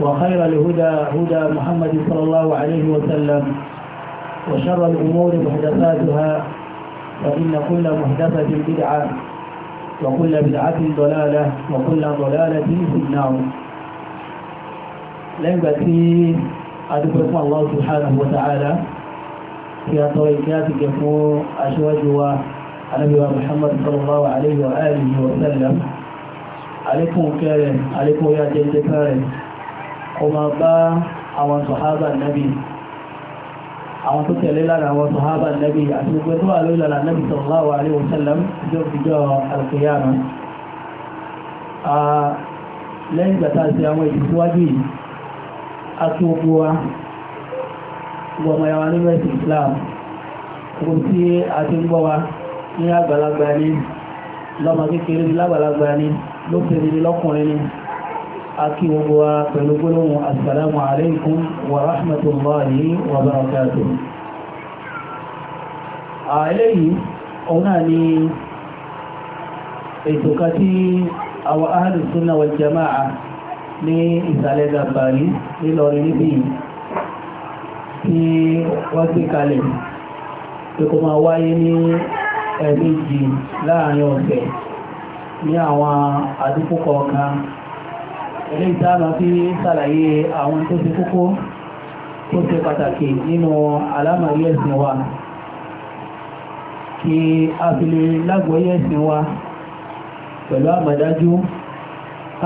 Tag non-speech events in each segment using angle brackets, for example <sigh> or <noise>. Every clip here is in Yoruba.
وخير الهدى هدى محمد صلى الله عليه وسلم وشر الأمور محدثاتها فإن كل محدثة بدعة وكل بدعة ضلالة وكل ضلالة في النار lẹ́gbà tí adúgbò fún Allah subhanahu wa ta'ala kí a tọrọ ìkẹ́ àti gẹ̀ fún aṣíwájú wa anábíwa Muhammad sallallahu alaihi wa alihi wa sallam alékún kẹrẹ alékún yá jẹ́ jẹ́ kẹrẹ kó máa bá àwọn sọ̀hábà nẹ́bí àwọn tó tẹ̀lé lára àwọn sọ̀hábà nẹ́bí àti gbogbo tó wà lórí lára nẹ́bí sallallahu alaihi wasallam jọ fìjọ alkiyama lẹ́yìn ìgbà tá a ṣe àwọn ìtìsíwájú yìí a tún gbogbo wa gbogbo ọmọ yàwá ní àgbàlagbà ni lọ́mọ kékeré ní lọ́kùnrin ni akí gbogbo wa pẹ̀lú gbólóhùn assalamu alaikum wa rahmatullahi wa barakatuh eléyìí òun náà ni ètò ká tí àwọn ahlus sunna wal jama'a ní ìsàlẹ̀ gàbàrí nílọrin níbi tí wọ́n gbé kalẹ̀ pé kó máa wáyé ní ẹ̀ẹ̀mejì láàrin ọ̀sẹ̀ ní àwọn àdúgbò kọ̀ọ̀kan ilé ìtàmà fi sàlàyé àwọn tó ti kókó tó ṣe pàtàkì nínú alámàrí ẹ̀sìn wa kí a fi lè lágbóyé ẹ̀sìn wa pẹ̀lú àmàdájú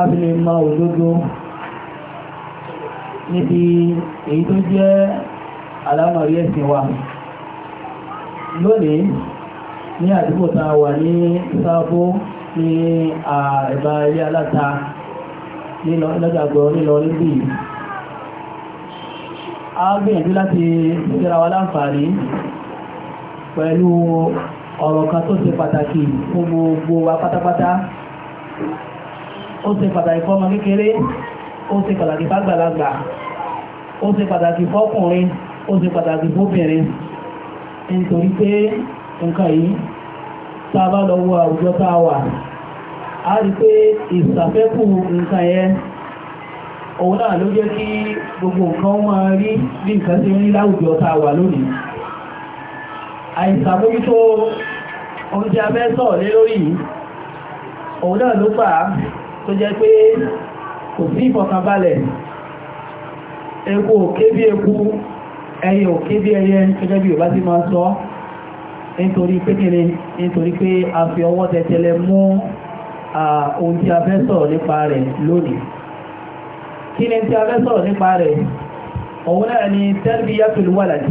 a fi lè máa òdodo níbi èyí tó jẹ́ alámàrí ẹ̀sìn wa lónìí ní àdúgbò wà ní sáfó ní àìbá aláta nílọ ẹlẹ́gbàgbọ́ nílọ níbi a gbìyànjú láti síra wa láǹfààní pẹ̀lú ọ̀rọ̀ kan tó ṣe pàtàkì fún gbogbo wa pátápátá ó ṣe pàtàkì fọ́mọ kékeré ó ṣe pàtàkì fágbàlagbà ó ṣe pàtàkì fọ́kùnrin ó ṣe pàtàkì fóbìnrin nítorí pé nǹkan yìí tá a bá lọ wo àwùjọ tá a rí pé ìsàfẹ́kù nǹkan ẹ òun náà ló jẹ́ kí gbogbo nǹkan máa rí bí nǹkan tí ó ní láwùjọ ta wà lónìí àìsàmójútó oúnjẹ abẹ́sọ̀ lé lórí òun náà ló gbà tó jẹ́ pé kò sí ìfọ̀kànbalẹ̀ eku òké bí eku ẹyẹ òké bí ẹyẹ gẹ́gẹ́ bí òbá ti máa sọ nítorí pé kéré nítorí pé a fi ọwọ́ tẹ̀tẹ̀lẹ̀ mú ohun tí a fẹ́ sọ̀rọ̀ nípa rẹ̀ lónìí kí ni tí a fẹ́ sọ̀rọ̀ nípa rẹ̀ òun náà ni tarbiyatul walad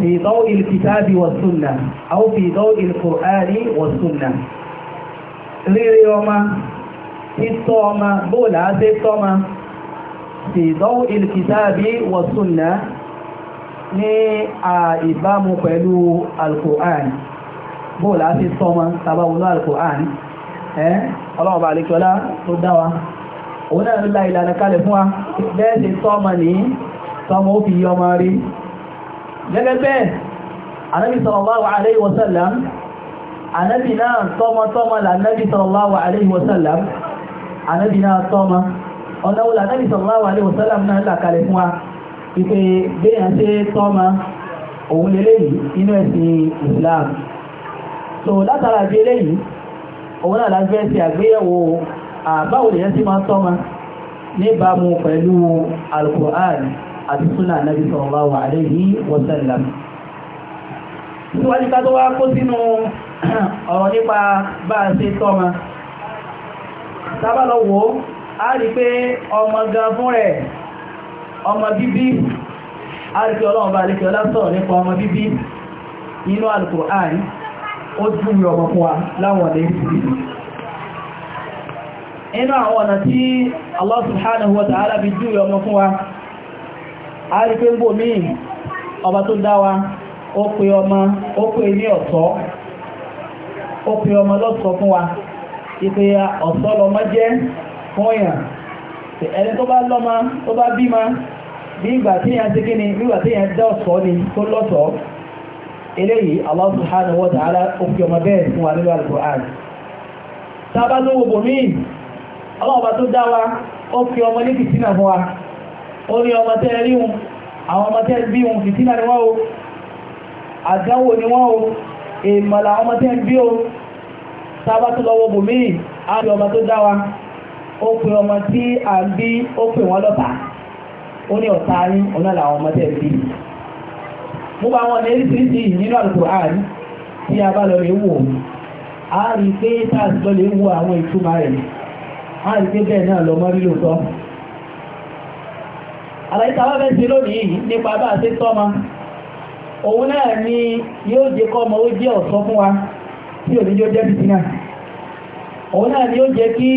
fi daw'il kitabi wa sunnah aw fi daw'il qur'ani wa sunnah rírí ọmọ títọ́ ọmọ bóòlá tẹ́ tọ́mọ fi daw'il kitabi wa ní àìbámu pẹ̀lú al bóòlù á sí sọmọ tàbáwọlú Al-Qur'an ẹ́ ọlọ́ọ̀bà àlekọ́lá tó dá wa òun náà ló la ìlànà kalẹ̀ fún wa bẹ́ẹ̀ sí sọmọ ní sọmọ ó fi yí ọmọ rí gẹ́gẹ́ bẹ́ẹ̀ anábì sallallahu alayhi wa sallam anábì náà tọ́mọ tọ́mọ lànábì sallallahu alayhi wa sallam anábì náà tọ́mọ ọ̀nà wo inú ẹ̀sìn Islam so látara bí eléyìí òun náà láti fẹ́ ṣe àgbéyẹ̀wò àbáwò lèyẹ́ sí máa tọ́mọ níbàámu pẹ̀lú alukur'an àti sunnah nabi sallallahu alayhi wa sallam síwájú ká tó wá kó sínú ọ̀rọ̀ nípa bá a ṣe tọ́mọ sábàlọ́wọ́ a rí pé ọmọ gan fún rẹ̀ ọmọ bíbí a rí pé ọlọ́run bá a lè kí ọlá sọ̀rọ̀ nípa ọmọ bíbí nínú alukur'an ó júwe ọmọ fún wa láwọn ọ̀nà inú àwọn ọ̀nà tí Allah subhanahu wa ta'ala fi ọmọ fún wa a rí pé ń bò ọba tó dá ó pe ọmọ ó pe ní ọ̀tọ̀ ó pe ọmọ lọ́sọ̀ fún wa ìpe ọ̀tọ̀ lọmọ jẹ́ fún èèyàn ẹni tó bá lọ́mọ a ni eléyìí Allah subhanahu wa ta'ala òkè ọmọ bẹ́ẹ̀ fún wa nínú Al-Qur'an sábà ló gbogbo míì ọlọ́ọ̀bá tó dá wa ọmọ ní fìtínà fún wa ó ní ọmọ tẹ́ àwọn ọmọ tẹ́ bí wọn fìtínà ni wọ́n o àdánwò ni wọ́n o èèmọ̀lá ọmọ tẹ́ bí o tó gbogbo wọ́n mo bá wọn ní eríṣiríṣi nínú Al-Qur'an tí a bá lọ lè wò á rí pé táàsì lọ lè wo àwọn ìtumọ̀ rẹ̀ á rí pé bẹ́ẹ̀ náà lọ mọ́ nílò tọ́ àlàyé tá a bá fẹ́ ṣe lónìí nípa bá a ṣe tọ́mọ òun náà ni yóò jẹ́ kọ́ ọmọ ó jẹ́ ọ̀ṣọ́ fún wa tí ò ní yóò jẹ́ bìtínà òun náà ni ó jẹ́ kí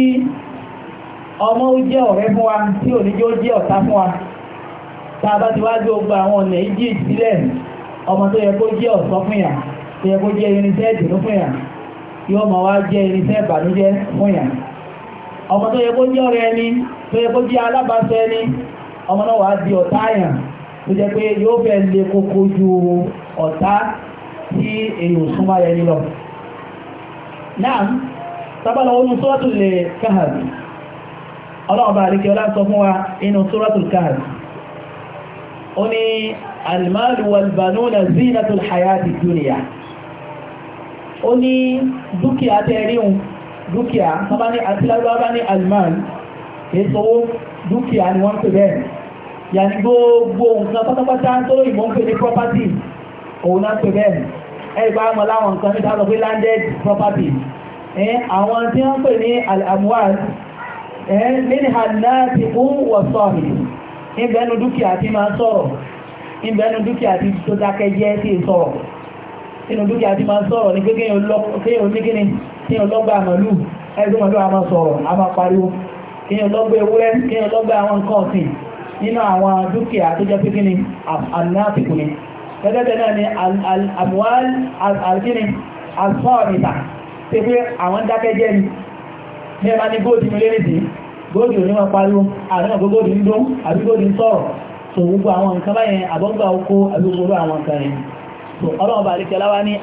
ọmọ ó jẹ́ ọ̀rẹ́ fún wa tí ò ní yóò jẹ́ ọ̀tá fún wa tá a bá ti wá gbé ogun àwọn ọ̀nà ìjì ìsílẹ̀ ọmọ tó yẹ kó jẹ́ ọ̀sọ́ fún yà tó yẹ kó jẹ́ irinṣẹ́ ìdùnnú fún yà yóò máa wá jẹ́ irinṣẹ́ ìbànújẹ́ fún yà ọmọ tó yẹ kó jẹ́ ọ̀rẹ́ ẹni tó yẹ kó jẹ́ alábàáṣẹ ẹni ọmọ náà wàá di ọ̀tá yàn tó jẹ́ pé yóò fẹ́ le koko ju ọ̀tá tí èèyàn súnmọ́ rẹ̀ nílọ náà sábàlọ́ wọnú suratul kahf ọlọ́ọ̀bà àríkẹ́ ọlá sọ fún wa inú suratul kahf ó ní almalu walbanuna zinatul hayati dunya ó ní dúkìá tẹ́ríun dúkìá sábá ní àtìlágbá bá ní almal èso dúkìá ni wọ́n pè bẹ́ẹ̀ yàní gbogbo nǹkan pátápátá tó ìmọ̀ ń pè ní property náà landed property àwọn tí wọ́n pè ní al-amwal nínú ti kún wọ̀sọ́ọ̀mì ìbẹ̀nu dúkìá tí máa sọ̀rọ̀ ìbẹ̀nu dúkìá tí tó dákẹ́ jẹ́ sí sọ̀rọ̀ inú dúkìá tí máa sọ̀rọ̀ ní kéèyàn oníkíní kéèyàn lọ́gbà màlúù ẹgbẹ́ màlúù àmà sọ̀rọ̀ àmà pariwo kéèyàn lọ́gbà ewúrẹ́ kéèyàn lọ́gbà àwọn nǹkan ọ̀sìn nínú àwọn dúkìá tó jẹ́ pé kíni àmìnàtìkù ni gẹ́gẹ́ náà ni àmúwál àkíní àsọ́ọ̀nìta pé pé àwọn dákẹ́jẹ́ ni ní ẹ̀ góòdì ò ní máa pariwo àrẹ́ ọ̀gbọ́ góòdì ń dún àbí góòdì ń sọ̀rọ̀ so gbogbo àwọn nǹkan báyẹn àbọ́gbà oko àbí àwọn nǹkan yẹn bá láwá ní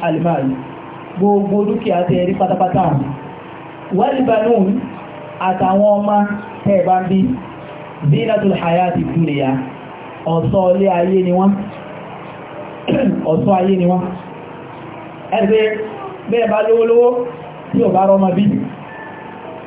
gbogbo dúkìá tẹ rí pátápátá wàlìbánún àtàwọn ọmọ tẹ́ bá ń bí <clears throat>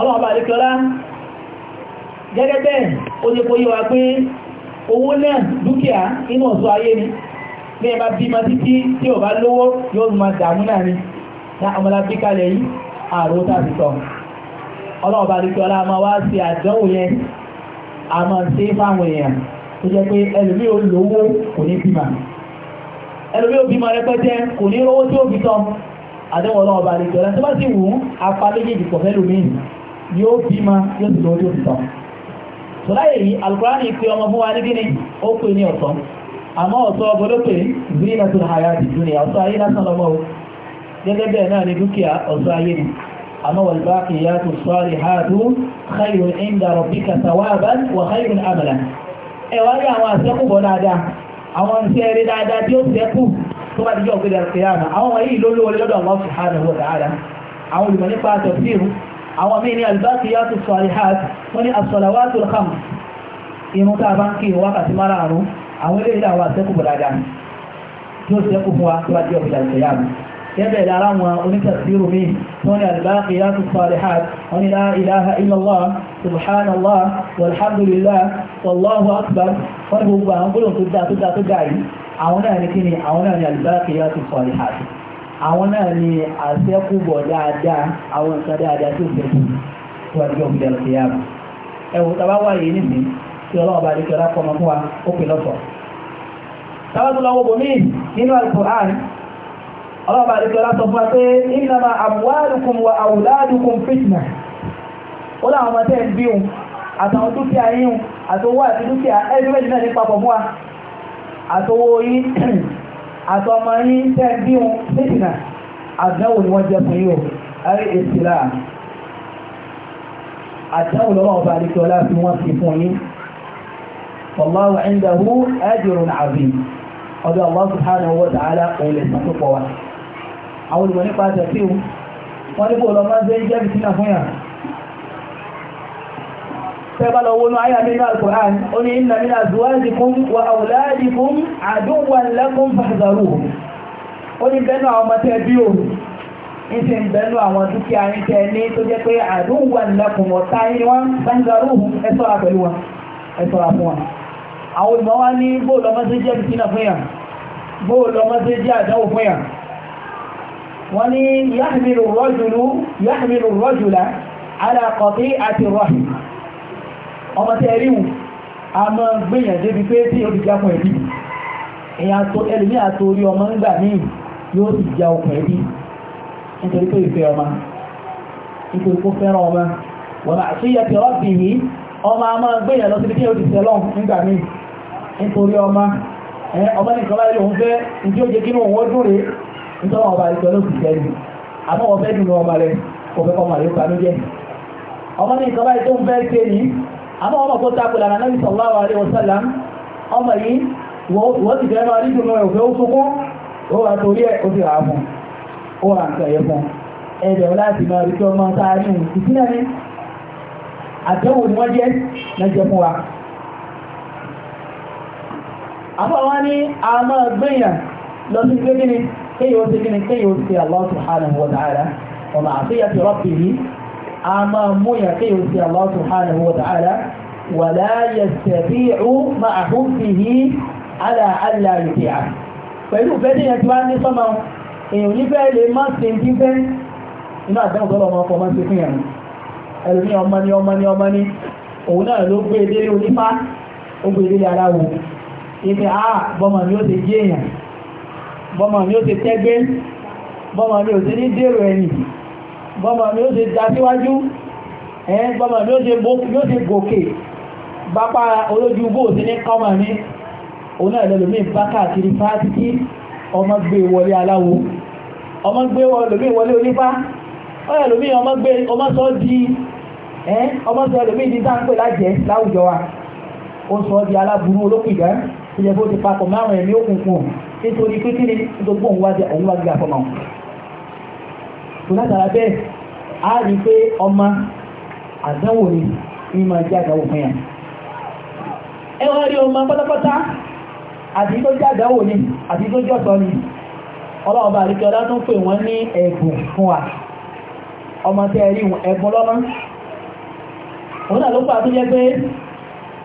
ọba àríkọlá gẹ́gẹ́ bẹ́ẹ̀ o ní kó yíwa pé owó náà dúkìá inú ọ̀sọ́ ayé ni ní ẹba bí ma títí tí ò bá lówó yóò ma dàmú náà ní ọmọlá yìí ọlọ́ọ̀bá ma wá sí yẹn a máa ṣe fáwọn èèyàn tó jẹ́ pé ò lówó kò ní bímà ò bímà kò ní rówó tí fi ọlọ́ọ̀bá tó bá sì wù ú apá méjèèjì yóò bí ma yóò sì lórí òtítọ́ sọ́láyè yìí alukurani pe ọmọ fún wa ní gíní ó pè ní ọ̀tọ̀ àmọ́ ọ̀tọ̀ ọgbọ́lọ́pẹ̀ ìgbìrì náà tó hàyà ti dúnìyà ọ̀tọ̀ ayé lásán lọ́mọ́ o gẹ́gẹ́ bẹ́ẹ̀ náà ni dúkìá ọ̀tọ̀ ayé ni àmọ́ wàlúbá kìíyà tó sọ́ọ̀rì háàdú khayru inda rabbika thawaban wa khayru amalan ẹ wá rí àwọn àṣẹ́kù bọ̀ dáadáa àwọn iṣẹ́ rí dáadáa tí ó ṣẹ́kù tó bá ti jọ ògbé dàrú kìíyà àwọn wọ̀nyí ló lówó lọ́dọ̀ Allah subhanahu wa ta'ala àwọn olùmọ̀ nípa tafsir àwọn mí ní albaqiyatu salihat wọ́n ní as-salawatu al-khams inú tá a bá ń kí wákàtí mara àrùn àwọn ilé ilé àwọn àṣẹ́kù bọ̀dága tí ó ṣẹ́kù fún wa tó bá jẹ́ òfin àṣẹyà mi gẹ́gẹ́ lára wọn onítàṣírù mi wọ́n ní albaqiyatu salihat wọ́n ní la ilaha illallah àwọn náà ni àṣẹ́kùbọ̀ dáadáa àwọn nǹkan dáadáa tó fẹ́ tó àjọ òkúta ti yára ẹwù tàbá wà yìí nìsí tí ọlọ́ọ̀bá àdíkẹ́ lápọ̀ ọmọ fún wa ó pè lọ́sọ̀ tàbátúlọ́wọ́ bòmí nínú Al-Qur'an ọlọ́ọ̀bá àdíkẹ́ látọ̀ fún wa pé innama amwalukum wa auladukum fitna ó láwọn ọmọ tẹ́ ń bí un àtàwọn dúkìá yín àtowó àti dúkìá ẹgbẹ́ méjì náà ní papọ̀ fún wa àtowó yín àtọmọ yín tẹ́ bí wọn fìtìnà àdánwò ni wọ́n jẹ́ fún yíò àrí ìsìlá àdánwò lọ́wọ́ ọba àdìkẹ́ ọlá fi wọ́n fi fún yín Allahu indahu ajrun azim ọdọ̀ Allah subhanahu wa ta'ala òun lè sàtúpọ̀ wa àwọn olùmọ̀ nípa àtẹ̀síw فقال أولو آية من القرآن قل إن من أزواجكم وأولادكم عدوا لكم فاحذروهم قل إبنوا عما تبيون ìsì ń bẹ̀lú àwọn dúkìá ń tẹ ní tó jẹ́ pé àdúwà àwọn ìmọ̀ ní bóòlù ọmọ sí jẹ́ ìsinà fún yàn bóòlù ọmọ wọ́n ní yahmilu rajulu yahmilu rajula ọmọ tẹ́ rí a mọ́ gbìyàn débi pé tí ó ti jápọ̀ ẹ̀bí èyàn tó ẹlùmí ọmọ ń gbà míì yóò si já okùn ẹ̀bí nítorí pé ìfẹ́ ọmọ nítorí kó fẹ́ràn ọmọ wọ́n máa ṣe yẹ ti ọ́bì ọmọ a máa gbìyàn lọ síbi tí ó míì ó ọmọ àmọ́ ọmọ tó tako lànà Nabi sallallahu alaihi wasallam ọmọ yìí wọ́n ti fẹ́ máa rí dùn rẹ̀ òfin ó sunkún ó wà torí ẹ̀ ó ti rà fún ó rà nǹkan yẹ fún ẹ̀dẹ̀ láti máa rí kí ọmọ táa ní òun títí náà ní àtẹ́wò ni wọ́n jẹ́ lẹ́jẹ́ fún a máa mú yàn kéèyàn Allah subhanahu wa ta'ala wa la yastati'u ma'a hubbihi ala alla yuti'a pẹ̀lú ìfẹ́ tí yẹn ní sọ́mọ èèyàn nífẹ́ lè má se ń dífẹ́ inú àdáhùn tọ́lọ ọmọ ọkọ̀ máa se fún yàrá ẹlòmí ọmọ ní ọmọ ní ọmọ ní òun náà ló gbé délé onífá ó gbé a bọ́mọ mi ó ti èèyàn mi ó ti mi ó ti ní bọ́mọ̀ mi ó ṣe já síwájú ẹ̀yẹn bọ́mọ̀ mi ó ṣe gòkè bápá olójú bó sí ní kọ́mọ̀ mi òun náà lẹ́lòmí bá káàkiri fásitì ọmọ gbé wọlé aláwo ọmọ gbé lòmí wọlé onífá ọ̀yà lòmí ọmọ gbé ọmọ sọ di ẹ́ ọmọ sọ lòmí di sáńpẹ̀ lájẹ́ láwùjọ wa ó sọ di aláburú olókùnjẹ́ tó yẹ kó ti papọ̀ márùn-ún ẹ̀mí òkùnkùn nítorí pé kí ni gbogbo òun wá jẹ òun wá gbé àfọmọ́ tó látara bẹ́ẹ̀ a rí pé ọmọ àdánwò ni ní máa jẹ́ àdánwò fún yàn ẹ rí ọmọ pátápátá àti tó jẹ́ àdánwò ni àti tó jẹ́ ọ̀tọ̀ ni ọlọ́ọ̀bá àríkẹ́ ọlá tó ń pè wọ́n ní ẹ̀bùn fún wa ọmọ tẹ́ rí ẹ̀bùn náà ló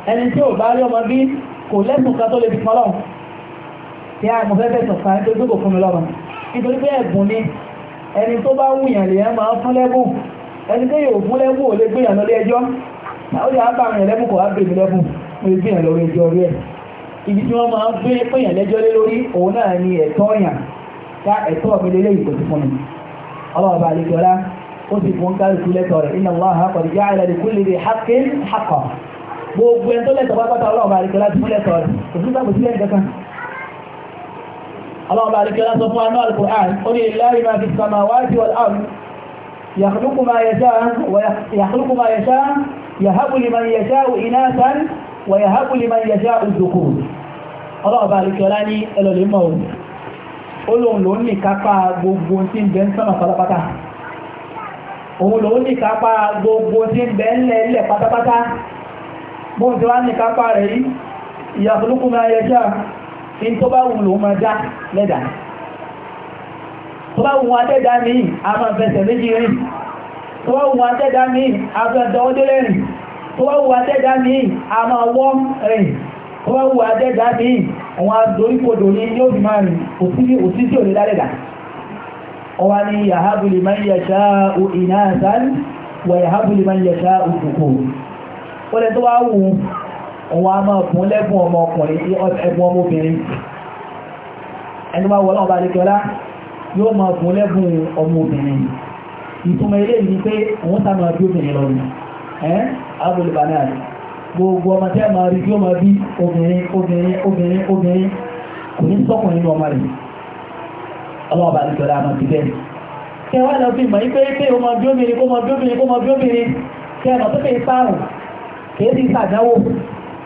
ẹni tí ò bá rí ọmọ bí kò lẹ́sùn tó lè fi tí a mọ̀ ẹni tó bá wù yàn lèyàn máa fún lẹ́bùn ẹni tó yóò fún lẹ́bùn ò lè gbéyàn lọ lẹ́jọ́ ó lè ápá àwọn ẹlẹ́bùn kò wá gbèmí lẹ́bùn ó lè gbéyàn lọ lẹ́jọ́ rí ibi tí wọ́n máa gbé péyàn lẹ́jọ́ lé lórí òun náà ni ẹ̀tọ́ yàn ká ẹ̀tọ́ mi lélẹ́ ìkòtí fún mi ọlọ́ọ̀bà àlejòlá ó sì fún kálukú lẹ́tọ̀ rẹ̀ inna Allaha qad ja'ala li kulli dhi haqqin gbogbo ẹni tó lẹ́tọ̀ pátápátá ọlọ́ọ̀bà àlejòlá ti fún lẹ́tọ̀ rẹ̀ kò sí sábòsílẹ̀ nǹkan اللهم بارك لنا صفوان القرآن قل لله ما في السماوات والأرض يخلق ما يشاء ويخلق ما يشاء يهب لمن يشاء إناثا ويهب لمن يشاء الذكور اللهم بارك لنا إلى الموت olóhun ló ní kápá gbogbo tí ń bẹ ń sọ́nà pátápátá òun ló ní kápá gbogbo tí ń bẹ ń lẹ́lẹ̀ pátápátá bóun tí wá ní kápá rẹ̀ yìí ìyàfúlùkù máa yẹ ṣáà ní tó bá wù lòun máa dá lẹ́dà tó bá wù adẹ́dá ní a máa fẹsẹ̀ méjì rìn tó bá wù adẹ́dá ní a máa dọwọ́dé lẹ́rìn tó bá wù adẹ́dá ní a máa wọ́ rìn tó bá wù adẹ́dá ní àwọn adoríkodò ní yóò fi máa rìn òsí tí ò lè ní òun a máa fún lẹ́gbùn ọmọ ọkùnrin sí ẹgbùn ọmọbìnrin ẹni bá wọ́lọ́ ọba adékọ́lá yóò máa fún lẹ́gbùn ọmọbìnrin ìtumọ̀ ilé yìí pé òun sá máa bí obìnrin lọ ní ẹ́ abúlùbánà gbogbo ọmọ tẹ́ máa rí yóò máa bí obìnrin obìnrin obìnrin obìnrin kò ní sọ́kùn nínú ọmọ rẹ̀ ọlọ́ọ̀bá adékọ́lá máa ti bẹ́ẹ̀ kẹwàá lọ fi mọ̀ yí pé pé ọmọ bí obìnrin kó mọ bí obìnrin kó mọ bí obìnrin kẹ́ ẹ̀ mọ̀ tó fẹ́ sáàrùn kèé sì sàdáwò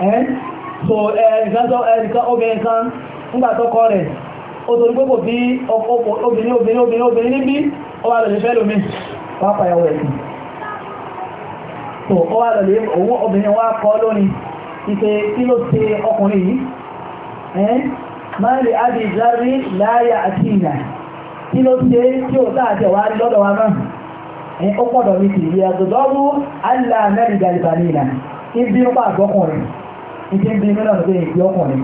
ẹ́ so ẹnìkan obìnrin kan ńgbà tọ́kọ rẹ̀ ó torí pé bí obìnrin obìnrin obìnrin obìnrin níbí ó wà lọ́lẹ̀ ẹ̀sìn so ó wà lọ́lẹ̀ owó obìnrin wá kọ́ lónìí ìpè kí ló ṣe ọkùnrin yìí ẹ́ máa lè ábì láyà àti ìlà ìṣe ń bí mílọ̀ ló bẹ́ẹ̀ ìgbé ọkùnrin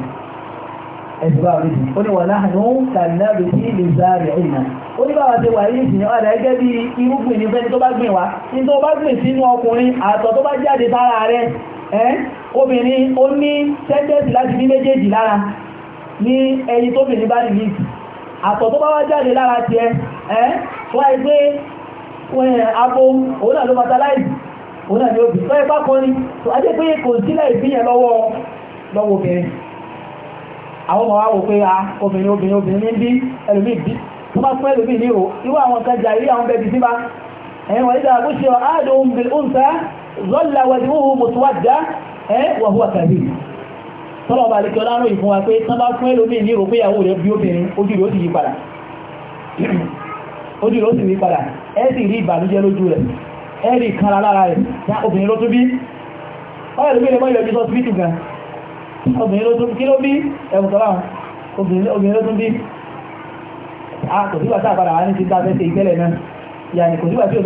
ẹ̀sùn bá rí ó ní wà láhàánú kàlẹ́bù sí lè sáré ìnà ó ní bàbá ti wà ní ìsìn ọ̀dà gẹ́gẹ́ bí irúgbìn ní fẹ́ni tó bá gbìn wá ní tó bá gbìn sínú ọkùnrin àtọ̀ tó bá jáde sára rẹ̀ ẹ́ obìnrin ó ní sẹ́ńtẹ́sì láti ní méjèèjì lára ní ẹni tóbìnrin bá rí àtọ̀ tó bá wá jáde lára tiẹ̀ ẹ́ wáyé pé abo òun náà ló fatalize òun náà ni ó bì tọ́ ẹ bá kọ́ ni tó ajé pé kò sílẹ̀ ìpínyẹ̀ lọ́wọ́ lọ́wọ́ obìnrin àwọn ọmọ wa pé a ah, obìnrin obìnrin obìnrin ní bí ẹlòmíì bí tó bá pẹ́ ẹlòmíì ní o irú àwọn kan jà rí àwọn bẹ́ẹ̀ bí síbá ẹ̀yìn wọ̀nyí dára bó ṣe ọ̀ áàdùn ohun já ẹ̀ wọ̀hú àkàrí tọ́lọ̀ bá lẹ́kẹ́ ọlárùn ìfún wa pé tán bá fún ẹlòmíì ní rò pé ìyàwó rẹ̀ bí obìnrin ojú rẹ̀ ó sì yí padà ẹ sì rí ìbànújẹ́ lójú rẹ̀ ẹ̀rì ìkanra lára rẹ̀ ya obìnrin ló tún bí ọ̀rẹ́ lóbi ẹ̀mọ́ ìrẹ̀bí sọ síbítù gan obìnrin ló tún kí ló bí ẹ̀mù obìnrin ló tún bí a kò sígbà tá àpàdà wá ní ti dáfẹ́ ṣe ìtẹ́lẹ̀ náà yàní kò sígbà tí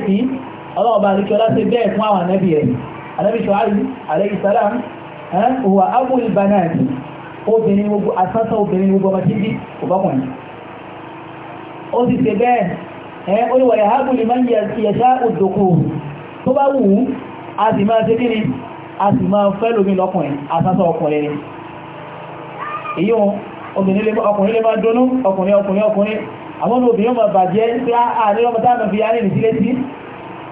mi ọlọ́ọ̀bá àríkọlá ti bẹ́ẹ̀ fún àwọn ànábì ẹ̀ ànábì ṣọ́hárì alayhi salam huwa abul banat obìnrin gbogbo asánsán obìnrin gbogbo ọmọ tí bí ọbọkùnrin ó sì ṣe bẹ́ẹ̀ ẹ́ olùwà yahabu liman yasha òdòkó tó bá wù ú a sì máa ṣe kíni a sì máa fẹ́ lómi lọ́kùnrin asánsán ọkùnrin èyí ọkùnrin lè máa dónú ọkùnrin ọkùnrin ọkùnrin àwọn obìnrin máa bàjẹ́ pé àárín ah, ah, ọmọ táwọn fi yára nìsílẹ̀ sí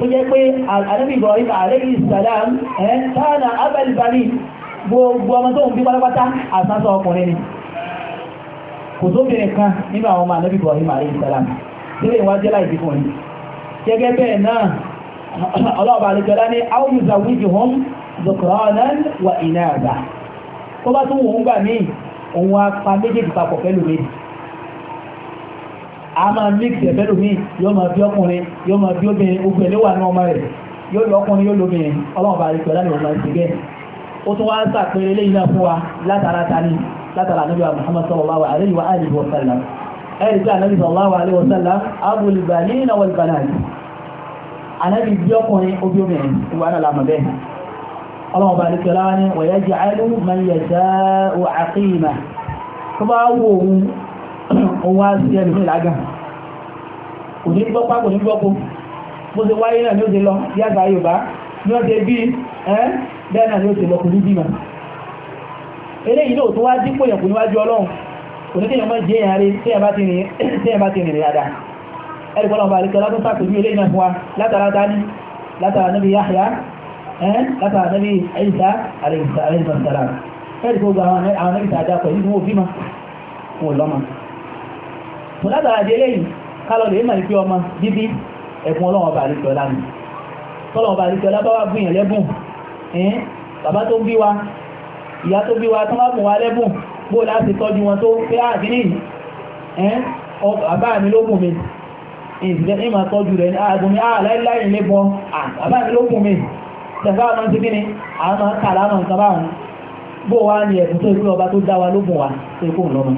tó jẹ́ pé ànábì Ibrahim alayhi salam ẹ̀ tánà abẹ́lìbàrí gbogbo ọmọ tó ń bí pátápátá àsánsọ ọkùnrin ni kò tó bẹ̀rẹ̀ kan nínú àwọn ọmọ ànábì Ibrahim alayhi salam tí lè wá jẹ́ láì dìbò ni gẹ́gẹ́ bẹ́ẹ̀ náà ọlọ́ọ̀bà àlejọ́lá ní áwùjọ wíjìhún zọkọ̀ọ́nán wà ìnáàdà tó bá tún wọ́n gbà míì òun apá méjèèjì papọ̀ pẹ̀lú méjì a máa mix ẹ̀fẹ́ lómi yóò máa bí ọkùnrin yóò máa bí obìnrin gbogbo ẹ̀ ló wà ní ọmọ rẹ̀ yóò lọ ọkùnrin yóò lóbìnrin ọlọ́run bá rí pẹ̀lú àwọn ọmọ ìṣègbè ó tún wá ń sàpẹrẹ lẹ́yìn náà fún wa látara tani látara níbi wa Muhammad sallallahu alayhi wa alihi wa sallam ẹ̀rí pé anabi sallallahu alayhi wa sallam abul banina òun wá sí ẹnu mi lágàn kò ní gbọ́pá kò ní gbọ́pó bó ṣe wáyé náà ni ó ṣe lọ bí àgbà Yorùbá ni ó ṣe bí ẹ́ bẹ́ẹ̀ náà ni ó ṣe lọ kò ní bímọ eléyìí náà tó wá dípò yẹn kò níwájú Ọlọ́run kò ní kéèyàn mọ́ jẹ́ yẹn rí téèyàn bá ti rìn rìn dáadáa ẹ̀rì pọ́lọ̀ bàrí kẹ látún sàkójú ilé ìnà fún wa látara dání látara níbi Yahya ẹ́n látara níbi Isa alayhi salam ẹ̀rì pọ́lọ̀ àwọn ẹ̀rì tàdá pẹ̀lú ìwò fíma wọn lọ́mọ mo látara di eléyìí kálọ̀ lè mọ̀ ní pé ọmọ bíbí ẹ̀bùn ọlọ́wọ́n bá àlejò ọlá mi tọ́lọ́wọ́n bá àlejò ọlá bá wà gbìyàn lẹ́bùn ẹ̀ẹ́n bàbá tó bí wa ìyá tó bí wa tó máa bùn wa lẹ́bùn bó láti tọ́jú wọn tó pé àdínì ah, ẹ̀ẹ́n bàbá mi ló bùn mi ìsìlẹ̀ ìmọ̀ tọ́jú rẹ̀ ààbùn ah, mi àláìláì ah, lébọn bàbá mi ló bùn mi tẹ̀fà àmọ́ sí kí ni àmọ́ kàlámọ̀ nǹkan báwọn bó wá ní ẹ̀bùn tó ìpín ọba tó dá wa wa tó ikú lọ́mọ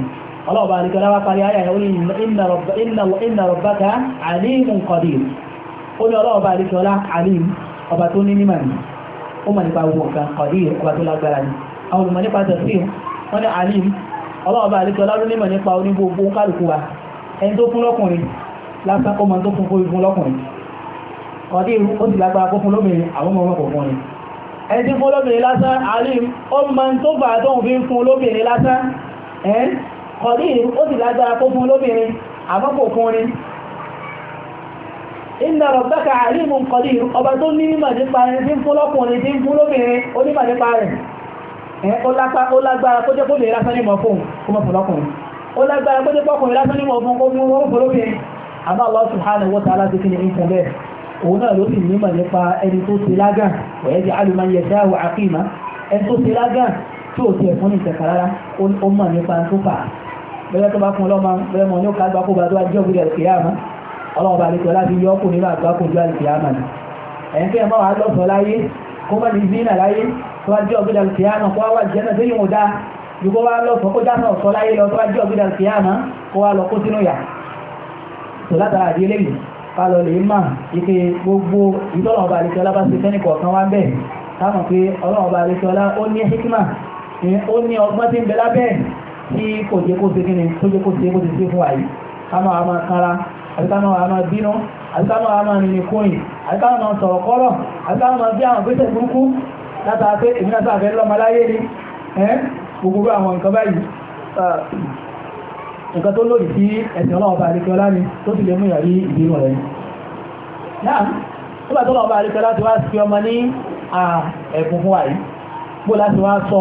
ọlọ́ọ̀bá àríkẹ́ láwá parí ayà ẹ̀ inna rabbaka alimun qadir ó ní ọlọ́ọ̀bá àríkẹ́ ọlá alim ọba tó ní nímà ní ó mọ̀ nípa gbogbo nǹkan qadir ọba tó lágbára ní àwọn olùmọ̀ nípa tẹ̀síl wọ́n ní alim ọlọ́ọ̀bá àríkẹ́ ọlá ló nímọ̀ nípa onígbogbo kálukú wa ẹni tó fún lọ́kùnrin lásán ó mọ̀ tó fún kórí fún lọ́kùnrin qadir ó sì lágbára kó fún lóbìnrin àwọn ọmọ ọmọkùnrin kọ̀dí ó sì lágbára kó fún lóbìnrin àmọ́ kò fún rí alimun kọ̀dí ọba tó ní nímọ̀ nípa tí ń fún lọ́kùnrin tí ń fún lóbìnrin ó rẹ̀ ó lágbára kó jẹ́ kó lè lásán ní fún kó mọ̀ fún lọ́kùnrin ó lágbára kó jẹ́ fún kó mú wọ́n fún bẹ́ẹ̀ tó bá fún ọlọ́mọ bẹ́ẹ̀ mọ̀ ní ó kágbá kó bá tó bá jẹ́ ògùn àlùkìyàmá ọlọ́ọ̀bá ní tọ́lá fi yọ́ nínú àgbákòjú àlùkìyàmá ni ẹ̀yìn tẹ́ mọ́ wàá lọ́sọ̀ láyé kó má ní zina láyé tó bá jẹ́ ògùn àlùkìyàmá kó wá jẹ́ náà sẹ́yìn òdá dùkó wá lọ́sọ̀ kó dáná ọ̀sọ̀ láyé lọ tó bá jẹ́ ògùn àlùkìyàmá kó wá lọ kó sínú yà tó látara àdé lẹ́yìn ká lọ lè má ike gbogbo ìtọ́lọ́ọ̀bá àlùkìyàmá bá ṣe fẹ́nìkọ̀ọ̀kan wá bẹ́ẹ̀ táwọn pé ọlọ́ọ̀bá àlùkìyàmá ó ní hikima ó ní ọgbọ́n tí ń bẹ lábẹ́ tí kò jẹ́ kó ṣe kíni tó jẹ́ kó ṣe kó ṣe ṣe fún àyè ká máa máa kára àti ká máa máa bínú àti ká máa máa rìnrìn kóyìn àti ká máa sọ̀rọ̀ kọ́rọ̀ àti ká máa bí àwọn gbèsè burúkú látara pé èmi náà sáfẹ́ lọ́mọ láyé ni gbogbo àwọn nǹkan báyìí nǹkan tó lòdì sí ẹ̀sìn ọlọ́ọ̀bá àríkẹ́ọlá ni tó ti lè mú ìyàrí ìbínú rẹ̀ náà tó bá tọ́lọ́ọ̀bá àríkẹ́ọlá ti wá sí ọmọ ní ẹ̀kùn fún àyí bó láti wá sọ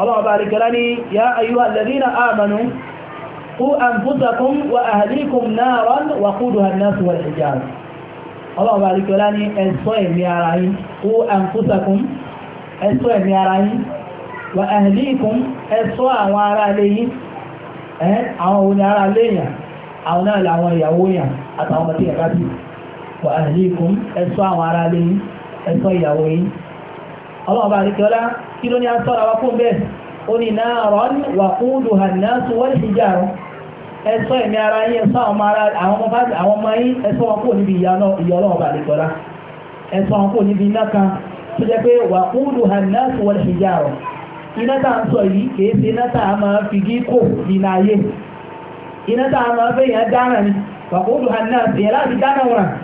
الله بارك لني يا أيها الذين آمنوا قوا أنفسكم وأهليكم نارا وقودها الناس والحجار الله بارك لني أسوأ ميارعي قوا أنفسكم أسوأ ميارعي وأهليكم أسوأ وارا لي أو نارا لي أو نارا لي أو نارا أتعمل تيكاتي وأهليكم أسوأ وارا لي أسوأ يوين ọlọ́run bá àríkẹ́ ọlá kí ló ní a sọ́ra wa fún bẹ́ẹ̀ ó ní náàrọ̀ wà fún lùhànà tó wọ́n ti jà rọ ẹ̀sọ́ ẹ̀mí ara yín ẹ̀sọ́ àwọn ọmọ yín ẹ̀sọ́ wọn kò níbi ìyá ọlọ́run bá àríkẹ́ ọlá ẹ̀sọ́ wọn kò níbi iná kan tó jẹ́ pé wà fún lùhànà tó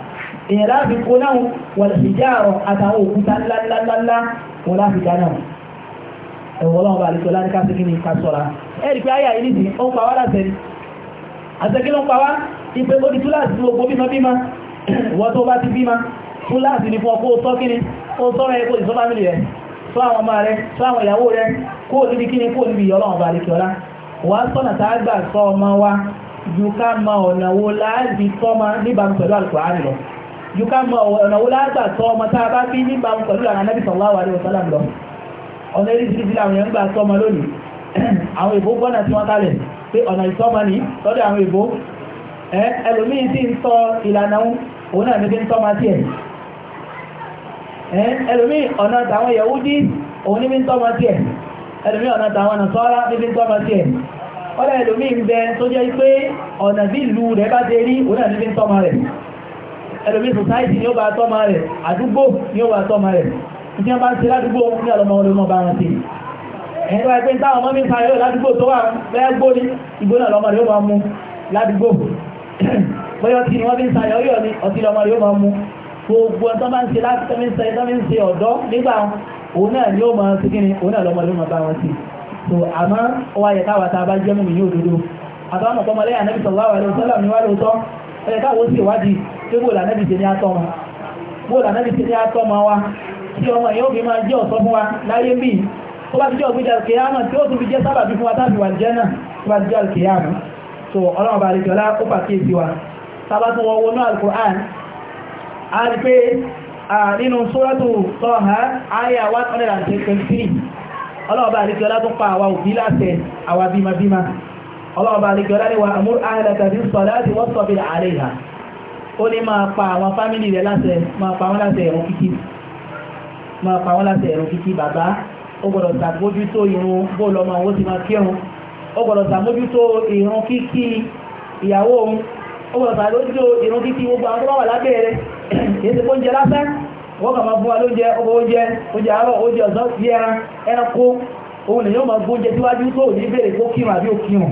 wọ́n èèyàn láàbí kó náà wọ̀lẹ̀ sí jáàrọ̀ àtàwọn òkúta ńláńláńlá wọn láàbí dáná ẹ̀wọ̀n ọlọ́run bá àlejò láti káṣí kí ni ká sọ̀ra ẹ̀rì pé ayé àyè nìsín ó ń pa wá láṣẹ ni àṣẹkí ló ń pa wá ipe ó di túláàsì ní gbogbo bímọ bímọ wọ́n tó bá ti bímọ túláàsì ní fún ọkọ̀ sọ kí ni ó sọ́rọ̀ ẹ̀ kó ìsọ́ fámìlì rẹ̀ sọ àwọn ọmọ rẹ̀ sọ àwọn ìyàwó rẹ̀ kó o níbi kí ni kó o níbi ọlọ́run bá àlejò ọlá wà á sọ̀nà tá a gbà sọ ọmọ wa ju ká mọ ọ̀nà wo láàrín tọ́mọ níbàámu pẹ̀lú àlùkò ju ká mọ ọ̀nà wo lágbà tọ́ ọmọ tá a bá bí nípa pẹ̀lú àwọn anábì sallallahu alaihi wasallam lọ ọ̀nà eréṣiríṣi làwọn èèyàn gbà tọ́ ọmọ lónìí àwọn èèbó gbọ́nà tí wọ́n kalẹ̀ pé ọ̀nà ìtọ́mọ ní lọ́dọ̀ àwọn èèbó ẹlòmíì sì ń tọ ìlànà òun náà ní fi ń tọ́ máa tiẹ̀ ẹlòmíì ọ̀nà tàwọn Yahudi òun ní fi ń tọ́ máa tiẹ̀ ẹlòmíì ọ̀nà tàwọn Nasara ní fi ń tọ́ máa tiẹ̀ ọ̀nà ẹlòmíì ń bẹ tó jẹ́ pé ọ̀nà bí ìlú rẹ̀ bá ti ẹlòmí society ni ó bá tọ́ ma rẹ̀ àdúgbò ni ó bá tọ́ ma rẹ̀ tí wọ́n bá ń ṣe ládùúgbò ní ọlọ́mọ olómọ bá rántí ẹ̀yìn tó wáyé pé táwọn ọmọ mi ń sa ẹ̀rọ ládùúgbò tó wà bẹ́ẹ̀ gbóni ìgbó náà lọ́mọ rẹ̀ ó máa mú ládùúgbò bóyá ọtí ni wọ́n fi ń sa ẹ̀yọ́ ní ọtí lọ́mọ rẹ̀ ó máa mú gbogbo ọtọ́ bá ń ṣe láti ọ̀dọ́ nígbà òun náà ni ó máa ń sikini òun náà lọ́mọ rẹ̀ ó máa bá wọn sí so àmọ́ ó wáyé káwàtà bá jẹ́ mú mi ẹ̀ káwọn sì wádìí pé bóòlù ànábì ṣe ní atọ́mọ bóòlù ànábì ṣe ní atọ́mọ wa tí ọmọ yẹn òbí máa jẹ́ ọ̀sọ́ fún wa láyé bí tó bá ti jẹ́ òbí jẹ́ kéyàmù tí ó tún fi jẹ́ sábà fún wa tábí wà jẹ́ náà tó bá jẹ́ kéyàmù so ọlọ́run bá rí jọlá ó pàkíyèsí wa sábà tún wọ wọnú alukur'an a rí pé nínú sóràtù tọ́ha àyà 123 ọlọ́run bá ọlọ́ọ̀bá alẹ́kọ̀ọ́lá ni wà amúr ahìlẹ̀kà sí sọ̀lá ti wọ́n sọ̀bí àlẹ́hà ó ní máa pa àwọn fámìlì rẹ̀ láṣẹ máa pa wọ́n láṣẹ ẹ̀rùn kíkí máa pa wọ́n láṣẹ ẹ̀rùn kíkí bàbá ó gbọ́dọ̀ ṣàmójútó irun bó lọ́mọ owó ti máa kírun ó gbọ́dọ̀ ṣàmójútó irun kíkí ìyàwó òun ó gbọ́dọ̀ ṣàmójútó irun kíkí gbogbo àwọn tó bá wà lábẹ́ rẹ̀ èyí ti kóúnjẹ lásán wọ́n kà máa fún wa lóúnjẹ ọgbọ̀ oúnjẹ oúnjẹ àárọ̀ oúnjẹ ọ̀sán sí ẹran ẹranko òun lè yóò máa gbóúnjẹ síwájú tó ní bèrè kó kírun àbí òkírun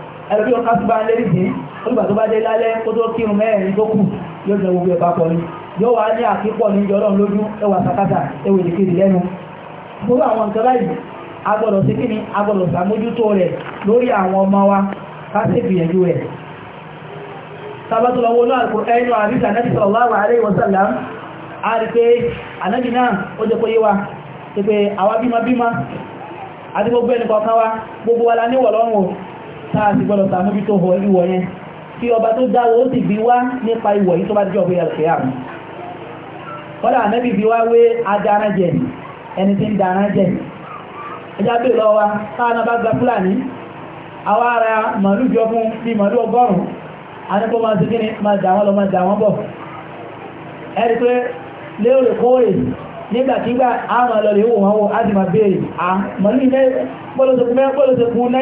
ẹ̀rọ bí ọkà tó bá lérí sí olùgbà tó bá dé lálẹ́ kó tó kírun mẹ́rin tó kù yóò jẹ gbogbo ẹ̀bá pọ̀ ní yóò wá ní àkípọ̀ ní ìjọ ọlọ́run lójú ẹwà sàkátà ẹwà ìdíkiri lẹ́nu gbogbo àwọn nǹkan báyìí agbọ́dọ̀ sí kíni agbọ́dọ̀ sàmójútó rẹ̀ lórí àwọn ọmọ wa káṣẹ́ ìgbìyànjú rẹ̀ tabatulawo náà kò ẹnu àríṣà náà ti sọ̀rọ̀ wà àrẹ ìwọ̀sàlá a rí pé ànábì náà ó jẹ́ kóyé wa pé àwa bímọ bímọ àti gbogbo ẹnì wa gbogbo wa la níwọ̀ lọ́rùn táà sì gbọ́dọ̀ sàmójútó họ ìwọ̀ yẹn kí ọba tó dáwọ́ ó sì bí wá nípa ìwọ̀ yìí tó bá jọ bóyá ṣe àmì kọ́dà ànábì bí wá wé adarajẹ ẹni tí ń darajẹ ẹjá bè lọ wa táwọn bá gba fúlàní àwọn ará màálù jọ fún bí màálù ọgọ́rùn-ún a ní kó máa ṣe kíni máa dà wọ́n lọ máa dà wọ́n bọ̀ ẹni pé léòrèkóòrè nígbàtígbà àwọn ọlọ́rẹ̀ ìwò wọn wọ́n á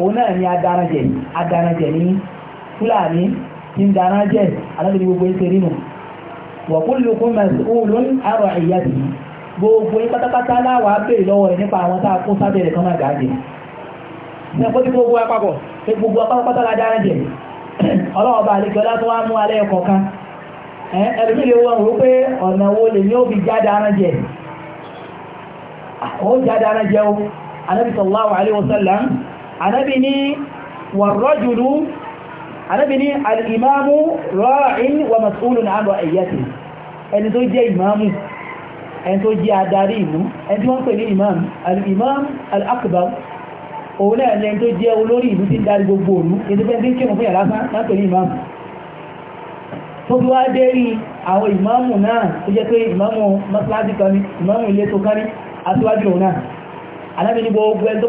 òun náà ni adarajẹ̀ adarajẹ̀ ní fúlàní tí ń darajẹ̀ alábìnrin gbogbo ń ṣe nínú wọ̀kúnlùkún mẹ́sùlùm àrọ̀ ìyàtì gbogbo pátápátá láwàá bèèrè lọ́wọ́ rẹ̀ nípa àwọn tá a kó sábẹ̀rẹ̀ kan máa dáadé ẹ̀kọ́ tí gbogbo apapọ̀ pé gbogbo apapátá la darajẹ̀ <clears throat> ọlọ́ọ̀bà àlejò látọ́ wá mú alẹ́ ẹ̀kọ́ kan ẹ̀rùmí lè wọ́n anábi ní wàrọ́jùlú anábi ní al'imamu ra'in wa mas'ulun àbọ̀ ayyati ẹni tó jẹ́ imamu ẹni tó jẹ́ adarí ìlú ẹni tí wọ́n pè ní imam al'imam al'akbar òun náà lẹ́ni tó jẹ́ olórí ìlú tí ń darí gbogbo òlú ìdíkẹ́ tí ń kírùn fún yàrá náà pè ní imam tó bí wá dé rí àwọn ìmáàmù náà tó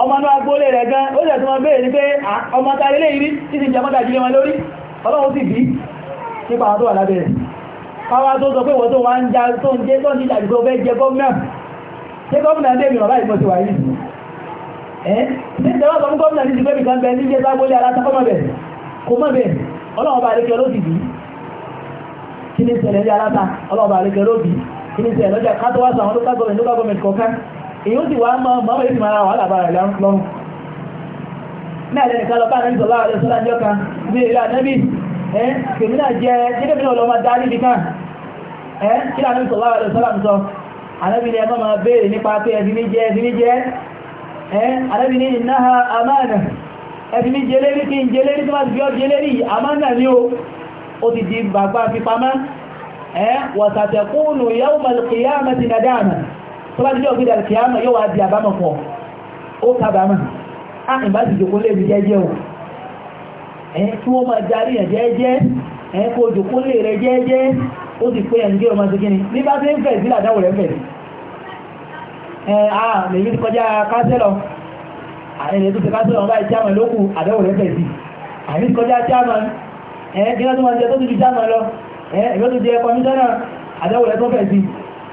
ọmọ náà gbólé rẹ̀ gan ó jẹ́ tí wọ́n béèrè pé ọmọ tàrí lè rí tí ti jẹmọ́ta jílé wọn lórí ọlọ́run sì bí nípa àwọn tó wà lábẹ́ rẹ̀ káwà tó sọ pé wọ́n tó wá ń já tó ń jẹ́ tó ń jíjà jùlọ fẹ́ jẹ gómìnà ṣé gómìnà ń dèmì ọ̀rá ìmọ̀ sí wà yìí ẹ́ ní ìjọba sọ fún gómìnà ní ti gbé nìkan bẹ ní jẹ́ ságbólé alásakọ́ mọ̀ bẹ̀ kò mọ̀ bẹ̀ ọlọ́run bá lékẹ́ ló sì bí kí ní ṣẹlẹ̀ ní alásà ọlọ́run bá èyí ó sì wá mọ́ mọ́mọ́ èyí máa wà lábára lọ́rùn náà lẹ́nì kan lọ́pàá nẹ́bí sọ̀lá àrẹ sọ́lá jọ́ka bí ilé ànẹ́bí ẹ́ kèmí náà jẹ́ jẹ́kẹ́ mi náà lọ máa kan ẹ́ kí náà nẹ́bí sọ̀lá àrẹ sọ́lá sọ ànẹ́bí ni ẹmọ́ máa béèrè nípa pé ẹbí mi jẹ́ ẹbí mi jẹ́ ẹ́ ànẹ́bí ni ìnáha amánà ẹbí mi jẹ́ lérí kí n jẹ́ lérí tó máa fi ọ́ jẹ́ lérí amánà ni ó ó ti di tó bá jẹ́ ọ̀gbẹ́dà kí á mọ̀ yóò wá di àbámọ̀ pọ̀ ó kábàámọ̀ á ìbá ti jòkó lè rí jẹ́jẹ́ o ẹ̀ tí wọ́n máa darí ẹ̀ jẹ́jẹ́ ẹ̀ kó jòkó lè rẹ jẹ́jẹ́ ó ti pé ẹ̀ǹgẹ́ ọmọ tó kíni ní bá ti ń fẹ̀ sí làdáwò rẹ̀ fẹ̀ ẹ̀ à lèmi ti kọjá kánsẹ́lọ̀ ẹ̀rẹ̀ tó ti kánsẹ́lọ̀ báyìí chairman lókù àdáwò rẹ̀ fẹ̀ sí àmì ti kọjá chairman ẹ̀ kí wọ́n tó máa jẹ tó ti ju chairman lọ ẹ̀ ìlú tó jẹ kọmíṣánná àdáwò rẹ̀ tó fẹ̀ sí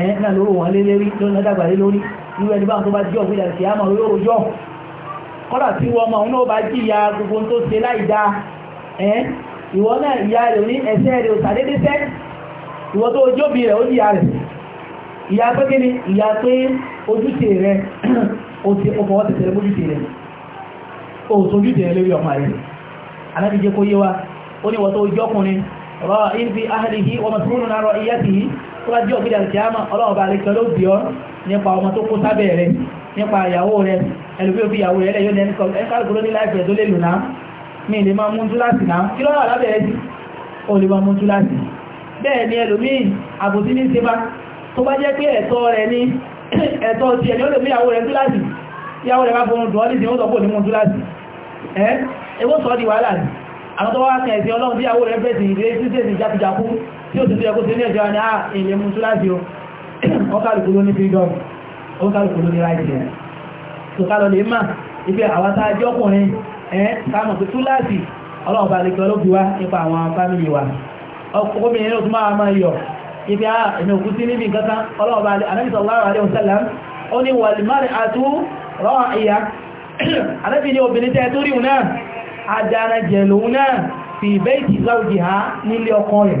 ẹ̀yẹn náà lóró wọn lé lérí lónìí dàgbà lé lórí irú ẹni báwọn tó bá jọ ìgbìyànjú sí àmọ́ yóò jọ kọ́lá tí wọ́n mọ̀ náà bá jìyà gbogbo tó ṣe láì dá ẹ̀yẹn ìwọ náà ìyá rẹ̀ ní ẹsẹ̀ rẹ̀ ò sàdédé sẹ́ ìwọ tó jóbi rẹ̀ ó jìyà rẹ̀ ìyá pé kí ni ìyá pé ojúṣe rẹ̀ ó <clears throat> ti ọkọ̀ wọ́n tẹ̀sẹ̀ mójúṣe rẹ̀ ó sojúṣe rẹ̀ lórí ọmọ rẹ̀ alábìjẹ́ kó yé wa ó ní wọ́n tó jọ́kùnrin rọ ìfi ahàlìhí tó bá jẹ́ òkèdè àlùkìyàmà ọlọ́ọ̀bà àlekẹ́ ló bì ọ́ nípa ọmọ tó kó sábẹ́ rẹ̀ nípa ìyàwó rẹ̀ ẹlòmí òbí ìyàwó rẹ̀ lẹ́yọ́ ẹnìkàlùkù ló ní láìpẹ́ tó lè lò náà mi lè máa mú túláàsì náà kí lọ́wọ́ alábẹ̀ẹ́ sí ó lè máa mú túláàsì bẹ́ẹ̀ ni ẹlòmí àbòsí ní ṣe bá tó bá jẹ́ pé ẹ̀tọ́ rẹ̀ ní <clears throat> ẹ̀tọ́ ti ẹ̀yọ́ lè mú ìyàwó rẹ̀ túláàsì ìyàwó rẹ̀ bá fọrùn ni àwọn tó wá kẹ̀ẹ̀sì ọlọ́run tí ìyàwó tí ó ti fi ẹkó sí ní ẹjọ́ ni a ah, èlé mú túláàsì o ọkàlùkù <clears throat> ló ní freedom ọkàlùkù ló ní láìsí ẹ̀ tó kálọ̀ lè máa ibi àwọn tá a jẹ́ ọkùnrin ẹ̀ sáàmù pé túláàsì ọlọ́run bá lè gbọ́ ló fi wá nípa àwọn fámìlì wa ọkùnrin ló tún máa máa yọ ibi àmì òkú sí níbi nǹkan kan ọlọ́run bá lè anábì sallallahu alaihi wasallam ó ní wàlìmárì àtú rọ́wà ìyá anábì ní obìnrin tẹ́ tó ríun náà adára jẹ̀ lòun náà fi bẹ́ẹ̀kì záwùjì ha nílé ọkọ rẹ̀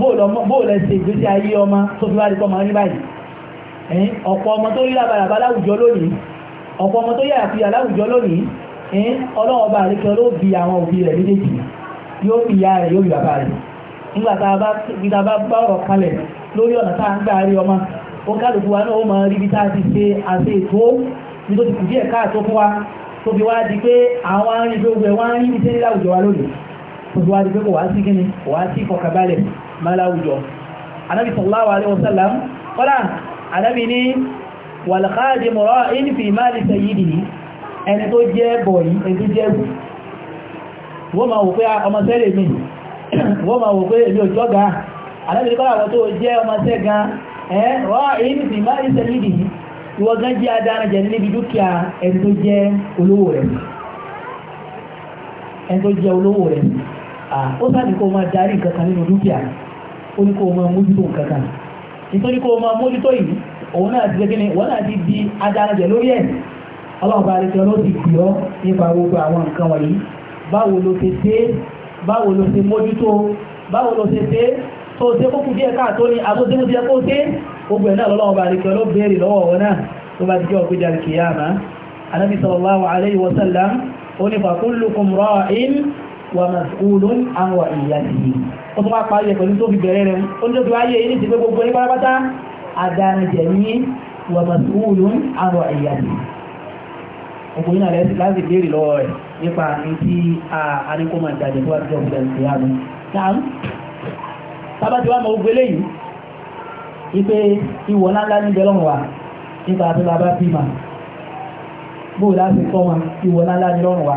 bóòlẹ̀ ṣe ìgbésí ayé ọmọ tó fi wárí kọmọ ní báyìí ẹ̀yìn ọ̀pọ̀ ọmọ tó rí lábàràbà láwùjọ lónìí ọ̀pọ̀ ọmọ tó yà fi àláwùjọ lónìí ẹ̀yìn ọlọ́ọ̀bà àríkẹ́ ló bí àwọn òbí rẹ̀ méjèèjì yóò bí ìyá rẹ̀ yóò bí bàbá rẹ̀ nígbà tá a bá bá ọ̀rọ̀ kalẹ̀ lórí ọ̀nà tá à ń gbà rí ọmọ ó kálukú wa náà ó máa rí bí tá a ti ṣe àṣe ètò ní tó ti kù díẹ̀ káàtó fún wa tó fi wá di pé àwọn arìnrìn gbogbo ẹ̀ wá ń rí bí sẹ́ni láwùjọ gbogbo wa di pé kò wá sí kíni kò wá sí kọkàbalẹ̀ má láwùjọ anábì sallallahu alaihi wasallam kọ́lá anábì ní wàlàkáàdì mọ̀rọ̀ inú fi máa lè sẹ́yìdì ní ẹni tó jẹ́ bọ̀yí ẹni tó jẹ́ ẹgbù wọ́n ma wò pé ah, ọmọ sẹ́lẹ̀ mi <clears throat> wọ́n ma wò pé èmi òjọ́ ga anábì kọ́lá wọ́n tó jẹ́ ọmọ sẹ́ gan rọ́ inú fi máa lè sẹ́yìdì ní ìwọ gan jẹ́ adára jẹ níbi dúkìá ẹni tó jẹ́ olówó rẹ̀ Ah, ó sáàdì kó máa darí nǹkan kan nínú dúkìá ó ní kó máa mójútó nǹkan kan nítorí kó máa mójútó yìí òun náà ti gbé kíni wọ́n náà ti di adarajẹ lórí ẹ̀ ọlọ́ọ̀bá àlejò ló ti kì ọ́ nípa gbogbo àwọn nǹkan wọ̀nyí báwo ló ṣe ṣe báwo ló ṣe mójútó báwo ló ṣe ṣe tó ṣe kókù díẹ̀ káàtó ni àbóṣe mú ti ẹ kó ṣe gbogbo ẹ̀ náà lọ́wọ́ àlejò ló béèrè lọ́wọ́ wọn náà tó bá ti jẹ́ ọ̀gbẹ́jà kìyàmá anábì sallallahu alayhi wa sallam ó ní fa kullukum ra'in wà mẹ́sùkúlù àwọn ìyàtìyí ó tún wá parí ẹ̀ pẹ̀lú tó fi bẹ̀rẹ̀ rẹ̀ ó ní tó fi wáyé ilé ìsìnkú gbogbo ní pátápátá adáranjẹ̀ ní wà mẹ́sùkúlù àwọn ìyàtìyí ọkùn yìí náà láti béèrè lọ́wọ́ rẹ̀ nípa ní tí aríkómà ìdájẹ̀ tó wá jẹ́ òkúta ìsìn àmì náà tábà tí wá mọ ogun eléyìí ipe ìwọ̀ ńláńlá ní bẹ́lọ́mù wa nípa àti bàbá bímà bóòlá ti kọ́ wọn ìwọ̀ ńláńlá ní lọ́rùn wa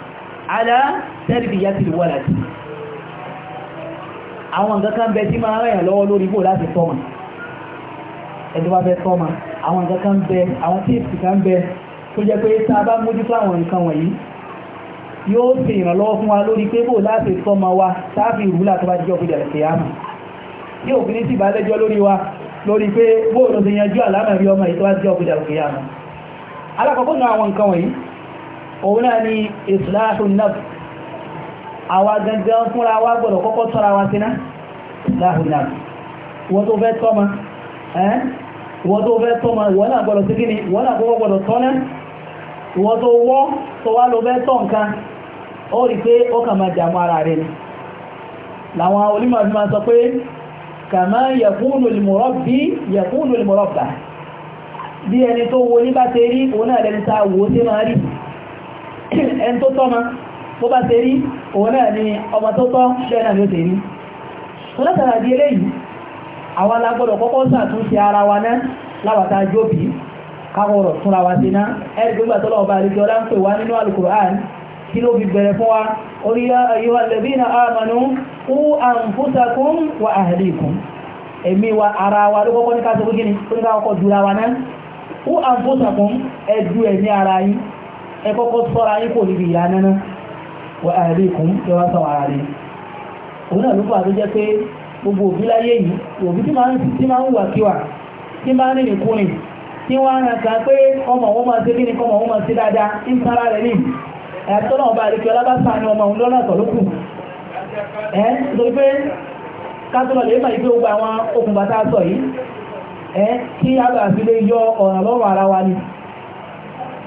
ala tarbiyatil walad àwọn nǹkan kan bẹ tí máa rẹ̀yàn lọ́wọ́ lórí bó láti tọ́mà ẹjọ́ bá fẹ́ tọ́mà àwọn nǹkan kan bẹ àwọn tíìpì kan bẹ tó jẹ́ pé tá a bá mójútó àwọn nǹkan wọ̀nyí yóò ṣe ìrànlọ́wọ́ fún wa lórí pé bó láti tọ́mà wa sáàfì ìrúlà tó bá jẹ́ òfin ìdàrẹ̀ kìyàmà yóò fi ní sí ìbálẹ́jọ́ lórí wa lórí pé bó ló ti yanjú àlámà rí ọmọ ìtọ́wájú òfin ìdàrẹ̀ kìyàmà alákọ̀ọ́kọ́ náà àwọn nǹkan òun náà ni ìsìláàfù náà àwa gangan fúnra wa gbọ́dọ̀ kọ́kọ́ tọ́ra wa síná ìsìláàfù náà wọ́n tó fẹ́ tọ́mọ wọ́n tó fẹ́ tọ́mọ wọ́n náà gbọ́dọ̀ sí kíni wọ́n náà kọ́kọ́ gbọ́dọ̀ tọ́ná wọ́n tó wọ́ tó wá ló fẹ́ tọ́ nǹkan ó máa ni làwọn onímọ̀ fi máa sọ pé kàmá yẹ̀kúnù lìmọ̀rọ̀bí yẹ̀kúnù lìmọ̀rọ̀bà bí ẹni tó wo ní bá ṣe rí òun náà lẹni ta wo ṣe máa rí <coughs> ẹni tó tọ́ ma bó bá ṣe rí òun náà ni ọmọ tó tọ́ bẹ́ẹ̀ náà ló ṣe rí tó látara di eléyìí àwọn alágbọ́dọ̀ kọ́kọ́ ṣàtúnṣe ara wa náà láwàtà jóbi káwọ̀rọ̀ túnra wa sí náà ẹ̀rí gbogbo àtọ́lọ̀ ọba àríkẹ́ ọlá ń pè wá nínú alukur'an kí ló fi bẹ̀rẹ̀ fún wa orí ayọ́ alẹ́bínà àmànú kú àǹfúsakún wa àhàlìkún ẹ̀mí wa ara wa ló kọ́kọ́ ní ká ẹ kọ́kọ́ sọ́ra yín kò níbi ìyá náná wọ ààrẹ ìkún ẹ wá sọ̀rọ̀ ara rẹ̀ òun náà ló fà tó jẹ́ pé gbogbo òbí láyé yìí òbí tí máa ń wà kíwà tí máa ń rìn kúrin tí wọ́n ń ràkà pé ọmọ òun máa ṣe kọmọ máa ṣe dáadáa ń sára rẹ̀ ní yọ ọ̀ràn lọ́rùn ara wa ni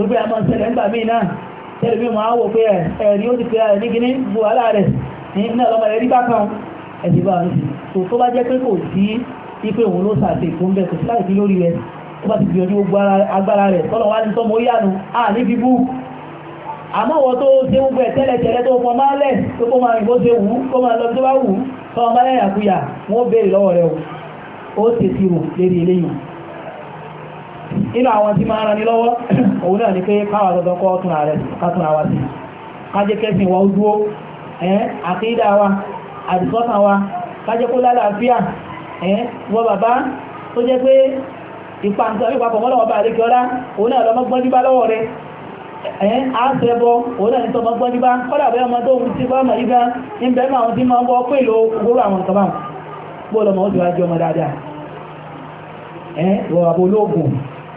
torípé a máa ṣẹlẹ̀ ńgbà míì náà tẹ́lẹ̀ bí máa wò pé ẹ̀rí ó ti pé ẹ̀rí gíní bu àlá rẹ̀ ní iná lọ́mọ ẹ̀rí bá kan ẹ̀sìn bá wọn sì tó bá jẹ́ pé kò sí ipe òun ló sàṣe tó ń bẹ̀ kò sí láì fi lórí rẹ̀ tó bá ti gbìyànjú gbogbo agbára rẹ̀ tọ́lọ̀ wá ní tọ́mọ yánu à ní bíbú àmọ́ wọ́n tó ṣe gbogbo ẹ̀ tẹ́lẹ̀ tẹ́lẹ̀ tó fọ máa lẹ̀ tó kó máa rìnbó ṣe wù kó máa lọ tó bá wù tọ́mọ bá lẹ́yìn àkúyà wọ́n béèrè lọ́wọ́ rẹ̀ o ó ṣèṣirò lérí eléyìí inú awon ti maara ni rani lọ́wọ́ naa ni pe káwà dandan kọ́ k'aje ààrẹ kátún àwa aki kájẹ́ kẹ́sìn wa wa àdìsọ́kàn wa kájẹ́ kó lálàáfíà wọ́n bàbá tó jẹ́ ipa nǹkan ipa pọ̀ mọ́lọ́wọ́ bá àríkẹ́ ọlá òun náà lọ́mọ gbọ́n ọmọ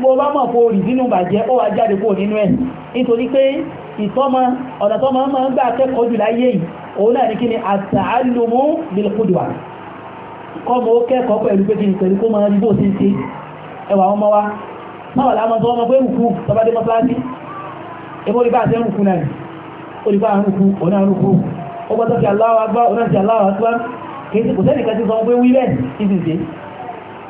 bó bá mọ̀ fó rí nínú bàjẹ́ ó wà jáde kó nínú ẹ̀ nítorí pé ìtọ́mọ ọ̀nà tọ́mọ mọ́ ń gbà kẹ́kọ̀ọ́ jù láyé yìí òun náà ní kí ni àtàálùmú lílùkúdùwà kọ́mọ ó kẹ́kọ̀ọ́ pẹ̀lú pé kí ni pẹ̀lú kó máa rí bó ti ń ṣe ẹwà ọmọ wa máwà lámọ́ tó ọmọ pé rùkú tọ́bádé mọ́sálásí ebó rí bá ṣe rùkú náà ó rí bá rùkú ọ̀nà rùkú ó gbọ́tọ̀ sí aláwọ̀ agbá ọ̀nà sí aláwọ̀ agbá kì í sì kò sẹ́nìkan ti sọ pé wílẹ̀ ìsìnṣe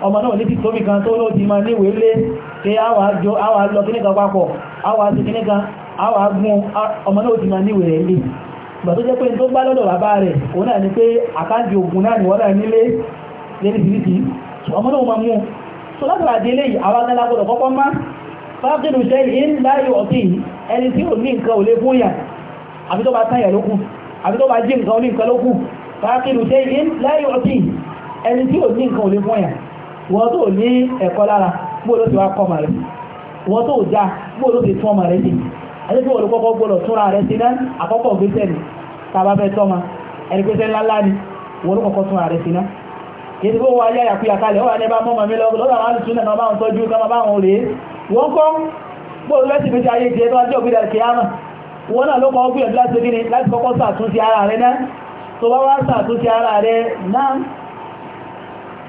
ọmọ náà ní ti tóbi kan tó lóòdí ma ní wèlé pé àwà lọ kíní kan papọ̀ àwà sí kíní kan àwà gún ọmọ náà ti ma ní wèlé lè gbà tó jẹ́ pé tó bá lọ́dọ̀ bàbá rẹ̀ òun náà ni pé àkáǹtì ogun náà ni wọ́n náà nílé lẹ́nìtìrìtì ọmọ náà ma mú so látara délé àwọn agbẹ́lá gbọ́dọ̀ kọ́kọ́ má fáfínú sẹ́yìn ń láyé ọ̀tí ẹni tí ò ní nǹkan ò lè fún yàn àbí tó bá táyà lókù àbí tó bá jí nǹkan ò ní nǹkan lókù fáfínú sẹ́yìn láyé ọ̀tí ẹni tí ò ní nǹkan ò lè fún yàn wọ́n tó ní ẹ̀kọ́ lára bó ló ti wá kọ́ ọmọ wọ́n tó já bó ló ti tún ọmọ rẹ̀ sí àti pé olùkọ́kọ́ gbọ́dọ̀ túnra rẹ̀ sí náà àkọ́kọ́ gbèsè ni tàbá fẹ́ tọ́mọ ẹni pé sẹ́ńlá ńlá ni wọ́n ló kọ́kọ́ túnra rẹ̀ sí náà kìí bó wà yáyà kúyà kalẹ̀ ó wà ní ẹbá mọ́mọ̀ mi lọ́wọ́ àwọn alùsùnà náà báwọn tọ́jú kama báwọn rèé wọ́n kọ́ bóòrù lẹ́sì méjì ayé jẹ́ tó ajé òbí rẹ̀ kìyàmà wọ́n náà ló kọ́ gbìyànjú láti kọ́kọ́ ṣàtúnṣe ara rẹ̀ náà tó bá wá ṣàtúnṣe ara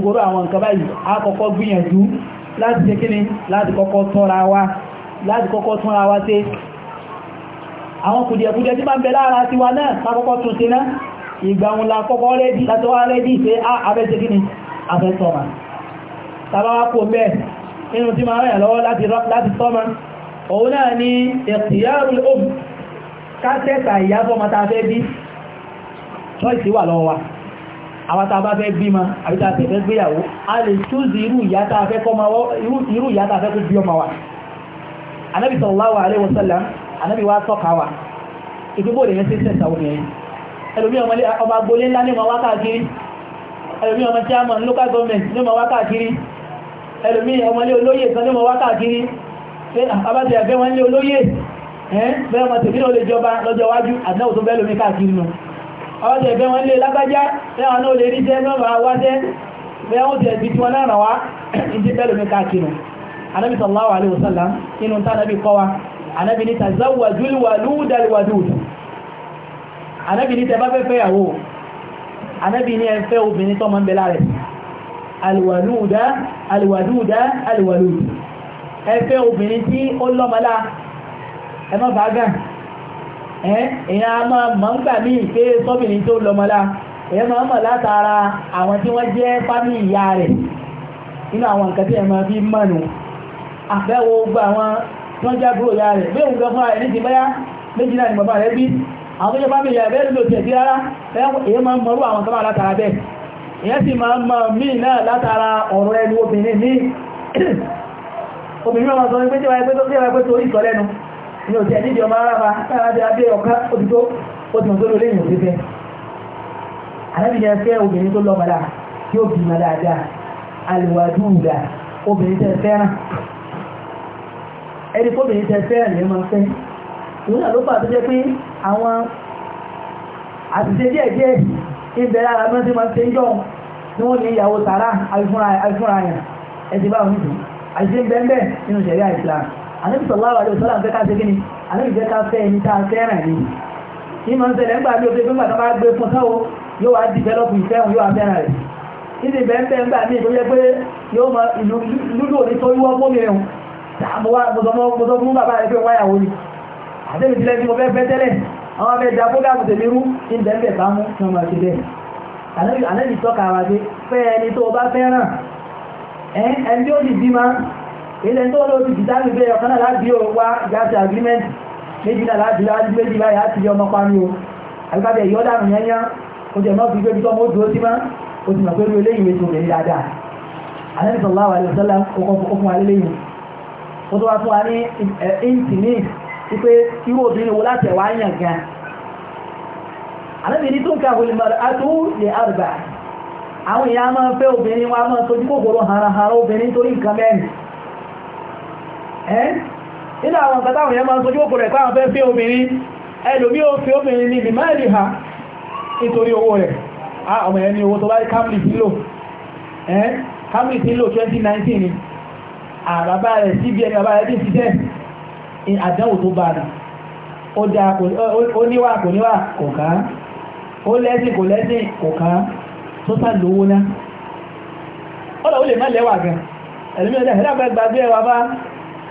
gbogbo àwọn nǹkan báyìí a kọ́kọ́ gbìyànjú láti jẹ́ kíni láti kọ́kọ́ tọ́ra wa láti kọ́kọ́ túnra wa ṣe àwọn kùdìẹ̀kùdìẹ̀ tí bá ń bẹ lára ti wa náà ká kọ́kọ́ tún ṣe náà ìgbà òun la kọ́kọ́ rẹ́dí ah, láti wá rẹ́dí pé abẹ́sẹ̀ kíni afẹ́tọ́mà tàbáwá kò mẹ́ inú tí ma rẹ̀ lọ́wọ́ láti tọ́mà òun náà ni ẹ̀kìyàrù ohun kásẹ̀ta ìyàbọ̀ mata fẹ́ bí choice wà lọ́wọ́ wa àwọn tàbá fẹ́ bímọ àbíta tẹ̀fẹ́ gbéyàwó a lè túnzì irú ìyáta fẹ́ kó bí ọmọ wa anábì sallallahu alaihi wasallam anábì wá tọ́ka wa ìgbébò lè yẹn sí sẹ́sà obìnrin ẹlòmí ọmọ agbolé ńlá ní ọmọ wákàkiri ẹlòmí ọmọ chairman local government ní ọmọ wákàkiri ẹlòmí ọmọlé olóyè kan ní ọmọ wákàkiri abájẹ́ ẹ̀fẹ́ wọn lé olóyè ẹ́ bẹ́ẹ̀ ọmọ tèmínà lè jọba lọ́jọ́ wájú àdáwò tó bẹ́ẹ̀ lómi káàkiri nù ọjọ́ ẹ̀fẹ́ wọn lè lágbájá ẹwà náà lè rí jẹ́ mẹ́wà wájẹ́ mẹ́wọ́n ti ẹ̀bí tí wọ́n náà wá <clears throat> ìdí bẹ́lù mi káàkiri anábì sallallahu alaihi wasallam inú tánàbì kọ́ wa anábì ní tazawwajul waludal wadud anábì ní tẹ́bá fẹ́fẹ́ yàwó anábì ní ẹfẹ́ obìnrin tọ́mọ ń bẹ láàrẹ̀ alwaluda alwaluda alwalud ẹfẹ́ obìnrin tí ó lọ́mọlá ẹ má èyàn a máa mọ̀ ń gbà mí pé sọ́bìnrin tó lọ́mọlá èyàn máa mọ̀ látara àwọn tí wọ́n jẹ́ fámì ìyá rẹ̀ nínú àwọn nǹkan tí ẹ máa fi mọ̀nù àfẹ́wò gba àwọn tí wọ́n jágbó ìyá rẹ̀ bí òun gan fún ààrẹ níti báyá méjì náà ni bàbá rẹ̀ bí àwọn tó jẹ́ fámì ìyá rẹ̀ lò tẹ̀ sí rárá èyàn máa mọ̀rú àwọn kan látara bẹ́ẹ̀ èyàn sì máa mọ̀ míì náà látara ọ̀rọ̀ ẹnu obìnrin ní <coughs> obìnrin ọmọ sọ pé tí wọ́n pẹ́ tó rí ìsọ lẹ́nu ní òtí ẹni ìjọba arába káàdé abẹ́ ọ̀ká òtítọ́ ó ti mọ̀ tó lórí ìyàn fífẹ́ alábìyàn fẹ́ obìnrin tó lọ mọ̀lá tí ó bímọ dáadáa alùwàdúùdà obìnrin tẹ fẹ́ràn ẹni kóbìnrin tẹ fẹ́ràn lè máa fẹ́ ìwọ́n náà ló fà tó jẹ́ pé àwọn àtìṣe díẹ̀ díẹ̀ ìbẹ̀ lára mọ́ sí máa ṣe ń jọ ní wọ́n ní ìyàwó tààrà àìfúnra àyàn ẹ̀sìn báwọn nìyí àìṣe ń bẹ́ẹ̀ nínú ṣẹ̀rí àìsílámù àníbi sallallahu alaihi wasallam ń fẹ́ ká ṣe kí ni àníbi jẹ́ ká fẹ́ ẹni tá a fẹ́ràn ni ìmọ̀ ń ṣẹlẹ̀ ńgbà bí o ṣe fún bàtà bá gbé fún sáwọ́ yóò wá dìbẹ́lọ́pù ìfẹ́ òun yóò wá fẹ́ràn rẹ̀ ìdí bẹ́ẹ̀ ńgbà mí tó yẹ pé yóò mọ ìlú lúlù òní tó yíwọ́ fún mi rẹ̀ mo sọ fún bàbá rẹ̀ pé wáyàwó ni àtẹ́mi tilẹ̀ tí mo fẹ́ fẹ́ tẹ́lẹ̀ àwọn abẹ́ ìjà fúgàmù tèmi rú ìbẹ̀ ńbẹ̀ bá ilẹ̀ tó lọ sí ìdámi pé ọ̀kan náà láti yóò wá ìyáṣẹ́ agreement méjì náà láti láti méjì báyìí láti yọ ọmọ parí o àbíkájẹ ìyọ́dàrùn yányá ó jẹ mọ́ fi gbé bí tọ́mọ́ dúró sí máa ó ti mọ̀ pé orí eléyìí wé tó rẹ̀ dáadáa alẹ́ sọ̀lá wà lọ́sọ́lá ọkọ̀ fún wa lélẹ́yìn ó tó wá fún wa ní ìntìní wípé irú obìnrin wo láti ẹ̀wà yàn gan alẹ́bìnrin tó ń ka wòlé mọ̀rọ̀ àtú lè àrùbà àwọn èèyàn máa ń fẹ́ obìnrin wa máa ń sojú kòkòrò hàràhàrà obìnrin torí nǹkan mẹ́rin nínú àwọn nǹkan táwọn máa sojú òkú rẹ̀ káwọn fẹ́ fẹ́ obìnrin ẹlòmí ó fi obìnrin ní bìmáìlì ha nítorí owó rẹ̀ ọmọ ẹni owó tó bá nlo 2019 ni àbábá rẹ̀ cbn àbá rẹ̀ ti ṣiṣẹ́ àdánwò tó bá dà ó níwà kò níwà kò ká ó lẹ́sìn kò lẹ́sìn kò ká tó sá lówó ná ó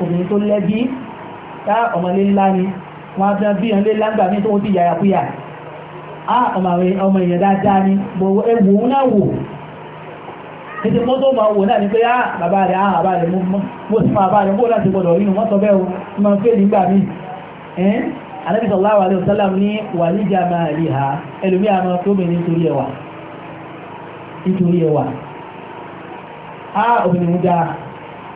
obìnrin tó lẹ́bí tá ọmọlé ńlá ni wọ́n á fi bí ọmọlé ńlá gbà mí tó wọ́n ti yàyà kúyà á ọmọ èèyàn dáadáa ni bọ̀ ẹwù òun náà wò títí mọ́ tó máa wò náà ni pé á bàbá rẹ̀ á bàbá rẹ̀ mo sì máa bá rẹ̀ bóòlá ti gbọdọ̀ nínú wọ́n sọ bẹ́ẹ̀ o máa ń fẹ́ nígbà míì ẹ́n Ànábì sallallahu alaihi wasallam ní wàlíjà máa rí ha ẹlòmí àmọ́ tó bẹ̀ nítorí ẹwà nítorí ẹwà á obìnrin dáa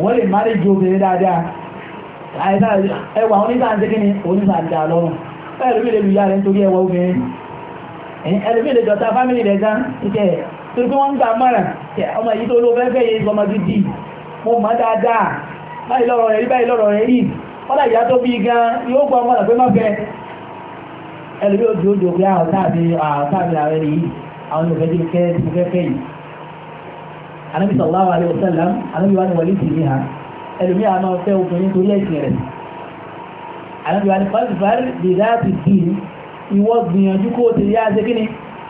wọ́n lè máa lè ju obìnrin dáadáa ẹwà onísàndé kí ni onísàndé àlọ́run ẹlòmí lè lùyà nítorí ẹwà obìnrin lè jọta rẹ̀ gan ìkẹ́ wọ́n ń gbà mọ́ra ọmọ èyí tó ló fẹ́fẹ́ yé ọmọ rí rí àwọn táàbí àwọn táàbí yìí àwọn anábì sallallahu alaihi wasallam anábì wá ní wọlé sí ní ha ẹlòmí àmà ọ̀fẹ́ obìnrin torí ẹ̀sìn rẹ̀ anábì wá ní fàlìfàlì dìdá ti kì í ìwọ gbìyànjú kó o ti yá ṣe kíni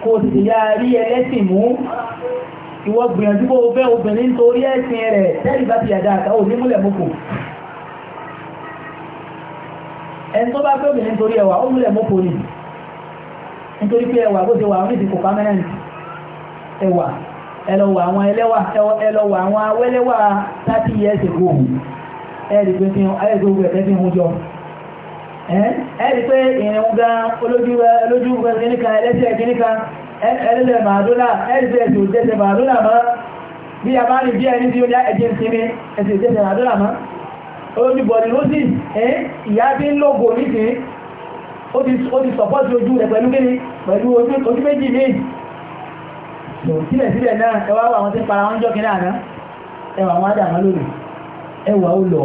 kó o ti yá rí ẹlẹ́sìn mú ìwọ gbìyànjú kó o fẹ́ obìnrin torí ẹ̀sìn rẹ̀ tẹ́lì bá ti yàdá àtàwọn onímúlẹ̀ mọ́kù ẹni tó bá fẹ́ ẹlọ́wọ̀ àwọn ẹlẹ́wà ẹlọ́wọ̀ àwọn awẹ́lẹ́wà 30 years ago ẹ̀rì pé fi ayé tó gbẹ̀ tẹ́fí mú jọ ẹ̀rì pé ìrìn gan olójú kìníkà ẹlẹ́sẹ̀ kìníkà ẹlẹ́lẹ̀ màdúlà ẹ̀rì pé ẹ̀sì òjẹ́sẹ̀ màdúlà mọ́ bí a bá rí bí ẹni tí ó ní ẹjẹ́ ìsinmi ẹ̀sì òjẹ́sẹ̀ màdúlà mọ́ olójú bọ̀dì ló sì ìyá bí ń lógo nísìn ó ti sọ̀pọ̀ sí ojú rẹ̀ pẹ̀lú méjì míì sílẹ̀sílẹ̀ náà ẹwà àwọn tí ń para wọn jọ́kì náà náà ẹwà wọn dà wọn lónìí ẹwà ó lọ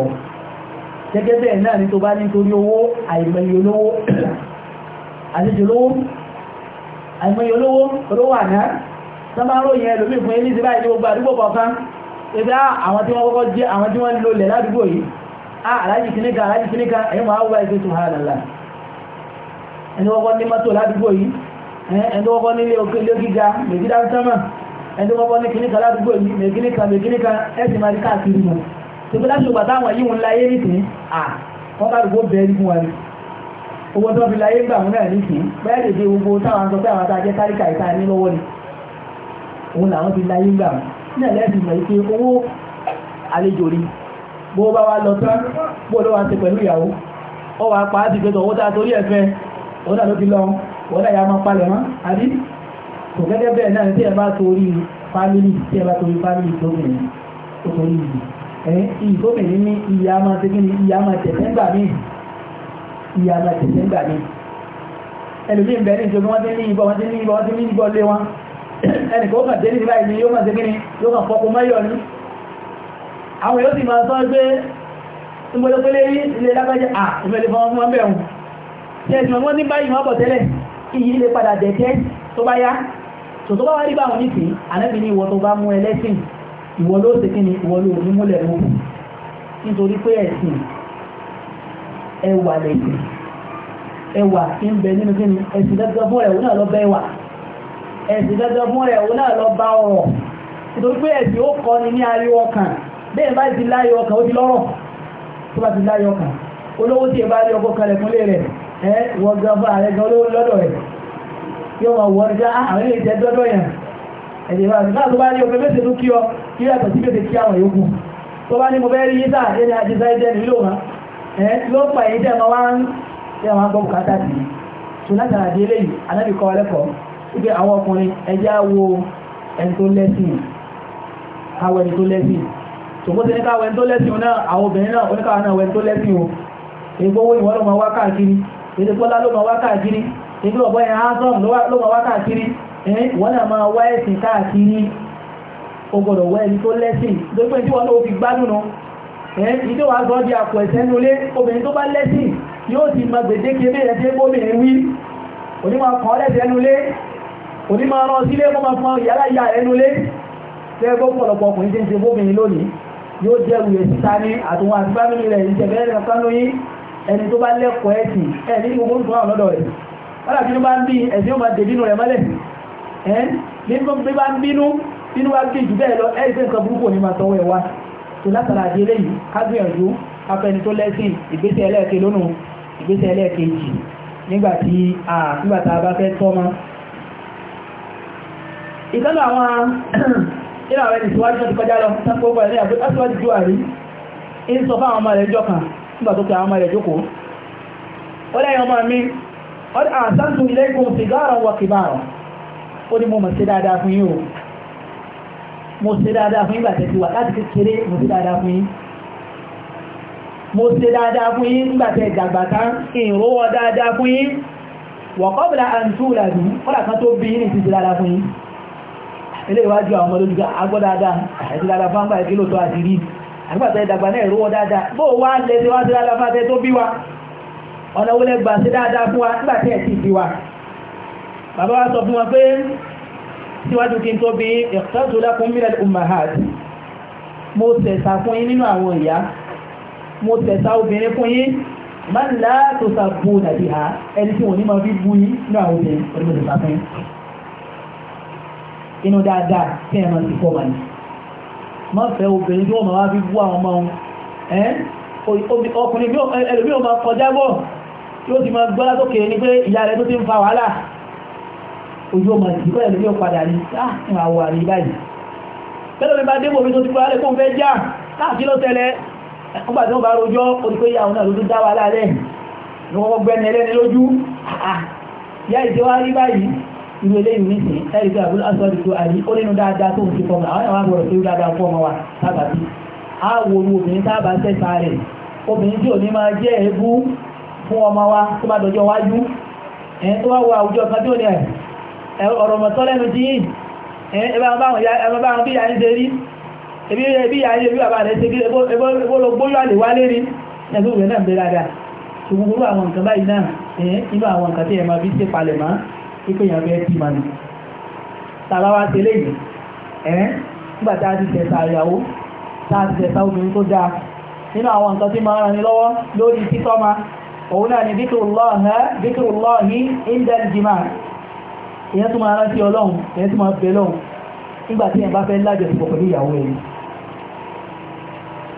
gẹ́gẹ́ bẹ́ẹ̀ náà ní tó bá nítorí owó àìmọye olówó àtijọ́ olówó àìmọye olówó olówó àná sọmárò yẹn lómi fún elí ti báyìí ní gbogbo àdúgbò kọ̀ọ̀kan ebi ah, àwọn tí wọ́n kọ́kọ́ jẹ́ àwọn tí wọ́n lólẹ̀ ládùúgbò yìí ah, aláàjì kìníkà aláàjì kìníkà ẹ̀yìn wọn á wá ẹgbẹ́ tó hàn lálá ẹni wọ́pọ̀ nílé ilé gíga mẹ́gídá sẹ́mà ẹni wọ́pọ̀ ní kìníkà ládùúgbò yìí mẹ́gíníkà mẹ́gíníkà ẹ̀sìn máa káàkiri mọ̀ tó bí láti ṣùgbà táwọn yìí ń láyé nìsín à wọ́n bá dùgbò bẹ́ẹ̀ nígun wọn owó tó fi láyé gbà wọn náà nìsín bẹ́ẹ̀ lè dé gbogbo táwọn sọ pé àwọn àtàjẹ́ táríkà ìta ní lọ́wọ́ ni òun làwọn fi láyé gbà wọn náà lẹ́sìn mọ̀ pé owó àlejò rí bó bá wa lọ tán bó ló wá ṣe pẹ̀lú ìyàwó ọ wà pa á ti pẹ̀tọ̀ owó tá a torí ẹ̀fẹ́ òun náà ló ti lọ́wọ́ wọ́lá ya máa palẹ̀ mọ́ àbí kò gẹ́gẹ́ bẹ́ẹ̀ náà tí ẹ bá torí fámìlì tí ẹ bá torí fámìlì tó bẹ̀rẹ̀ tó torí ìlú ẹ̀ ìgbómìnì ní ìyá máa ṣe kí ni ìyá máa tẹ̀sẹ̀ ń gbà mí ìyá máa tẹ̀sẹ̀ ń gbà mí ẹlòmí ń bẹ ní ìṣòro wọ́n ti ní ìbọn wọ́n ti ní ìbọn wọ́n ti ní ìbọn lé wọn ẹnì kan ó kàn dé ní ìbáyìí ni yóò kàn ṣe kí ni yóò kàn fọkùn mọ́yọ̀ ni àwọn yóò sì máa sọ pé ń gbọ́dọ̀ pé lé ilé lágbájá à ìmọ̀lẹ́fọ́n wọn bẹ̀rù iyì lè padà dẹ̀tẹ́ tó bá yá tó tó bá wá rí bá wọn nìsín ànábì ní ìwọ tó bá mú ẹlẹ́sìn ìwọ ló ṣe kí ni ìwọ ló ní múlẹ̀ mú nítorí pé ẹ̀sìn ẹwà lẹ́sìn ẹwà ń bẹ nínú kí ni ẹ̀sìn dandan fún ẹ̀wù náà lọ bẹ ẹwà ẹ̀sìn dandan fún ẹ̀wù náà lọ bá ọ̀rọ̀ nítorí pé ẹ̀sìn ó kọ́ ni ní ayé ọkàn bẹ́ẹ̀ bá ti láyé ọkàn ó ti lọ́rọ̀ tó bá ti láyé ọkàn olówó tí ẹ bá rí ọkọ̀ kalẹ̀ fúnlé rẹ̀ ẹ wọ́n gan fún ààrẹ gan ló lọ́dọ̀ rẹ̀ yóò máa wọ́n já ah, àwọn ilé ìjẹ́ dọ́dọ̀ yẹn ẹ̀dẹ̀ bá mi náà tó bá ní omi méje ló kí ọ kí yàtọ̀ sí méje kí àwọn yòókù tó bá ní mo fẹ́ rí yíta ẹni àjíṣà ẹjẹ nílò wọn ẹ ló pa èyí tẹ́ wọn wá ń tẹ́ wọn gbọ́ bùkátà sí i ṣùgbọ́n láti àdé eléyìí anábì kọ́ ọlẹ́kọ̀ọ́ wípé àwọn ọkùnrin ẹjẹ́ àwo ẹni tó lẹ́sìn àwọn ẹni tó lẹ́sìn ṣùgbọ́n ti ní káwọn ẹni tó lẹ́sìn náà àwọn obìnrin náà oníkàwọn náà ẹni tó lẹ́sìn o èyí gbówó ìwọ́n ló máa wá káàkiri èdè bọ́lá ló ma wá káàkiri ìlú ọ̀bọ̀ yẹn hansom ló ma wá káàkiri wọ́n náà máa wá ẹ̀sìn káàkiri o gbọ́dọ̀ ẹni tó lẹ́sìn lópin tí wọ́n náà fi gbádùn yóò jẹ́ ìrẹsì ta ní àtúnwà àti fámìlì rẹ̀ ìjẹ̀bẹ̀rẹ̀ kan lóyìn ẹni tó bá lẹ́kọ̀ọ́ ẹ̀sìn ẹni gbogbo ń tún àwọn lọ́dọ̀ rẹ̀ wọ́n àbínú bá ń bí ẹ̀sìn ó máa dè bínú rẹ̀ mọ́lẹ̀ bí bá ń bínú bínú wá bí jù bẹ́ẹ̀ lọ ẹ̀rí pé nǹkan burúkú ni máa tọwọ́ ẹ̀ wá tó látara àdé eléyìí ká gbìyànjú afẹni tó lẹ́sìn ìgbésẹ̀ ẹlẹ́ẹ̀kẹ́ lónù ìgbésẹ̀ ẹlẹ́ẹ̀kejì nígbàtí nígbàtà bá fẹ́ tọ́mọ ìkánà àwọn <clears throat> ìràwẹ̀ ìsíwájú tó ti kọjá lọ sápọ̀ ọgbà ilé àgbẹ́ nígbà tó kí àwọn ọmọ rẹ̀ jókòó ó lẹ́yìn ọmọ mi ọdún àṣàtù ilé ìkùn sìgáàrà wọ kìbáàrà ó ní mo mọ̀ sí dáadáa fún yín o mo ṣe dáadáa fún yín gbà tẹ̀sí wà láti kékeré mo ṣe dáadáa fún yín mo ṣe dáadáa fún yín nígbà tẹ̀ dàgbà tán ìrówọ́ dáadáa fún yín wọ̀kọ́bìlà àǹtúràdù fọ́nà kan tó bí ní títí dáadáa fún yín àgbàtà ìdàgbà náà ìrówọ́ dáadáa bó wá lè tí wá sí dáadáa fáfẹ́ tó bí wa ọ̀nà wọlé gbà sí dáadáa fún wa nígbàtí ẹ̀ sì bí wa bàbá wa sọ fún wa pé síwájú kí n tó bí ikhtartu lakum minal ummahat mo sẹ̀sà fún yín nínú àwọn ìyá mo sẹ̀sà obìnrin fún yín man la tusabbuna biha ẹni tí wọ́n ní máa fi bú ni má fẹ́ obìnrin tí wọ́n máa fi bú àwọn ọmọ wọn ọkùnrin ẹlòmí o máa kọjá bọ̀ yóò ti máa gbọ́lá tókè ní pé ìyá rẹ̀ tó ti ń fa wàhálà ojú ọmọ ìdíkọ́ ẹlòmí o padà ní àwọn àrí báyìí tẹ́lẹ̀ mi bá débò mi tó ti kọ́lá lẹ́kùn fẹ́ já láti ló tẹ́lẹ̀ ọgbà tí wọ́n bá rojọ́ ó ti pé ìyá òun àlójú dá wàhálà lẹ́yìn ló kọ́kọ́ gbẹ́ni ẹlẹ́ni lójú yá ìdíwárí báyìí irú eléyìí nísìn ẹ̀rí pé àbúrò asọ́dì tó àrí ó nínú dáadáa tó ń ti fọmọ àwọn àwọn àgbọ̀rọ̀ tó ń dáadáa fún ọmọ wa sábà bí a wo obìnrin sábà sẹ́sà rẹ̀ obìnrin tí ò ní máa jẹ́ fún ọmọ wa tó bá dọjọ́ wájú ẹ̀ tó wá wo àwùjọ kan tó ní ọ̀rọ̀ mọ̀tọ́ lẹ́nu tí ebi ebi pípé yàn bẹ́ẹ̀ tí ma ní tàbá wá tẹ́lẹ̀ yìí ẹ́ nígbà tá a ti tẹ̀sà ìyàwó tá a ti tẹ̀sà obìnrin tó dáa nínú àwọn nǹkan tí máa ràn ní lọ́wọ́ lórí títọ́ ma òun náà ni bíkìrùlọ́ọ̀hí ìndẹ́lìjìmá ìyẹn tó máa rántí ọlọ́run ìyẹn tó máa bẹ lọ́run nígbà tí ẹ̀ bá fẹ́ lájọsìpọ̀ pẹ̀lú ìyàwó ẹ̀yìn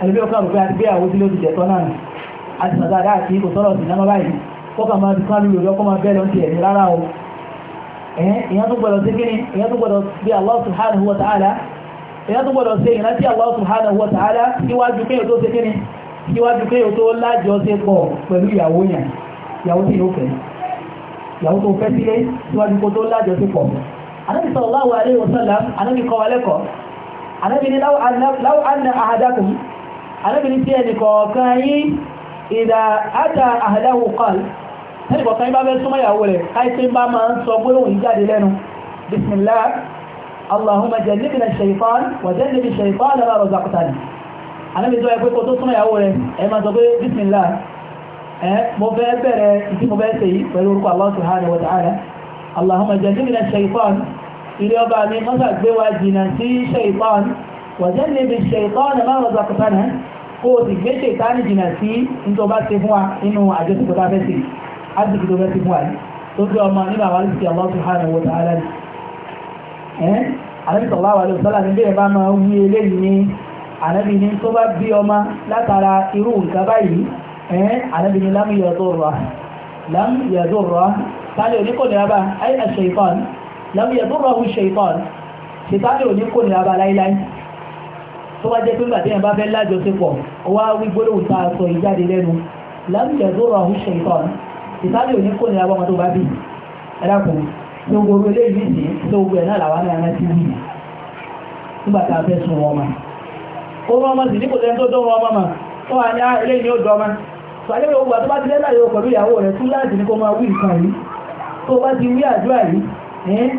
ẹ̀lẹ́bí ọkọ̀ àrùfẹ́ àti gbéyàwó tí ló ti jẹ̀tọ́ náà àti màtàdá àti kò sọ́rọ̀ sí náà báyìí kọ́kà máa ti kálù lórí ọkọ̀ máa bẹ́ẹ̀ o Eh, ìyẹn tó gbọdọ̀ sí kíni ìyẹn tó gbọdọ̀ bí Allah subhanahu wa ta'ala ìyẹn tó gbọdọ̀ sí ìrántí Allah subhanahu wa ta'ala síwájú kéyò tó sí kíni síwájú kéyò tó lájọ sí pọ̀ pẹ̀lú ìyàwó yẹn ìyàwó tí yóò fẹ́ ìyàwó tó fẹ́ sílé síwájú kó tó lájọ sí pọ̀ anábì sallallahu alaihi wasallam anábì kọ́ alẹ́kọ̀ọ́ anábì ẹnìkọ̀kan bá fẹ́ súnmọ́ ìyàwó rẹ̀ káìsí bá máa ń sọ gbólóhùn ìjáde lẹ́nu bismillah allahumma jannibna shaytan wa jannibi shaytan lama razaqtani anábi tó ẹgbẹ́ kó tó súnmọ́ ìyàwó rẹ̀ ẹ máa sọ pé bismillah ẹ mo fẹ́ bẹ̀rẹ̀ ìdí mo fẹ́ ṣe yìí pẹ̀lú orúkọ allah subhanahu wa ta'ala allahumma jannibna shaytan ilé ọba mi mọ́sà gbé wa jìnà sí shaytan wa jannibi sí fún wa nínú àjọṣepọ̀ tá a arziki tó bẹ́ ti fún àyè tó jẹ́ ọmọ nínú àwọn arísìkí Allah subhanahu wa ta'ala ni ẹ́n ànábì sallallahu alaihi wasallam ní bẹ́ẹ̀ bá máa wí eléyìí ní ànábì ní tó bá bí ọmọ látara irú nǹkan báyìí ẹ́n ànábì ní lam yadurra lam yadurra tálẹ̀ oníkò ní abá ayé ash-shaytan lam yadurra hu shaytan ṣe tálẹ̀ oníkò ní abá láíláí tó jẹ́ pé nígbà tí yẹn bá fẹ́ lájọṣepọ̀ wá wí sọ ìjáde lẹ́nu lam yadurra hu shaytan ìtàlẹ̀ òní kò ní abọ́mọ tó bá bí ẹ̀dàkùn tó gbogbo eléyìí sí tó gbogbo ẹ̀ náà làwọn náà rántí wí nígbà tá a fẹ́ sun wọn ma ó rán ọmọ sí ní kò tó dán ọmọ mà ó wà ní ah, eléyìí ní ọmọ tó àyẹ̀wò ògbà tó bá ti lẹ́nà yóò pẹ̀lú ìyàwó rẹ̀ tún láti ní kó máa nǹkan yìí tó bá ti wí yìí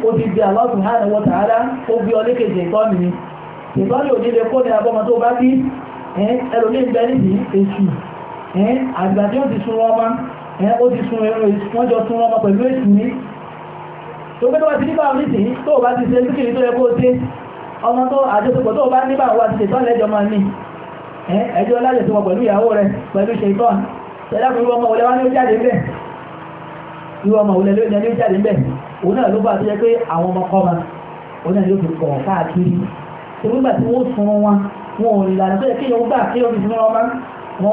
ó ti di Allah subhanahu wa ó ẹ̀ ó ti sun ẹ̀rọ wọ́n jọ sun ọmọ pẹ̀lú èsì ní tó gbé tó bá ti nípa oníṣì tó bá ti ṣe lókèrè tó yẹ kó ṣe ọmọ tó àjọṣepọ̀ tó bá nípa wà ti ṣètọ́ lẹ́jọ́ máa ní ẹjọ́ lájọṣepọ̀ pẹ̀lú ìyàwó rẹ̀ pẹ̀lú ṣètọ́ tẹ́lákùn irú ọmọ òlẹ́ wá ní ó jáde ń bẹ̀ irú ọmọ òlẹ́ ló ní ó jáde ń bẹ̀ òun náà ló bá tó yẹ pé àwọn ọmọ kọ́ma òun náà ló fi kọ̀ káàkiri tó nígbà tí wọ́n sun wọn wọn ò lànà tó yẹ kéèyàn gbà kéèyàn fi sun wọn mọ́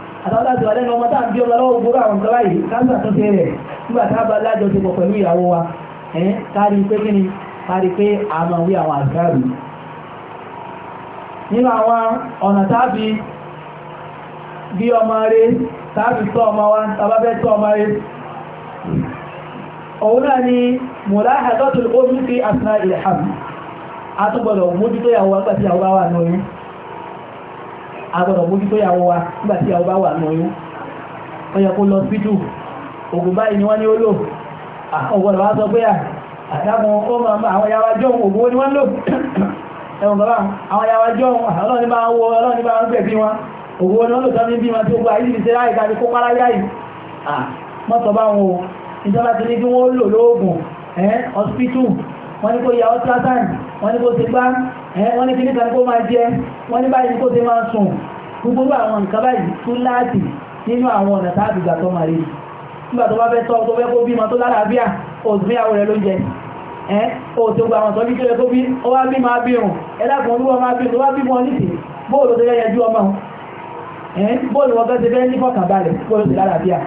àtàwọn láti wà lẹ́nu ọmọ tá à ń bí ọmọ lọ́wọ́ gbóró àwọn nǹkan báyìí káńtà tó ṣe rẹ̀ nígbà tá a bá lájọṣepọ̀ pẹ̀lú ìyàwó wa ẹ̀ kárí pé kí ni kárí pé a máa wí àwọn àgbáàrù nínú àwọn ọ̀nà tábí bí ọmọ rẹ̀ tábí tọ́ ọmọ wa tàbábẹ́ tọ́ ọmọ rẹ̀ òun náà ni mùláhàdọ́tù omi fi àṣà ìlhàm a tún gbọ́dọ̀ mójútó ìyàwó wa pàtí ìyàwó wa wà lóyún agbọ́dọ̀ mójútó ìyàwó wa nígbà tí ìyàwó bá wà ní oyún ó yẹ kó lọ sí jù ògùn báyìí ni wọ́n ní ó lò ọgbọ́dọ̀ wá sọ pé àdáwọn ọmọ àwọn yàwá jọun ni wọ́n lò <coughs> ẹ̀wọ̀n bàbá àwọn yàwá jọun ọlọ́ni bá wọ ọlọ́ni bá ń pẹ̀ bí ni wọ́n lò tán ní bí wọn tí ogun àyíkì ṣe láì káàkiri o ìjọba ti ní kí wọ́n lò lóògùn hospital wọ́n ní kó yà ultrasound wọ́n ní kó ti gbá wọ́n ní kíníkan kó máa jẹ wọ́n ní báyìí kó ti máa sùn gbogbo àwọn nǹkan báyìí tún láti nínú àwọn ọ̀nà táàbì gbà tó máa rí nígbà tó bá fẹ́ tọ́ tó fẹ́ kó bímọ tó lálàáfíà òsìnbíyàwó rẹ̀ ló ń jẹ ẹ́ òtò gbà àwọn tọ́jú kéré tó bí ó wá bí máa bí rùn ẹ̀dàkùn olúwọ́ máa bí wá bí wọn nìtì bóòlù tó yẹ́yẹ jú ọmọ ẹ̀ bóòlù wọn fẹ́ ti fẹ́ ní fọ́kànbalẹ̀ bóòlù sí lálàáfíà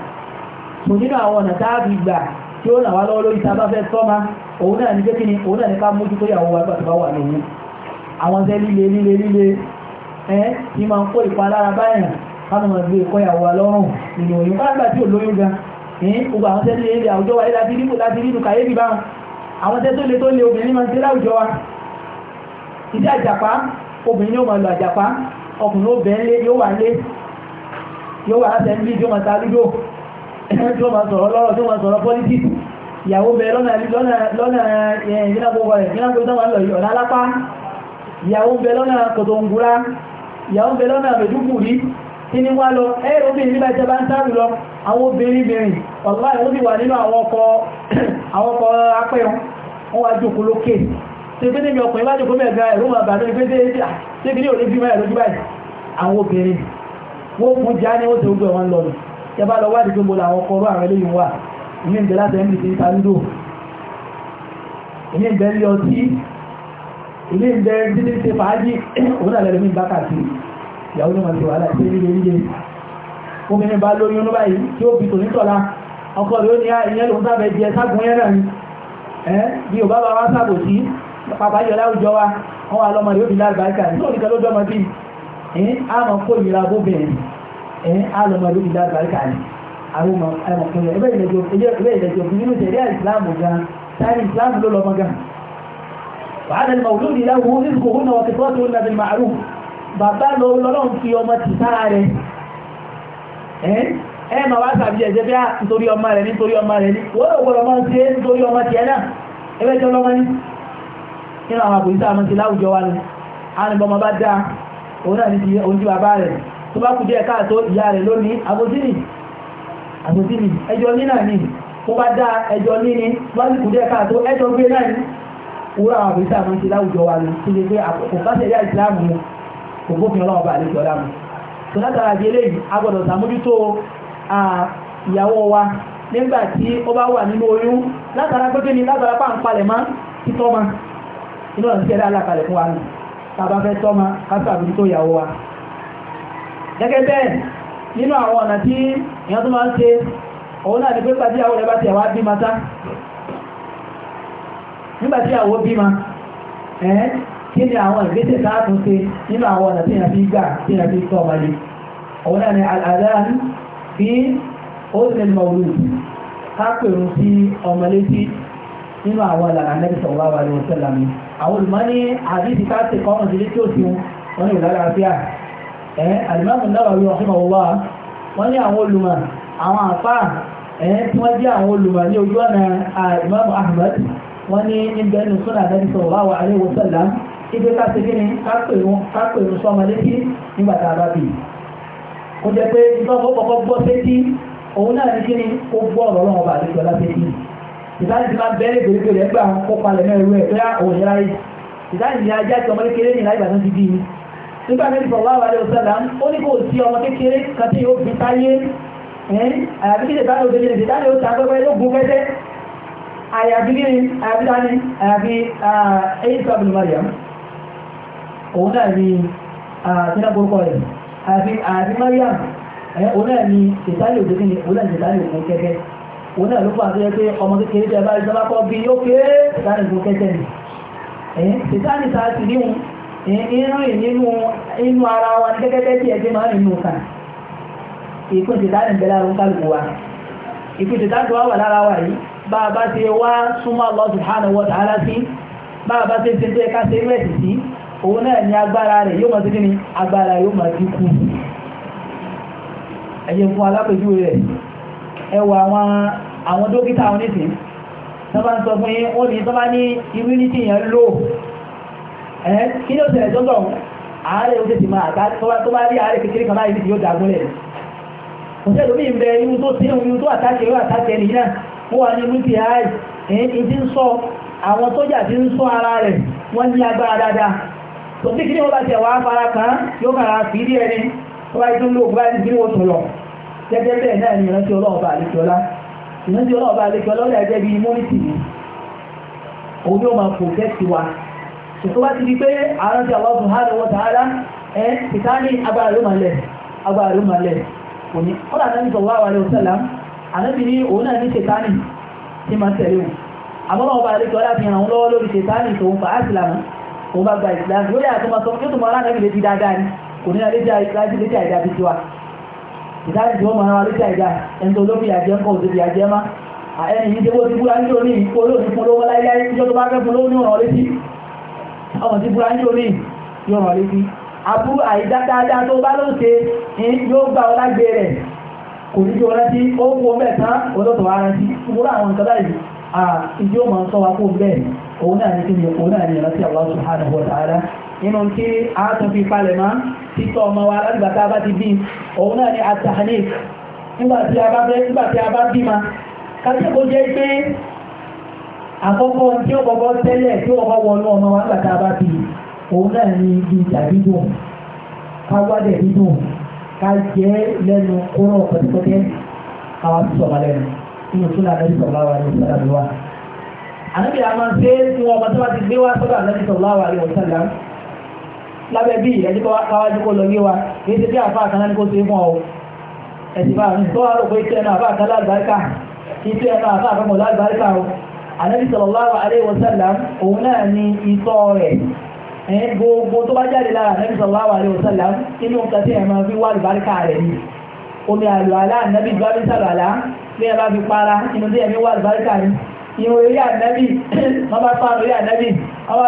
tò nínú àwọn ọ̀nà táàbì gbà tí ó ràn wá lọ́wọ́ lórí tàbá fẹ́ sọ́mà òun náà ní pé kí ni òun náà ní ká mójú tó yàwó wàgbà tó bá wà lóyún àwọn tẹ́ líle líle líle ẹ́ tí máa ń kó ìpalára báyàn kánú máa gbé ìkọ́ yàwó wa lọ́rùn nínú oyún kálágbà tí ò lóyún gan ní gbogbo àwọn tẹ́ líle líle àwùjọ wa láti rí láti rí dùkà yébì bá àwọn tẹ́ tó le tó le obìnrin máa ń ṣe láwùjọ wa ìdí àjàpá obìnrin yóò máa tí ó máa sọ̀rọ̀ lọ́rọ̀ tí ó máa sọ̀rọ̀ politics ìyàwó bẹ lọ́nà ìrìnàgbogbo rẹ̀ ìrìnàgbogbo tó máa lọ ìyọ̀lá lápá ìyàwó bẹ lọ́nà kòtòǹgúrá ìyàwó bẹ lọ́nà àbẹ̀dúkùrí kí ní wá lọ ẹ̀rọ obìnrin nígbà ìjọba ń sáàrù lọ àwọn obìnrin bìnrin ọ̀lá ìwọ́n ti wà nínú àwọn ọkọ̀ apẹ́yàn wọ́n wá jòkó lókè tí pé níbi ọkùnrin bá jòkó mẹ́ga ẹ̀rọ ma bàtọ́ ní pé tí kí ní òní bí mẹ́rẹ̀ lójú báyìí àwọn obìnrin wọ́n fún já ní ó ti gbọ́ wọn lọ́nà tẹbá lọ wádìí pé mo làwọn kọrọ àwọn eléyìí wà èmi ń bẹ láti ẹni ti ta lúdò èmi ń bẹ lé ọtí èmi ń bẹ títí ṣe fàájì òun àlẹ́ lómi bá kàkiri ìyàwó ní wọn ti wà láti ṣe ni bí ò bá bá wá sábò sí pàpà yọ láwùjọ wa wọn wà lọmọ rẹ̀ ó fi lágbàákà nítorí kan lójọ́ ọmọ bíi àmọ́ kó ìlera bóbìnrin ẹ̀yìn alọ́mọdé ìlú àgbàríkà ni àwọn ọmọ ẹ̀mọ̀kúnlẹ̀ ẹgbẹ́ ìlẹ̀jọ fún nínú tẹ̀lé ìsìláàmù gan sáré ìsìláàmù ló lọ́mọ gan wàhálà ìmọ̀lúdì ìlàwó nígbò hún náà kẹfọ́ tó nàbí màálù bàbá lọ lọ́lọ́n fi ọmọ ti sára rẹ̀ ẹ eh, eh, ma wá sàbí ẹ̀jẹ̀ bí nítorí ọmọ rẹ̀ nítorí ọmọ rẹ̀ ní wọ́n lọ gbọ́dọ̀ máa ń ṣe nítorí ọmọ tiẹ̀ náà ẹgbẹ́ jọ lọ́mọ ní nínú àwọn àpòyísà àmọ́ ti láwùjọ wa ní bọ́mọ bá dáa òun náà ní tó bá kù díẹ̀ káàtó ìyá rẹ̀ lónìí àbòsílì àbòsílì ẹjọ́ ní náà ní kó bá dá ẹjọ́ ní ní tó bá kù díẹ̀ káàtó ẹjọ́ gbé náà ní wúrà àwọn àbísà máa ń láwùjọ wa ní tó ṣe pé kò bá ṣẹ̀yà ìsìláàmù mu kò bófin ọlọ́run bá àlejò ọ̀dà mu tó látara di eléyìí a gbọ́dọ̀ sàmójútó ìyàwó wa nígbà tí ó bá wà nínú oyún látara pé kí ni látara pàǹpalẹ̀ máa títọ́ ma inú ọ̀nà wa gẹ́gẹ́ bẹ́ẹ̀ nínú àwọn ọ̀nà tí èyàn tó máa ń ṣe òun náà ni pé pàtí àwọn ẹ̀bá ti àwọn bímá tá nígbàtí àwọn bímá ẹ́ kí ni àwọn ìgbésẹ̀ sáàtún ṣe nínú àwọn ọ̀nà tí èyàn fi gbà tí èyàn fi tọ́ ọmọdé òun náà ni àdáhàn bí ó sì lè mọ̀ òun ká pèrún sí Eh, alimami Nawawi rahimahullah wọ́n ní àwọn olùmọ̀ àwọn àfá eh, tí wọ́n jẹ́ àwọn olùmọ̀ ní ojú ọ̀nà eh, imam ahmed wọ́n ní níbẹ̀ nù súnà àdájú sallallahu alaihi wasallam ibi ká ti gíní kápẹ̀rún sọmọ létí nígbà tá a bá bì í kó jẹ́ pé ìtọ́fọ́ kọ́kọ́ gbọ́ sétí òun náà ní kíni ó gbọ́ ọ̀rọ̀ ọlọ́run ọba àdéjọ lápẹ́tì ìdájì ti máa bẹ́ẹ̀rẹ̀ gbèrègbè rẹ̀ gbà ah, ń ni ajá ti ọmọ ní ìlà ìbàdàn ti bí nígbà mẹ́rin sọ̀rọ̀ wà wàlẹ̀ òṣèlú ó ní kò sí ọmọ kékeré kan tí yóò fi táyé àyàbí kí lè bá lóde lè dáre ó tàbẹ́gbẹ́ ló gún fẹ́fẹ́ àyàbí kí ni àyàbí dání àyàbí ẹ̀yìn sọ́bùn Mariam òun náà ni àtúnà gbogbo rẹ̀ àyàbí àyàbí Mariam òun náà ni ìtàlẹ̀ òde kí ni òun náà ìtàlẹ̀ òun kẹ́kẹ́ òun náà ló fà sí pé ọmọ kékeré tẹ́ bá rí sọ́bà kọ́ bí ó kéré ìtàlẹ̀ ìtàlẹ̀ ìrìn nínú ara wa gẹ́gẹ́ bí ẹgbẹ́ máa nínú kan ìpín ti dáadẹ̀ bẹ̀rẹ̀ àrùn kálùkù wa ìpín ti dáadẹ̀ wà lára wa yìí bá a bá ti wá súnmọ́ Allah subhanahu wa ta'ala sí bá bá ti ṣe tẹ́ ká ṣe rẹ̀ sí òun náà ní agbára rẹ̀ yóò máa ti kíni agbára yóò máa ti kú ẹ̀yẹ fún alápẹ̀jú rẹ̀ ẹwà àwọn dókítà onísìn tó bá ń sọ fún yín ó ní tó bá ní immunity yẹn lóò ẹ̀ kí ló tẹ̀lẹ̀ tọ́tọ̀ ààrẹ oṣù ti máa tó bá rí ààrẹ kékeré kan láìsí yóò dàgúnlẹ̀ òṣèlú mi bẹ tó tí tó ní ti ń sọ ara rẹ̀ wọ́n ní agbára dáadáa tó tí wọ́n bá kan yóò fi ẹni tó bá tún bá ní wọ́n tọ̀lọ̀ gẹ́gẹ́ bẹ́ẹ̀ náà ni ìrántí ọlọ́ọ̀bà ìrántí ọlọ́ọ̀bà ó tó bá ti di pé àrántí Allah subhanahu wa ta'ala ẹ́ ìtaní agbára ló máa lẹ̀ agbára ló máa lẹ̀ kò ní kọ́lá náà ní sallallahu alaihi wasallam ànábì ní òun náà ní ṣètánì tí máa tẹ̀lé wọn àmọ́ ọba àlejò ọlá fi hàn wọn lọ́wọ́ lórí ṣètánì tó ń fa áṣìlámù òun bá gba ìsìlámù lórí àtúmọ̀ sọ yóò tún mọ aláàbì létí dáadáa ni kò ní alẹ́ létí àìdá bí tiwa ìdájú tí wọ́n máa létí àìdá ẹni tó ló ti búra nítorí ìkó olóòtú fún olówó láyé láyé tó bá fẹ́ fún olówó ọ̀rọ̀ létí ọmọ tí búra ní orí yóò rọ̀ létí aburú àìdá dáadáa tó bá ló ṣe yóò gba ọlágbé rẹ̀ kò ní jọ rántí ó kú ọmọ ẹ̀tàn olóòtọ̀ wa rántí wúrà àwọn nǹkan báyìí ìdí ó máa ń sọ wa kó bẹ́ẹ̀ òun náà ní kí ni òun náà ní ìrántí Allah subhanahu wa ta'ala nínú tí a tún fi palẹ̀ mọ́ títọ́ ọmọ wa lágbà tá a bá ti bí òun náà ní atahanif nígbà tí a bá bí ma kájẹ́ kó jẹ́ pé àkọ́kọ́ tí ó kọ́kọ́ tẹ́lẹ̀ tí ó kọ́kọ́ wọnú ọmọ wa nígbà tá a bá bí òun náà ní ibi ìjà dídùn ká wádẹ̀ dídùn ká jẹ́ lẹ́nu kóró pẹ̀tẹ́pẹ́tẹ́ àwọn àti sọ̀rọ̀ lẹ́nu nínú tún náà lẹ́nu sọ̀rọ̀ wa ní ìsọ̀rọ̀ wa. àníbi àwọn ṣe é fún ọmọ tó bá ti gbé wá sọ́dọ̀ àlẹ́nu sọ̀rọ̀ wa ní ìsọ̀rọ̀ lábẹ́ bí ẹni kọ́ wájú kó lọ yé wa èyí ti bí àfa àkànlá ní kó ṣe fún ọ ẹ̀sìn bá mi tó wà pé iṣẹ́ náà àfa àkànlá àlùbáríkà iṣẹ́ náà àfa àkànlá àlùbáríkà Ànábì sallallahu alaihi wasallam òun náà ni ìtọ̀ rẹ̀ ẹ̀yìn gbogbo tó bá jáde lára Ànábì sallallahu alaihi wasallam inú nǹkan tí ẹ̀mọ́ fi wà lùbáríkà rẹ̀ ni omi àlò àlá Ànábì bá fi sàlọ̀ àlá bí ẹ bá fi para inú tí ẹ̀mí wà lùbáríkà ni ìwò <clears throat> ilé ànábì wọ́n bá pàánù ilé ànábì wọ́n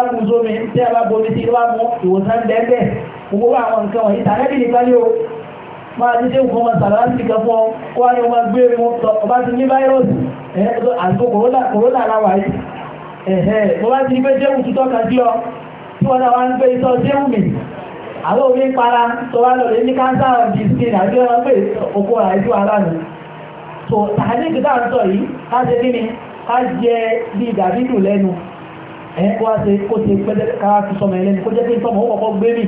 bá kú sómi máa nǹkan fún ọ kó wá ní ọmọ gbé wọn ọba ti ní fáírọ́ọ̀sì àti kòrónà kòrónà aláwà yìí ẹ̀hẹ́ mo bá ti ní jẹ́wù sí ọ tí náà wá ń gbé jẹ́wù omi para tó wá lọ́lẹ̀ ní cancer skin pé ìjú ara tàbí ń sọ yìí ká ṣe kí ni ká jẹ bí lẹ́nu ẹ̀ kó wá ṣe kó ṣe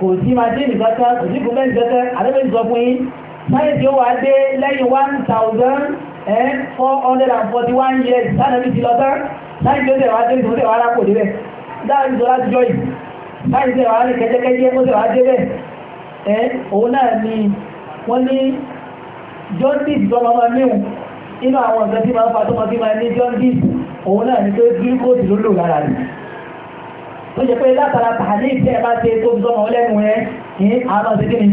kò sí máa dé nìkọ́tẹ́ kò sí gúnmẹ́ nìkọ́tẹ́ àdébẹ́ sọ fún yín sáyẹ̀sì ó wà dé lẹ́yìn one thousand four hundred and forty one years sáyẹ̀sì ti lọ tán sáyẹ̀sì ó tẹ̀ wá dé ìtòsí ẹ̀wà arákò débẹ̀ dáàbí sọ láti jọ yìí sáyẹ̀sì ẹ̀wà rẹ̀ kẹ́jẹ́kẹ́jẹ́ ó tẹ̀ wá débẹ̀ ẹ̀ òun náà ni wọ́n ní jaundice tọ́mọ máa níwù inú àwọn ọ̀sẹ̀ tí máa ń fa tọ́mọ tí máa ní jaundice òun náà ni pé glucose ló lò lára rẹ̀ tó jẹ́ pé látara tààlé tí ẹ bá ṣe tó bí sọmọ lẹ́nu ẹ ní àwọn ṣe kíni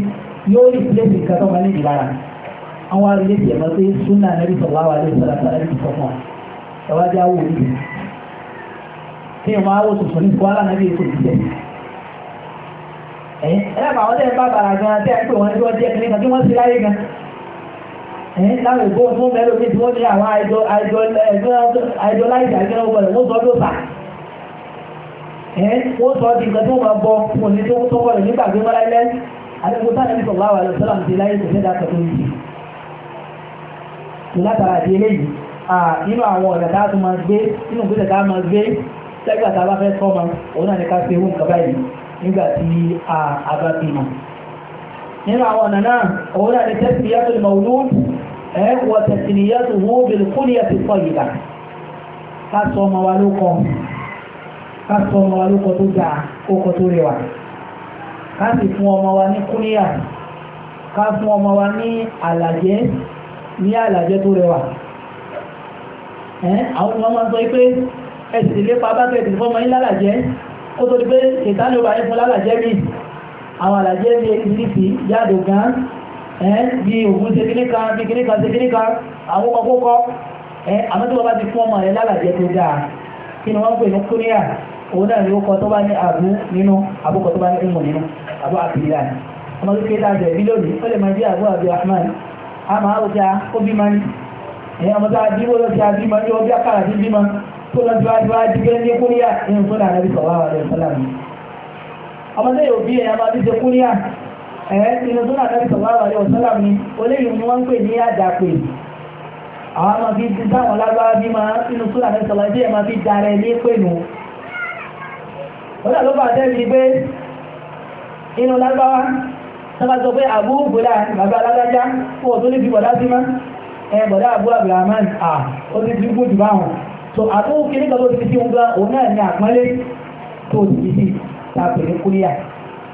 yóò rí pílẹ̀sì nǹkan tó máa ní ìlara àwọn arìlẹ̀ tí ẹ máa ṣe súnà nẹ́bí sọ̀rọ̀ àwọn alẹ́ ìṣẹ̀lẹ̀ àti alẹ́ ìṣọ̀kan ẹ wá jẹ́ àwọ̀ òní kí ẹ máa wò tuntun ní kwara nẹ́bí ètò ìṣẹ̀ ẹ ẹ máa wọ́n tẹ́ ẹ bá bàrà gan tẹ́ ẹ pé wọ́n ní wọ́n jẹ́ kíní kan kí wọ́n láwọn ìgbóhùn fún mẹ́lòmí tí wọ́n ní àwọn àìjọ láìsí àìjọ ọgbọ̀n rẹ̀ wọ́n sáà wọ́n sọ di nǹkan tí wọ́n máa bọ́ fún òní tó tọ́kọ̀ rẹ̀ nígbà gbé mọ́lá ilẹ̀ àdéhùn sáà nàbí sọ̀rọ̀ àwọn àlọ́sọ́lá ti láyé kò fẹ́ dá kàtó ní ti látara àti eléyìí nínú àwọn ọ̀nà tá a tún máa gbé nínú ìgbésẹ̀ tá a máa gbé lẹ́gbà tá a bá fẹ́ tọ́ ma òun náà ní ká fi ewu nǹkan báyìí nígbà tí a bá fi mọ̀ nínú àwọn ọ̀nà náà òun náà ní tẹ́sí yàtọ̀ ìmọ̀lúùd ẹ̀ wọ̀ tẹ̀sí yàtọ̀ wọ́n bẹ̀rẹ̀ kúlíyà ti pọ̀ yìí ká sọ ọmọ wa ló kọ́ ká sọ ọmọ wa lóko tó dáa kókó tó rẹwà ká sì fún ọmọ wa ní kúníyà ká fún ọmọ wa ní àlàjẹ́ ní àlàjẹ́ tó rẹwà àwọn ọmọ máa ń sọ pé ẹ̀sì lépa bákẹ́ẹ̀tì fọ́mọ yín lálàjẹ́ ó tó di pé ìtàlẹ́ òbá yín fún lálàjẹ́ rí àwọn àlàjẹ́ ní eléyìí jáde gan bí ògùn ṣe kíníkà bí kíníkà ṣe kíníkà àwọn ọkọ̀ kókọ́ àmọ́ tí wọ́n bá ti fún ọmọ rẹ̀ lálàjẹ́ tó dáa kí ni wọ́n pè ní kúníyà òun náà ni ó kọ tó bá ní àbú nínú àbúkọ tó bá ní ìmọ̀ nínú àbú àbílá ni ọmọ tó ké láti ẹ̀bí lónìí ó lè máa jẹ́ àbú àbí ahmad a máa ó já ó bí ma ní ẹ̀yìn ọmọ tó a dìbò lọ sí a bímọ ní ọbí akára sí bímọ tó lọ sí wájú wájú gẹ́ ní kúríà nínú tó náà nàbí sọ̀rọ̀ àwọn ọ̀sọ́lá mi ọmọ tó yóò bí ẹ̀yà máa bí ṣe kúríà ẹ̀ẹ́ nínú tó náà nàbí sọ̀rọ̀ àwọn ọ̀sọ́lá mi olóyìn ni wọ́n ń pè ní àdàpè àwọn ọmọ bíi ti táwọn lágbára bímọ nínú tó náà nàbí sọ̀rọ̀ kọ́lá ló bá tẹ́lì pé inú lágbáwá sábà sọ pé àbúgbòlá bàbá alágbájá fún ọ̀tún ní ti bọ̀dá sí má ẹ bọ̀dá àbú abdulrahman à ó ti ti gbójú bá wọn so àbúrò kiri kan tó ti fi ńgbà òun náà ní àpọ́nlé tó ti fi tàbí ní kúríà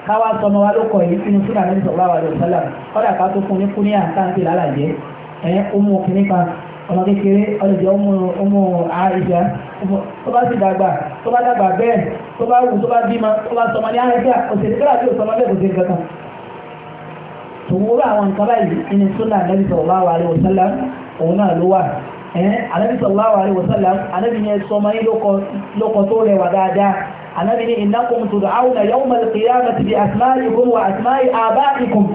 káwá sọmọ wa ló kọ yìí sínú súnà ní sọ̀rọ̀ àwọn àdùnsálà kọ́dà ká tó fún ní kúríà kiri kan ọmọ kékeré ọlọ́jọ́ ọmọ àìsà tó bá sì dàgbà tó bá dàgbà bẹ́ẹ̀ tó bá wù tó bá bímọ tó bá sọmọ ní àrẹ́gbà òṣèlú kọ́lá tí ò sọmọ bẹ́ẹ̀ kò sí nǹkan kan tòun ó bá àwọn nǹkan báyìí nínú súnà ànábì sallallahu alaihi wasallam òun náà ló wà ẹ̀ẹ́n ànábì sallallahu alaihi wasallam ànábì ní ẹ̀sọ́ ọmọ yìí lókọ tó rẹwà dáadáa ànábì ní innakum tud'awna yawma al-qiyamati bi asma'ikum wa asma'i aba'ikum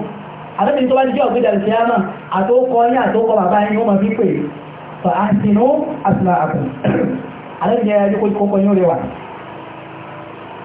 ànábì tó bá jẹ́ ọ̀gbẹ́dà ìkìyàmà àtòkọ yín àtòkọ bàbá yín ó máa fi pè fa ahsinu asma'akum <coughs> ànábì ní ẹ̀ẹ́dẹ́kọ̀ọ́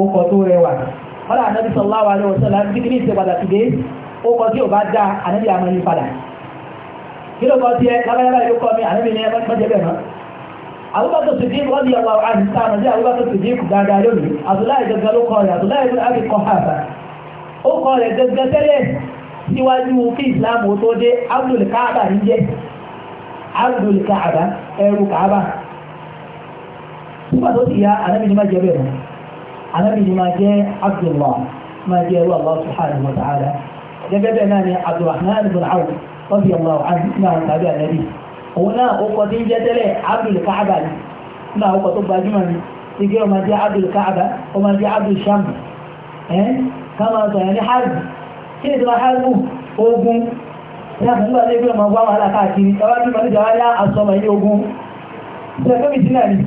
ókọ tó rẹwà ọlá ànábì sallallahu alaihi wasallam tí kìíní ṣe padà tìdé ókọ tí ò bá dá ànábì àmọ́ yí padà kí ló kọ sí ẹ lábẹ́yàbá yóò kọ mi ànábì ní ẹ mọ́jẹ́ bẹ̀rẹ̀ náà Abubakar Siddiq wọ́n di ọlọ́wọ́ àti sáàmù sí Abubakar Siddiq dáadáa lónìí Abdullahi gẹ́gẹ́ ló kọ rẹ̀ Abdullahi ibn Abi Quhafa ó kọ rẹ̀ gẹ́gẹ́ tẹ́lẹ̀ síwájú kí Abdul Kaaba ẹrù Kaaba nígbà tó ti ya ànábì jẹ́ bẹ̀rẹ̀ anábìyí máa jẹ́ abdullah máa jẹ́ ẹrú allah subhanahu wa ta'ala gẹ́gẹ́ bẹ́ẹ̀ náà ni abdulrahman ibn awf rọ́bì allah anhu náà tàbí ànábì òun náà ó kọ́ tí ń jẹ́ tẹ́lẹ̀ abdul kaaba ni náà ó kọ́ tó gbajúmọ̀ ni ti gé ọmọ jẹ́ abdul kaaba ọmọ jẹ́ abdul sham ẹ́ ká máa sọ̀rọ̀ ní harbi kí ni ìtura harbi ogun láti nígbà ilé ogun ṣe ẹgbẹ́ mi ni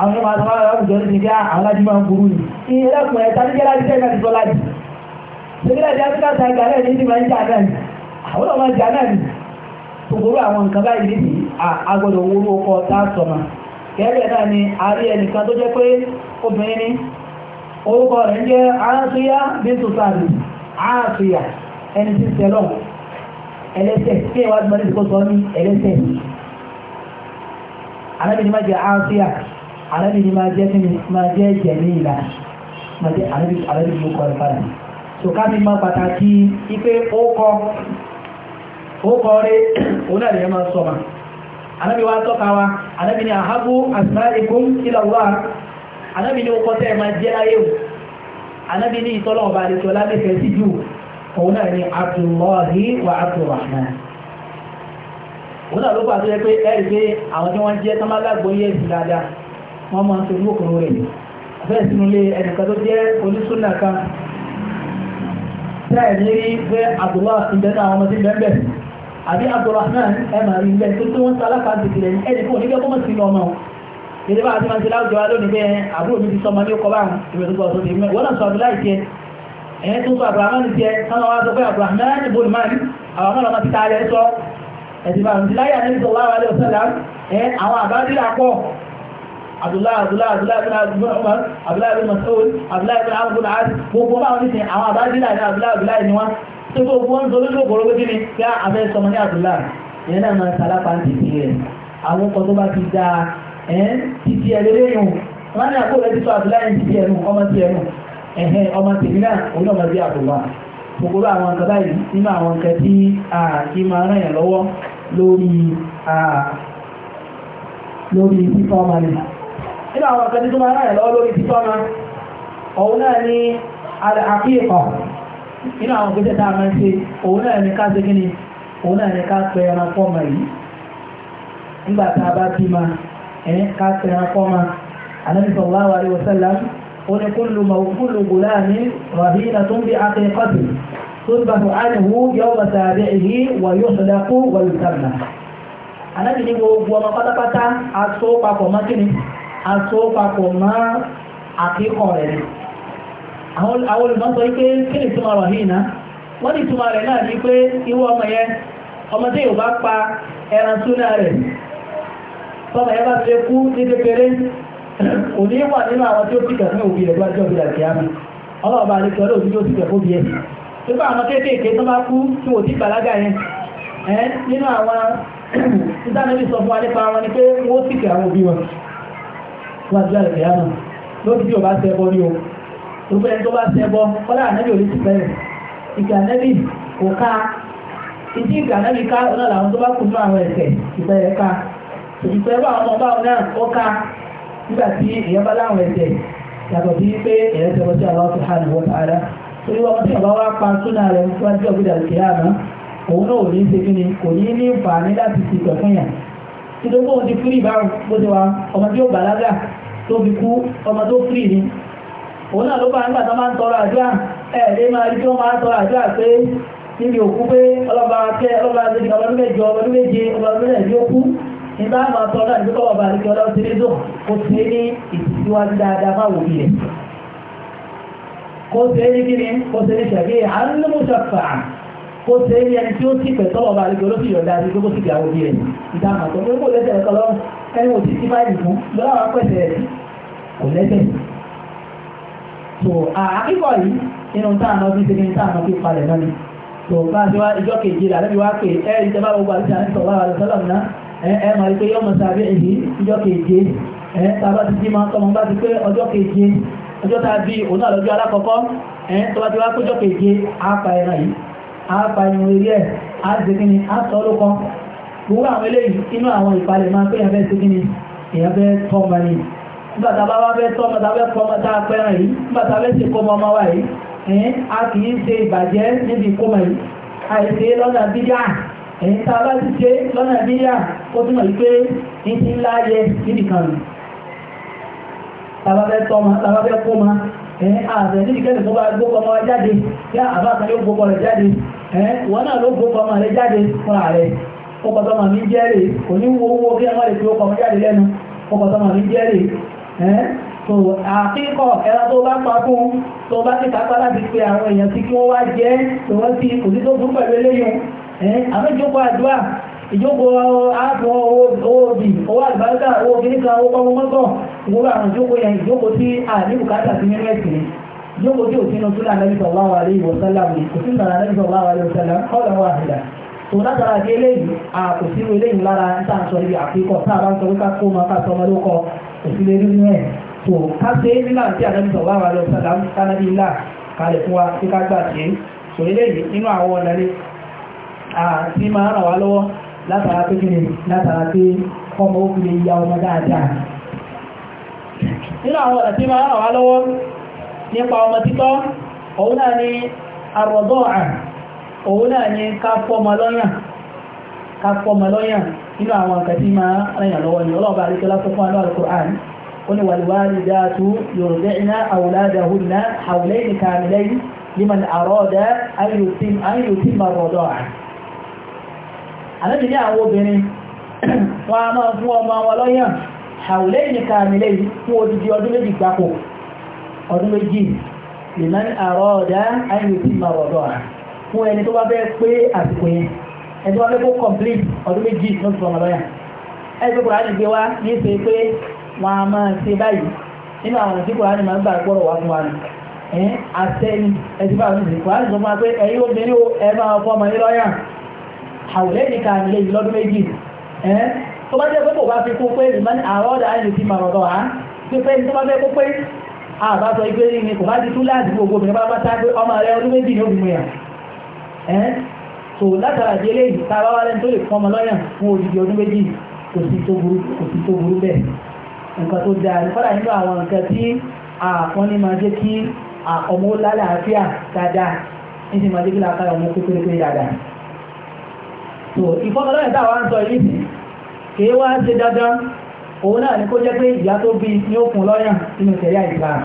àwọn ọmọ àtàwọn àwọn ìjọ ní ká àwọn láti máa ń burú ni ìyẹn lẹ́kùn ẹ̀ta ní gẹ́lá díjẹ́ náà ti sọ láti ṣẹ́gẹ́lá di áfíríkà ta ìgbà náà ní ti máa ń jà náà ni àwọn ọmọ jà náà ni tòkòrò àwọn nǹkan báyìí ní agbọ́dọ̀ owó ọkọ̀ tá a sọ̀mà gẹ́gẹ́ náà ni a rí ẹnìkan tó jẹ́ pé obìnrin ni orúkọ rẹ̀ ń jẹ́ àásíyá bíntu sáàbì àásíyà ẹni tí ń tẹ̀lọ́ ẹlẹ́sẹ̀ tí ìwádìí mọ́lẹ́sì kó sọ ní ẹlẹ́sẹ̀ arábì ni máa jẹ́ kí ni máa jẹ́ ẹ̀jẹ̀ ní ìlà máa jẹ́ arábì arábì ló kọ́ ẹ̀ padà so ká fi máa pàtàkì ipe ó kọ́ ó kọ́ rí òun náà lè máa sọ mà arábì wa tọ́ka wa arábì ni àhábù asma'ikum ila Allah arábì ni ó kọ́ tẹ́ ẹ máa jẹ́ láyé o arábì ni ìtọ́lọ́ ọba àlejò lábẹ́fẹ́ sí jù òun náà ni Abdullahi wa Abdurrahman òun náà ló pàtó yẹ pé ẹ̀rí pé àwọn tí wọ́n jẹ́ tán má sí dáadáa wọ́n máa ń fi owó kan rẹ̀ bẹ́ẹ̀ sínú ilé ẹnìkan tó jẹ́ onísúnà kan tẹ́ẹ̀ ní rí pé Abdullah ìbẹ́nà àwọn ọmọdé bẹ́ẹ̀ àbí Abdulrahman ẹ máa rí bẹ́ẹ̀ tó tó wọ́n sálákà ti kìlẹ̀ ní ẹnì fún oníkẹ́ kọ́mọ̀ sí ọmọ wọn ìdí bá àti máa ti láwùjọ lónìí pé àbúrò mi ti sọmọ ní ọkọ̀ báwọn ìbẹ̀rù gbọ́ tó ti mẹ́ wọ́n náà sọ Abdullahi àwọn ọmọ náà عبد الله عبد الله عبد الله بن عمر عبد الله بن مسعود عبد الله بن عمرو بن عاص gbogbo báwọn ní sin àwọn àbájílá ní àbúlá àbúlá ni wọ́n tí gbogbo wọn tó lójú òkòrò pé kí ni kí àfẹ́ sọmọ ní àbúlá ìyẹn náà máa sálápá ń tètè rẹ̀ àwọn ọkọ̀ tó bá ti da ẹ̀ẹ́n títí ẹ̀ lélẹ́ yùn wọ́n ní àkókò rẹ̀ ti sọ àbúlá yẹn títí ẹ̀nu ọmọ ti ẹ̀nu ẹ̀hẹ́ ọmọ tèmi náà òun ọmọ bí àbúlá gbogbo àwọn nǹkan báyìí nínú àwọn nǹkan tí a kì máa ràn yàn lọ́wọ́ lórí lórí fífọ́ ọmọ nínú àwọn akẹ́ni tó máa ráyẹ̀ lọ́wọ́ lórí títọ́ ma òun náà ni àkíkọ̀ nínú àwọn òkúté tá a máa ń ṣe òun náà ni ká ṣe kí ni òun náà ni ká pẹ ẹran fọ́ọ̀mà yìí nígbà tá a bá bí ma ẹ̀ ká pẹ ẹran fọ́ọ̀mà Ànábì عنه يوم ويحلق ويسمى Ànábì ní gbogbo ọmọ pátápátá aṣọ papọ̀ mọ́kínni aṣọ papọ̀ mọ́ àkíkọ̀ rẹ̀ ni àwọn olùmọ̀ sọ wípé kí ni túmọ̀ rọ̀ yìí náà wọ́n ní túmọ̀ rẹ̀ náà ní pé irú ọmọ yẹn ọmọ tí yóò bá pa ẹran súnà rẹ̀ tọ́mọ yẹn bá ti lè kú ní kékeré kò ní wà nínú àwọn tí ó ti kẹ̀kẹ́ òbí rẹ̀ gbájọ́ òbí rẹ̀ kìámi ọlọ́ọ̀bá àlejò ọlọ́ọ̀bí tó ti kẹ̀kẹ́ òbí ẹ̀ nígbà àwọn kéékèèké tó bá kú tí wò ti bàlágà yẹn nínú àwọn ìdánilẹ́bí <clears throat> sọ fún wa nípa wọn ni pé wọ́n ti kẹ̀ àwọn òbí wọn lábílá rẹ̀ yánà lórí bí o bá ṣẹbọ ní o tó fẹ́ tó bá ṣẹbọ kọ́lá ànẹ́bí orí ti bẹ̀rẹ̀ ìgbà ànẹ́bí kò ká ìdí ìgbà ànẹ́bí ká ọ̀nà làwọn tó bá kù nínú àwọn ẹ̀ṣẹ̀ ìbẹ̀rẹ̀ ká ìfẹ́ bá ọmọ bá ọ náà ó ká nígbà tí èèyàn bá láwọn ẹ̀ṣẹ̀ yàtọ̀ sí pé èèyàn ṣẹbọ sí àwọn ọ̀sẹ̀ hàn súnà rẹ̀ ń tọ́jú ọ̀gbìn àti àná òun náà ò ní ṣe kí ni kò ní ní ìfààní láti ṣe ìtọ̀fún yàn nítorí pé òun ti fúrì bá bó wa ọmọ tí ó bàlágà tó fi kú ọmọ tó fìrì ni òun náà ló bá nígbà tó máa ń tọrọ àdúrà ẹ̀ẹ́dẹ́ máa rí tí wọ́n máa ń tọrọ àdúrà pé níbi òkú pé ọlọ́ba kẹ́ ọlọ́ba àti ọlọ́dún mẹ́jọ ọlọ́dún méje ọlọ́dún mẹ́jọ ló kú nígbà máa tọ́ náà nígbà ọba àti ọlọ́dún ti rédò kó ṣe ní ìsíwájú dáadáa máa wò bìyẹn kó ṣe ní kíni kó ṣe ní ṣàgbé àánúmùsàfà kó ṣe ní ẹni tí ó sì pẹ̀ tọ́wọ́ ọba àti ọlọ́dún ti yọ̀dá àti gbogbo sì gbà wò bìyẹn nígbà máa tọ́ pé kó lẹ́sẹ̀ ẹ̀kọ́ lọ́wọ́ ẹni wò sí sí máìlì fún lọ́wọ́ kò lẹ́sẹ̀ so àkíkọ̀ yìí inú táànà bí segin táànà bí palẹ̀ náà ni so bá ṣe wá ìjọ kejì rà lẹ́bi wá pé ẹ ìjẹ bá gbogbo àti àti sọ̀rọ̀ àti sọ́lọ̀ náà ẹ ẹ máa rí pé yọ́mọ̀ sàbí èyí ìjọ keje ẹ tàbá ti jí máa tọmọ bá ti pé ọjọ́ keje ọjọ́ tá a bí òun náà lọ́jọ́ alákọ̀ọ́kọ́ ẹ tó bá ti wá péjọ keje á pa ẹran yìí á pa irun eré ẹ gbogbo àwọn eléyìí inú àwọn ìpalẹ̀ máa pé èèyàn fẹ́ segin ni èèyàn fẹ́ nígbàtà bá wá fẹ́ tọ́ nígbàtà fẹ́ fọmọ tá a pẹ́ràn yìí nígbàtà fẹ́ ṣe kó ọmọ wa yìí ẹ̀ẹ́n a kì í ṣe ìbàjẹ́ níbi ìkómọ yìí àìṣe lọ́nà bíyà ẹ̀yìn tá a bá ti ṣe lọ́nà bíyà ó túmọ̀ yìí pé ní ti ńlá yẹ níbi kan nù tàbá fẹ́ tọ́mọ tàbá fẹ́ kó ma ẹ̀ ààrẹ níbi kẹ́lẹ̀ tó bá gbogbo ọmọ rẹ jáde yá àbá kan yóò gbogbo rẹ jáde ẹ̀ wọ́n náà ló gbogbo ọmọ rẹ jáde fúnra tọ́mọ mi jẹ́rìí kò ní wo owó kí ọmọ rẹ̀ fi ó kọmọ jáde lẹ́nu ọkọ̀ tọ́mọ mi jẹ́rìí àkíkọ̀ ẹ̀rọ tó bá pàkún tó bá ti kápá láti pé àwọn èèyàn tí kí wọ́n wá jẹ́ tó wọ́n ti kò sí tó fún pẹ̀lú eléyìn àwọn ìjókòó àdúrà ìjókòó ààbò owó bì owó àlùbáríkà owó kìníkà owó pọ́nmọ́ mọ́tọ̀ ìwúrò àwọn ìjókòó yẹn ìjókòó tí àdínkù káàtà sí nínú ẹ̀sìn ìjókòó tí òsínú túnlá Ànábì sallallahu alaihi wasallam kò sí tò látara di eléyìí a kò sínú eléyìí lára ń tà ń sọ ibi àfikọ́ tá a bá ń sọ pé ká kó ma ká sọ ọmọdé kọ kò sí lérí nínú ẹ̀ tò ká ṣe tí àdáni sọ̀rọ̀ àwọn àlọ́ sàdá ń sáná bí ńlá kalẹ̀ fún wa tí ká gbà ṣe tò eléyìí nínú àwọn ọ̀nà àti máa ràn wá lọ́wọ́ látara pé kí látara pé ọmọ ó ya ọmọ dáadáa nínú àwọn ọ̀nà tí máa ràn wá lọ́wọ́ nípa ọmọ títọ́ òun náà ni àrọ̀dọ́ àrùn òun náà ni ká fọ́mọ lọ́yàn ká fọ́mọ lọ́yàn nínú àwọn nǹkan tí máa rẹ̀yàn lọ́wọ́ ni ọlọ́ọ̀bá àríkẹ́ lásán fún aláwọ̀ Al-Qur'an ó ní wal-wālidātu yurdi'na awlādahunna ḥawlayni kāmilayni liman arāda an yutimma ar-riḍā'a àlẹ́bìnrin àwọn obìnrin <clears throat> wọ́n a máa fún ọmọ wọn lọ́yàn ḥawlayni kāmilayni fún odidi ọdún méjì gbáko ọdún méjì liman arāda an yutimma fún ẹni tó bá fẹ́ pé àsìkò yẹn ẹni tó bá fẹ́ kó complete ọdún méjì ló ti fọmọ lọ́yà ẹni tó kùránì gbé wá ní ṣe pé wọn a máa ṣe báyìí nínú àwọn tí kùránì máa ń gbà gbọ́rọ̀ wá fún wa nù ẹ̀yìn àtẹ́ni ẹ̀sì bá wọn nìyí kùránì sọ fún wa pé ẹ̀yin obìnrin o ẹ máa fọmọ yín lọ́yà àwòlẹ́ nìkan àmìlẹ̀ yìí lọ́dún méjì tó bá jẹ́ pé kò bá fi kún pé ìmọ̀ni àwọn ọ̀dà àìlè ti màrọ̀ lọ́wọ́ á pé pé tó bá fẹ́ kó pé àbá sọ ìgbérí ni kò bá ti tú láti gbogbo obìnrin bá bá tá pé ọmọ rẹ ọdún méjì ní obìnrin yẹn ẹ́ so látara di eléyìí tá a bá wá lẹ́nu tó lè fún ọmọ lọ́yàn fún odidi ọdún méjì kò sí tó burú kò sí tó burú bẹ́ẹ̀ nǹkan tó dáa nípadà nínú àwọn nǹkan tí àwọn ní máa jẹ́ kí ọmọ lálàáfíà dáadáa ní ti máa jẹ́ kí làákàyọ̀ ọmọ kékeré dáadáa so ìfọ́nlọ́yìn táwa ń sọ yìí kìí wá ṣe dandan òun náà ni kó jẹ́ pé ìyá tó bí ní òkun lọ́yàn nínú ìṣẹ̀lẹ̀ àìsàn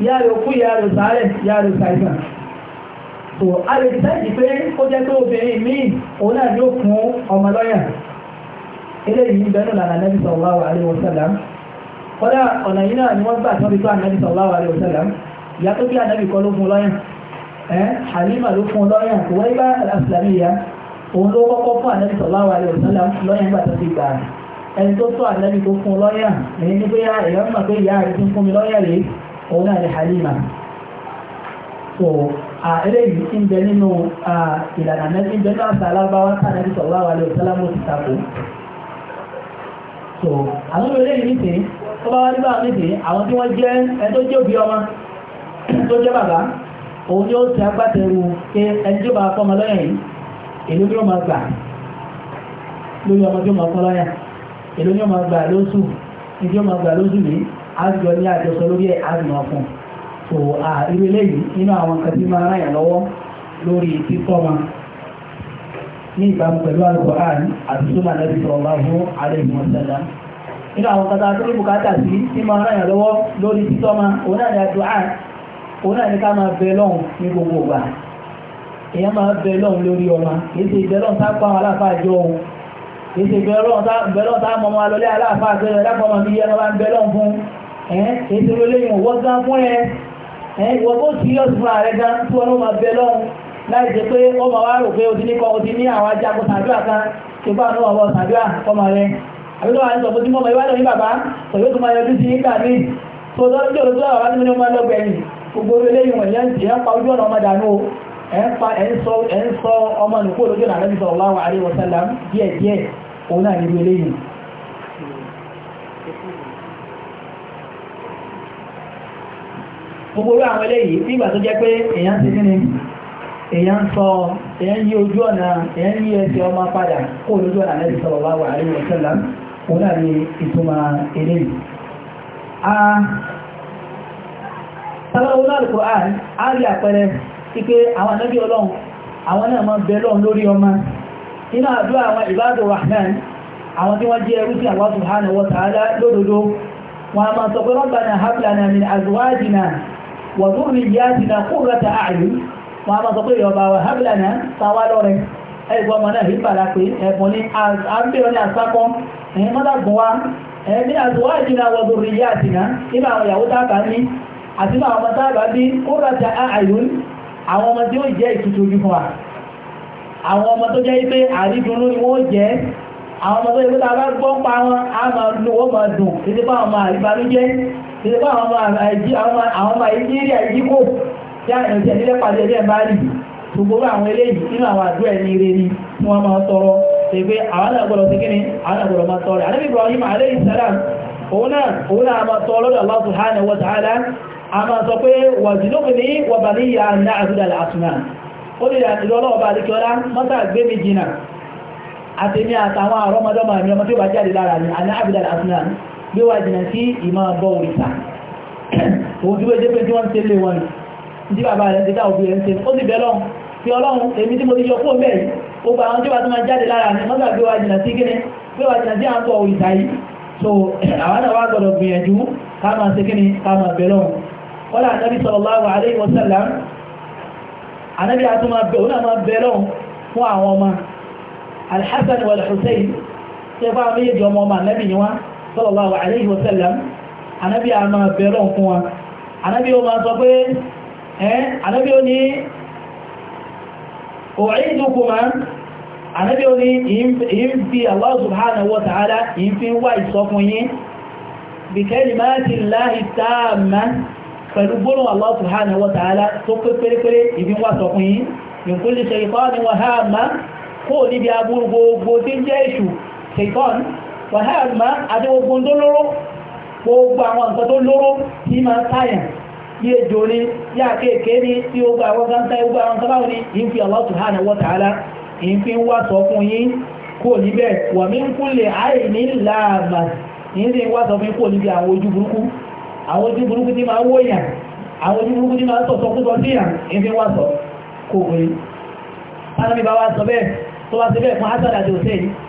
ìyá rẹ̀ òkú ìyá rẹ̀ sàárẹ̀ ìyá rẹ̀ sàìsàn so a lè tẹ́jì pé ó jẹ́ pé obìnrin míì òun náà yóò fún ọmọ lọ́yà eléyìí bẹ́nu lànà nẹ́bí sallallahu alaihi wasallam kọ́dà ọ̀nà yìí náà ni wọ́n gbà tán bí kọ́ ànẹ́bí sallallahu alaihi wasallam ìyá tó bí ànẹ́bí kọ́ ló fún lọ́yà ẹ́ Halima ló fún lọ́yà Huwayba al-Aslamiyya òun ló kọ́kọ́ fún ànẹ́bí sallallahu alaihi wasallam lọ́yà gbà ẹni tó tó ànẹ́bí tó fún lọ́yà èyí ní pé mọ̀ pé ìyá rẹ̀ ti fún mi lọ́yà rèé òun náà ni Halima so eléyìí ti ń bẹ nínú ìlànà mẹ́sìn bẹ́ẹ̀ náà sọ alábáwá sáà nàbí sọ̀rọ̀ àwọn àlẹ́ òṣèlú àmọ́ òṣìṣà kù so àwọn eléyìí nìsín tó bá wá nígbà nìsín àwọn tí wọ́n jẹ́ ẹ tó jẹ́ òbí ọmọ tó jẹ́ bàbá òun ni ó ti agbátẹrù pé ẹni tí ó bá fọmọ lọ́yìn èló ni ó máa gbà lórí ọmọ tí ó máa fọ́ lọ́yìn èló ni ó máa gbà lóṣù ní tí máa gbà lóṣù yìí á ní àjọsọ lórí ẹ̀ á dùn so irú eléyìí nínú àwọn nǹkan tí máa ráyà lọ́wọ́ lórí títọ́ wọn ní ìbámu pẹ̀lú Al-Qur'an àti súnà Nabi sallallahu alaihi wasallam nínú àwọn kata tó ní bùkátà sí tí máa ráyà lọ́wọ́ lórí títọ́ wọn òun náà ní àdúrà òun náà ní ká máa bẹ lọ́hùn ní gbogbo ìgbà èèyàn máa bẹ lọ́hùn lórí ọmọ kìí ṣe ìbẹ lọ́hùn sápá àwọn aláàfáà jọ ohun kìí ṣe ìbẹ lọ́hùn sáàmọ́ ọmọ alọ́lẹ́ aláàfáà gbẹ̀rẹ̀ lápọ̀ ọmọ mi yẹn lọ́wọ́ ń bẹ lọ́hùn fún ẹ̀ gán fún ẹ ìwọ bó sí yóò fún ààrẹ gan tí wọn ló máa bẹ lọ́hùn láì jẹ́ pé ó máa wá rò pé o ti ní kọ́ o ti ní àwọn ajagun sàdúrà kan ṣùgbọ́n àwọn ọmọ sàdúrà ọmọ rẹ àbí lọ́wọ́ àti ọ̀pọ̀ tí mọ́mọ́ ìwádọ̀ ní bàbá òyó tó máa yọjú sí nígbà míì tó tọ́jú òun tó àwọn àdúgbò ní ọmọ ẹlọ́gbẹ̀ẹ́yìn gbogbo eléyìí wọ̀nyí ẹ̀ ń tì ẹ̀ ń sọ ọmọ nùkú olójú gbogbo orí àwọn eléyìí tí ìgbà tó jẹ́ pé èyàn ti kíni èyàn sọ èyàn yí ojú ọ̀nà èyàn yí ẹsẹ̀ ọmọ padà kó lójú ọ̀nà lẹ́bí sọ̀rọ̀ wá wà ní ọ̀sẹ̀lá òun náà ni ìtumọ̀ eléyìí tàbí náà lùkọ́ à á rí àpẹẹrẹ wípé àwọn anábí ọlọ́run àwọn náà máa bẹ Allah subhanahu wa ta'ala lódodo wọn a máa sọ pé rabbana min azwajina وذرياتنا قرة أعين وما تقول يوم وهب لنا طوالوري ẹgbọ́n ọmọ náà hìbà la pé ẹ̀bùn ni àbẹ̀rẹ̀ ní àsákọ́ ẹ̀yìn mọ́tà gùn wa ẹ̀bí àtúwá ìdínà wọ́dún rí yá àtìná nígbà àwọn ìyàwó tábà ní àti nígbà àwọn ọmọ tábà bí ó rọ̀tà àìlún àwọn ṣe bá àwọn ọmọ nàìjíríà ìdíkò tí a nìyànjú ẹ̀dílẹ̀ pàdé ẹ̀dẹ́ bá rí ṣùgbọ́n àwọn eléyìí nínú àwọn àdúrà ẹni ire ni tí wọ́n máa tọrọ pé àwọn àgbọ̀dọ̀ sí kíni àwọn àgbọ̀dọ̀ máa tọrọ ànábì Ibrahim alayhi salam òun náà òun náà máa tọrọ lọ́dọ̀ Allah subhanahu wa ta'ala a máa sọ pé wajnubni wa baniya an na'buda al-asnam ó lè àtìlọ́ ọlọ́wọ́ bá alikọ́lá mọ́tà gbé mi jìnà àtẹ̀mí àtàwọn àrọ́mọdọ́mọ àmì ọmọ tí ó bá jáde lára ní an gbé wa jìnà sí ìmọ̀ bọ́ òrìṣà òun tí ó jẹ́ pé tí wọ́n ń tẹ́lẹ̀ wọn ní bàbá rẹ̀ ti dá òbí rẹ̀ ń tẹ́lẹ̀ ó sì bẹ́ lọ́hùn tí ọlọ́run èmi tí mo ti yọ kó mẹ́rin ó gba àwọn tí wọ́n ti máa jáde lára ní mọ́gbà gbé wa jìnà sí kíni gbé wa jìnà sí à ń bọ̀ òrìṣà yìí so àwọn náà wá gbọ́dọ̀ gbìyànjú ká máa kíni ká bẹ̀ lọ́hùn wọ́n láà nábì sallallahu alaihi wasallam sallallahu alayhi wa sallam anábí a máa bẹ̀rọ̀ fún wa anábí o máa sọ pé ẹ́ anábí o ní òyìndùkùnmá anábí o ní ìyí fi Allah subhanahu wa ta'ala ìyí fi wá ìsọfún yín bí kalimati Allahi taamma pẹ̀lú gbónà Allah subhanahu wa ta'ala tó pé pérépéré wàhálà àti gbogbo tó lóró gbogbo àwọn nǹkan tó lóró tí ma táyàn bí ejò ni yá kéèké ni tí ó gba àwọn gáńtá gbogbo àwọn nǹkan báwọn ni yìí fi Allah subhanahu yìí fi sọ fún yín kò láàmà yìí sì ń wá sọ fún kò níbi àwọn ojú burúkú àwọn ojú burúkú tí àwọn ojú burúkú tí ń sọ yìí fi ń wá sọ kò wé. sọ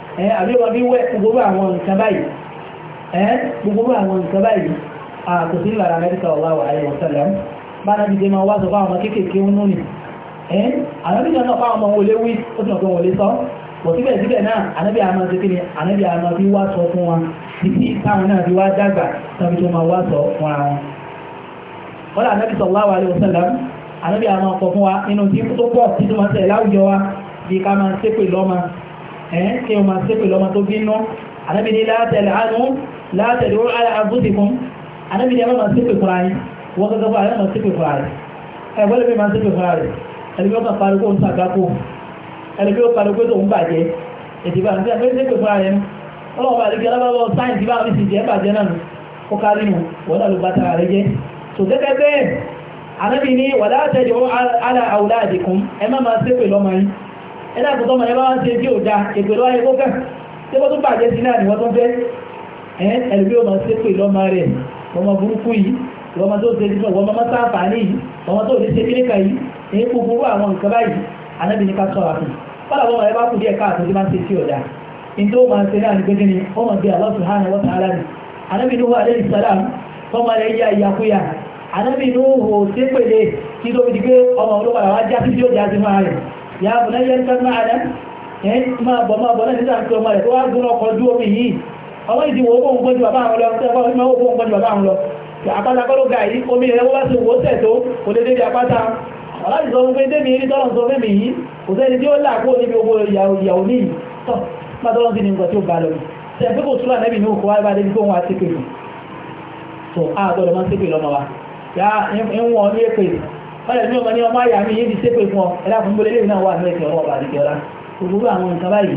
àbíwọ̀n bí wẹ́ gbogbo àwọn nǹkan báyìí gbogbo àwọn nǹkan báyìí àkùsí ìlànà amẹ́ríkà ọláwà àríwọ̀sẹ́lẹ̀ bá náà jíde máa wá sọ fáwọn kéèkéé ń nú ni ànábìyàn náà fáwọn ọmọ olé wí ó tún ọ̀gbọ̀n olé sọ wọ́n síbẹ̀ síbẹ̀ náà ànábì àmọ́ sí kíni ànábì àmọ́ bí wá sọ fún wọn títí táwọn náà fi wá dàgbà tàbí tó máa wá sọ fún ara wọn wọ́n là ànábì sallallahu alaihi wasallam ànábì àmọ́ ọkọ̀ fún wa nínú tí tó pọ̀ títí máa tẹ̀ láwùjọ wa bí ká máa ṣépè lọ́mọ ẹ̀yẹn kí o máa ṣe pẹ̀lú ọmọ tó bínú anábì ní látẹ̀lẹ̀ àánú látẹ̀lẹ̀ ó ara àbúdì fún anábì ní ẹmọ́ máa ṣe pẹ̀ fúnra rẹ̀ wọ́n gẹ́gẹ́ fún ààrẹ máa ṣe pẹ̀ fúnra rẹ̀ ẹgbẹ́lẹ́ mi máa ṣe pẹ̀ fúnra rẹ̀ ẹlẹ́bí ó kà pariwo ń sàgbákò ẹlẹ́bí ó pariwo tó ń bàjẹ́ ètìbà ní ẹgbẹ́ ṣe pẹ̀ fúnra rẹ̀ ó ala àwùlá àdìkún ẹ má máa ṣe pẹ̀ yìí ẹlẹ́kùn tọ́mọ̀ ẹ bá wá ń ṣe bí ò da ìpèrò ayé kó kàn tí wọ́n tún bàjẹ́ sí náà ni wọ́n tún fẹ́ ẹlùmí ọmọ sépè lọ́mọ rẹ̀ ọmọ burúkú yìí lọ́mọ tó ṣe nípa ọmọ mọ́tà àǹfààní yìí ọmọ tó lè ṣe kíníkà yìí èyí kúkúrú àwọn nǹkan báyìí anábì ní ká sọ àfi fọlá ọmọ rẹ bá tí máa Allah subhanahu wa ta'ala ni anábì Nuhu alayhi salam tọ́mọ rẹ̀ yá ìyàkúyà anábì Nuhu sépèlè kí ló fi di pé ọmọ olókàlà wá já sí sí ọjà sí ya bù náà yẹn kẹ́kọ́ àdá ẹ̀ máa bọ̀ máa bọ̀ náà nígbà tó máa rẹ̀ tó wá gún ọkọ̀ ojú omi yìí ọwọ́ ìdí wo bóun gbọ́jú bàbá àwọn lọ tẹ́kọ́ ìmọ̀ wo bóun gbọ́jú bàbá àwọn lọ àpáta kọ́ ló ga yìí omi rẹ̀ wọ́n bá ti wò tẹ̀ tó kò lè débi àpáta aláàjì sọ fún pé débi rí tọ́lọ̀ sọ fẹ́mi yìí kò sẹ́ni tí ó là kó níbi owó ìyàwó ní yìí tọ́ máa tọ́lọ́ sí ni nǹkan tí ó bá lọ tẹ̀ pé kò túlà nẹ́bì ní òkú wáyé bá débi tó wọn àti pè so a gbọ́dọ̀ máa ń ṣépè lọ́mọ wa yá ń wọ́n ní èpè ọ̀rẹ́ ní ọmọ ní ọmọ àyà mi yé ti sépè fún ọ ẹ̀dá fún gbọ́lé lè náà wà ní ẹ̀kẹ́ ọwọ́ bàdìkẹ́ ọlá òwúrú àwọn nǹkan báyìí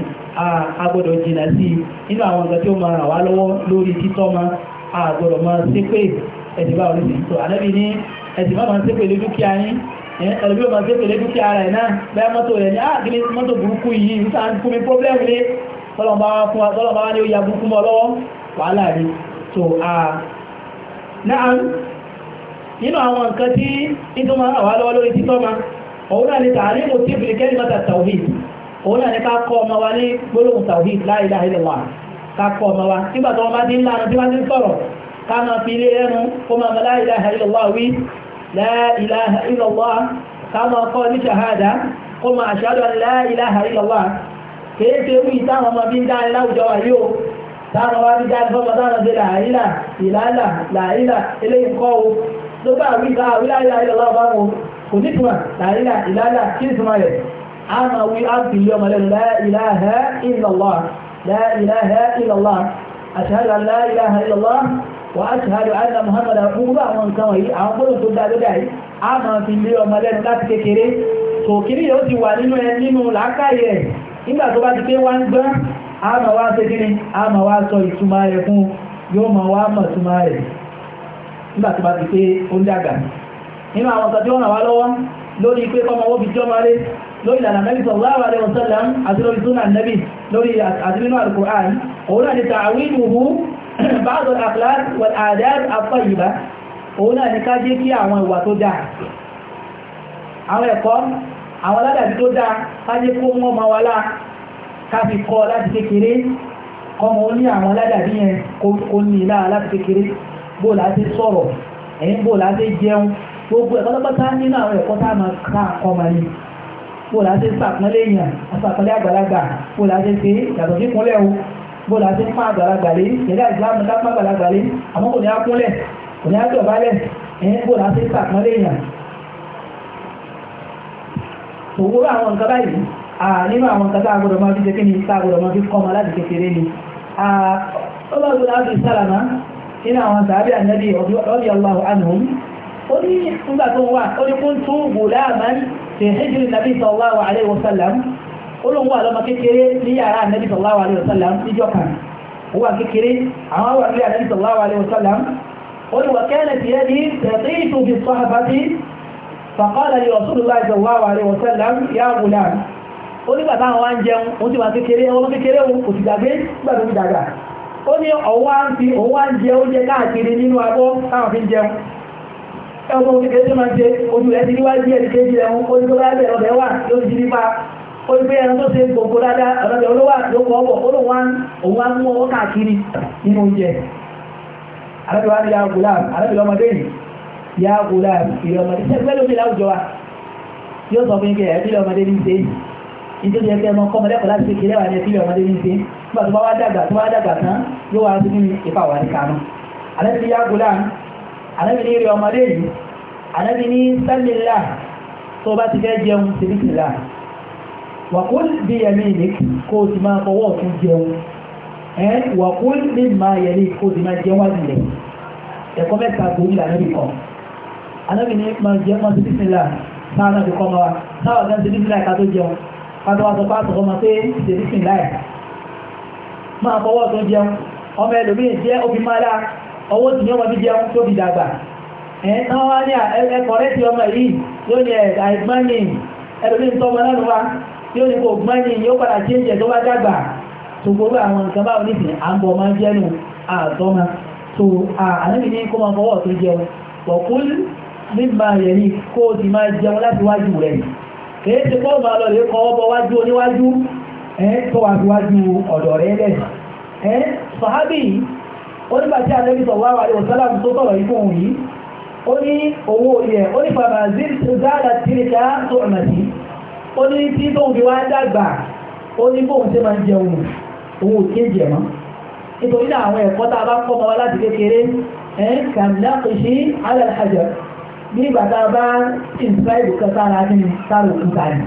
agbọ́dọ̀ jìnà sí nínú àwọn nǹkan tí ó máa ràn wá lọ́wọ́ lórí títọ́ ma agbọ́dọ̀ máa sépè ẹ̀dìbá orísìí tó ànábì ní ẹ̀dìbá máa sépè lé dúkìá yín ẹ̀lùbí ọmọ sépè lé dúkìá rẹ̀ náà bẹ́ẹ̀ mọ́tò rẹ̀ ní ah, àgbélé mọ́tò burúkú yìí ń sáà fún mi pọ́blẹ́mù lé tọ́lọ́mọ́ wá ní ó ya burúkú mọ́ lọ́wọ́ wàhálà rí nínú àwọn nǹkan tí nítorí máa wà lọ́wọ́ lórí títọ́ ma òun náà ni tààrí mo tí ìbìrì kẹ́lì mọ́ta tawhid òun náà ni ká kọ́ ọmọ wa ní gbólóhùn tawhid la ilaha ká kọ́ ọmọ wa nígbà tó wọ́n bá ti ń lànà tí wọ́n ti ń sọ̀rọ̀ ká máa fi ilé ẹnu kó máa la ló bá rí bá rí láyé ìlọ́lá bá wọn kò ní tuma láyé ìlàlá kí ni tuma rẹ̀ a máa wí á bì yọ mọ̀lẹ́nu láìláha ìlọ́lá láìláha ìlọ́lá ashhadu an la ilaha illallah wa ashhadu anna muhammad àkúrú àwọn nǹkan wọ̀nyí àwọn gbọ́dọ̀ tó dáa lódà yìí a máa fi lé ọmọ lẹ́nu láti kékeré tò kiri yóò ti wà nínú ẹ nínú làákàyè nígbà tó bá ti pé wọ́n ń gbọ́n a máa wá ṣe kíni a máa wá sọ ìtumọ̀ rẹ̀ fún yóò máa wá mọ̀ ìtumọ̀ rẹ̀ nígbà tí bá ti pé ó ń dàgbà nínú àwọn ọ̀sán tí wọ́n ràn wá lọ́wọ́ lórí pé kọ́mọ wọ́n fi jọ́ máa lé lórí ìlànà nẹ́bí sallallahu alaihi wasallam àti lórí súnà nẹ́bí lórí àdínú al-Qur'an òun náà ni ta'awinuhu <clears throat> ba'd al-akhlaq wal adab at-tayyiba òun náà ni ká jẹ́ kí àwọn ìwà tó dáa bóòlù àti ẹ̀yìn bóòlù jẹun gbogbo nínú àwọn ẹ̀kọ́ tá a máa ká ọmọ ni bóòlù àti sàpọ́nlé èèyàn àsàpọ́nlé àgbàlagbà bóòlù ṣe yàtọ̀ sí kúnlẹ̀ o bóòlù àti fún àgbàlagbà lé ìṣẹ̀lẹ̀ ìsìlámù ká àgbàlagbà lé àmọ́ kò ní á kúnlẹ̀ kò ní á dọ̀bálẹ̀ ẹ̀yìn sàpọ́nlé èèyàn àwọn nǹkan báyìí nínú àwọn nǹkan máa fi kí ni máa fi kọ́ ọmọ láti kékeré ni sálàmà nínú àwọn sàábí ànábì rọ́bí Allahu anhum ó ní nígbà tó wà ó ní kún tún gùlámán fi hijri nàbí sallallahu alaihi wasallam ó lóun wà lọ́mọ kékeré ní yàrá ànábì sallallahu alaihi wasallam níjọ́ kan ó wà kékeré àwọn wà ní ànábì sallallahu alaihi wasallam ó ní wà kẹ́lẹ̀ fi yẹ́ni tẹ̀síìtù fi sọ́habati fàkọ́lẹ̀ ni rasulullah sallallahu alaihi wasallam ya gùlám ó nígbà táwọn wá ń jẹun ó ti wà kékeré ọmọ kékeré kò ti dàgbé nígbà tó ti dàgbà ó ní ọwá ń fi òwá ń jẹ oúnjẹ káàkiri nínú abọ́ táwọn fi ń jẹun ẹwọ́n tó kékeré tó máa jẹ ojú ẹ̀ ti níwájú ẹ̀ kéjì ẹ̀wọ̀n ó ní tó bá bẹ̀rẹ̀ ọ̀bẹ̀ wà yóò ti nípa ó ní pé ẹran tó ṣe gbogbo dáadáa ọ̀dọ́dẹ̀ olówà ló kọ́ ọ̀bọ̀ ó lóun wá ń mú ọwọ́ káàkiri gulam alábẹ̀ lọ́mọdé yìí ya gulam ìrọ̀mọdé sẹ́gbẹ́ lómi láwùjọ wa yóò sọ fún nítorí ẹgbẹ́ ọmọ kọ́mọ lẹ́kọ̀ọ́ láti ṣe kéré wà ní ẹ̀fílẹ̀ ọmọdé ní ṣe nígbà tó bá wá dàgbà tó wá dàgbà tán yóò wá sí nínú ipa wà ní kanu ànábì ní yàgòlá ànábì ní rí ọmọdé yìí ànábì ní sẹ́mìlá tó bá ti fẹ́ jẹun sí ní sílá wàkúl bí yẹmí ní kó o ti máa fọwọ́ ọ̀tún jẹun ẹ wàkúl bí máa kátọ́wà tó pàtó ọmọ pé ìdèrísìn láì máa fọwọ́ tó jẹun ọmọ ẹlòmí jẹ́ òfin máa láà ọwọ́ tí yọ́n wọ́n bí jẹun tó fi dàgbà ẹ̀ẹ́n wá ní ẹkọ̀rẹ́ tí ọmọ yìí yóò ní àìgbọ́nì ẹlòmí tó ọmọ lánàá wa yóò ní kò gbọ́nì yóò padà jẹ́ ìjẹ tó bá dàgbà tó gbogbo àwọn nǹkan báwọn nìsín à ń bọ̀ máa jẹ́nu àtọ́mọ tó àlẹ́bí ní kó máa fọwọ́ tó jẹun wọ̀kúl mímọ̀ yẹ̀rí kó o ti máa jẹun láti wájú rẹ̀ kìí ti pọ́ ma lọ lè kọ́ ọbọ̀ wájú oníwájú ẹ́ tó wà síwájú ọ̀dọ̀ rẹ̀ lẹ̀ ẹ́ sọ̀hábì onígbàtí àlẹ́bí sọ̀wáwà rẹ̀ òsálà tó sọ̀rọ̀ ikú òun yìí ó ní owó yẹ ó ní fàmà zí dára tìrìkà tó ọ̀nà sí ó ní tí tóun fi wá dàgbà ó ní bóun ṣe máa ń nígbà tá a bá ìsìláìbù kan sára ní sára òkúta ni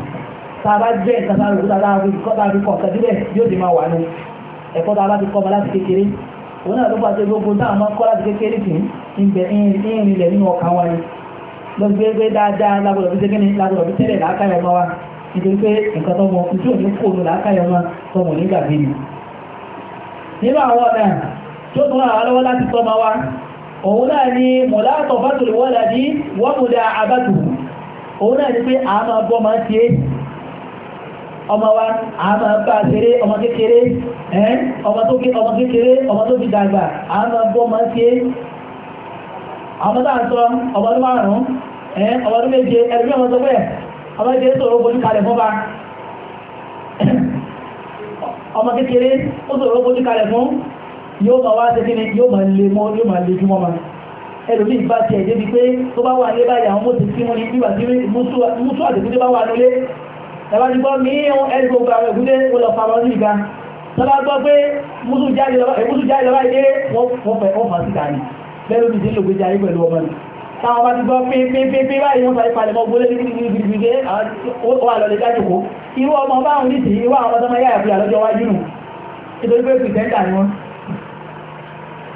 tá jẹ́ ìkan sára òkúta tá a fi kọ́ tá a yóò di máa wà ní ẹ̀kọ́ bá ti òun náà ni mọ̀látọ̀ fásitì wọ́lá ní wọ́n mú dá àbátù òun náà ni pé a máa bọ́ máa tiẹ́ ọmọ wa a máa bá ṣeré ọmọ kékeré ọmọ tó ké ọmọ kékeré ọmọ tó fi dàgbà a máa bọ́ máa tiẹ́ ọmọ tá à ń sọ ọmọ tó márùn-ún ọmọ tó méje ẹ̀rí ọmọ tó bẹ́ẹ̀ ọmọ kékeré sọ̀rọ̀ bojú kalẹ̀ fún ba <coughs> ọmọ kékeré ó sọ̀rọ̀ bojú kalẹ̀ fún yóò máa wá ṣe kí ni yóò máa lè mọ́ yóò máa lè jú mọ́ ma ẹlòmí ìgbà tí ẹ̀dẹ́ bí pé tó bá wà ní báyìí àwọn mọ́sí tí wọ́n ní bí wà tí mùsù àtẹ̀kúndé bá wà lólé tàbá ti gbọ́ mí ẹni gbogbo àwọn ẹ̀kúndé ó lọ fara ní ìga tàbá gbọ́ pé mùsù jáde lọ́wọ́ eh, ilé wọ́n fẹ́ wọ́n fà síta ni lẹ́nu ti lò gbéjà ayé pẹ̀lú ọmọ ni táwọn bá ti gbọ́ pé pé pé pé báyìí wọ́n fàyè palẹ̀ mọ́ gbólé ní gidigidi wà lọ́lẹ̀ jájòkó irú ọmọ báwọn ní sí irú àwọn ọmọ tó máa yáyà fún yà lọ́jọ́ wájú nù nítorí pé pìtẹ́ńtà ni wọ́n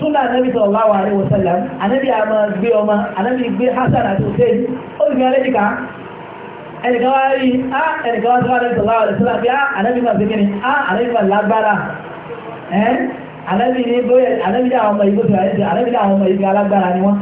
súnà anábì sallallahu alaihi wasallam anábì àmà gbé ọmọ anábì gbé Hasan àti Hussein ó sì gbé alẹ́jìká ẹnìkan wá rí á ẹnìkan wá sí anábì sallallahu alaihi wasallam bí á anábì máa gbégbé ni á anábì máa lágbára ẹ́ anábì ní bóyá anábì ní àwọn ọmọ ìbò sí àyẹ̀sẹ̀ anábì ní àwọn ọmọ ìbò alágbára ni wọ́n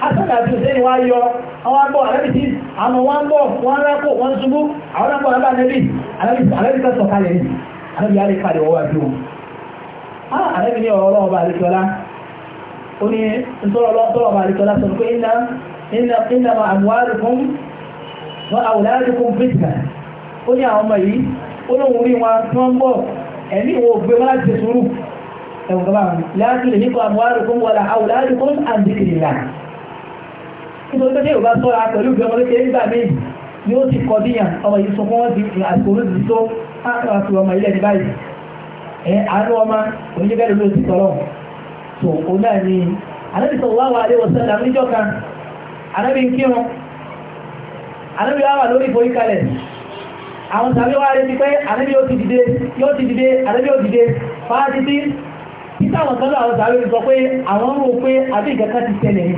hasan àti hussein wá yọ àwọn àgbọ̀ alábi tí àmọ́ wọ́n bọ̀ wọ́n rákò wọ́n ṣubú àwọn àgbọ̀ alábi anábi alábi kan sọ̀kalẹ̀ ni anábi alẹ́ kalẹ̀ wọ́n wá bí wọn. anábi ní ọ̀rọ̀ ọba àlejòlá ó ní ntọ́rọ̀ ọba àlejòlá sọ pé iná iná ma amwalukum wa awladukum fitna ó ní àwọn ọmọ yìí ó lóun rí wọn tí wọ́n bọ̀ ẹ̀mí wo gbé wọn láti sùúrù ẹ̀wọ̀n gbọ́n láti lè nípa amwalukum wala awladukum an dhikrillah nítorí pé yóò bá sọ́ra pẹ̀lú ìgbẹ́ ọmọdé kéré nígbà méjì ni ó ti kọ́ níyàn ọmọ yìí sọ fún wọn ti àsìkò orí ti tó àti ọmọ ilẹ̀ ní báyìí ẹ àánú ọmọ oníjẹ bẹ́ẹ̀ ló ti sọ̀rọ̀ tó o náà ni anábì sọ wá wà léwọ sẹ́lá níjọ́ kan anábì ń kírun anábì wá wà lórí ìforí kalẹ̀ àwọn tàbí wá retí pé anábì yóò ti dìde yóò ti dìde anábì yóò dìde fáá títí títí àwọn kan náà àwọn tàbí sọ pé àwọn rò pé àbí ìgbà kan ti ṣẹlẹ̀ ni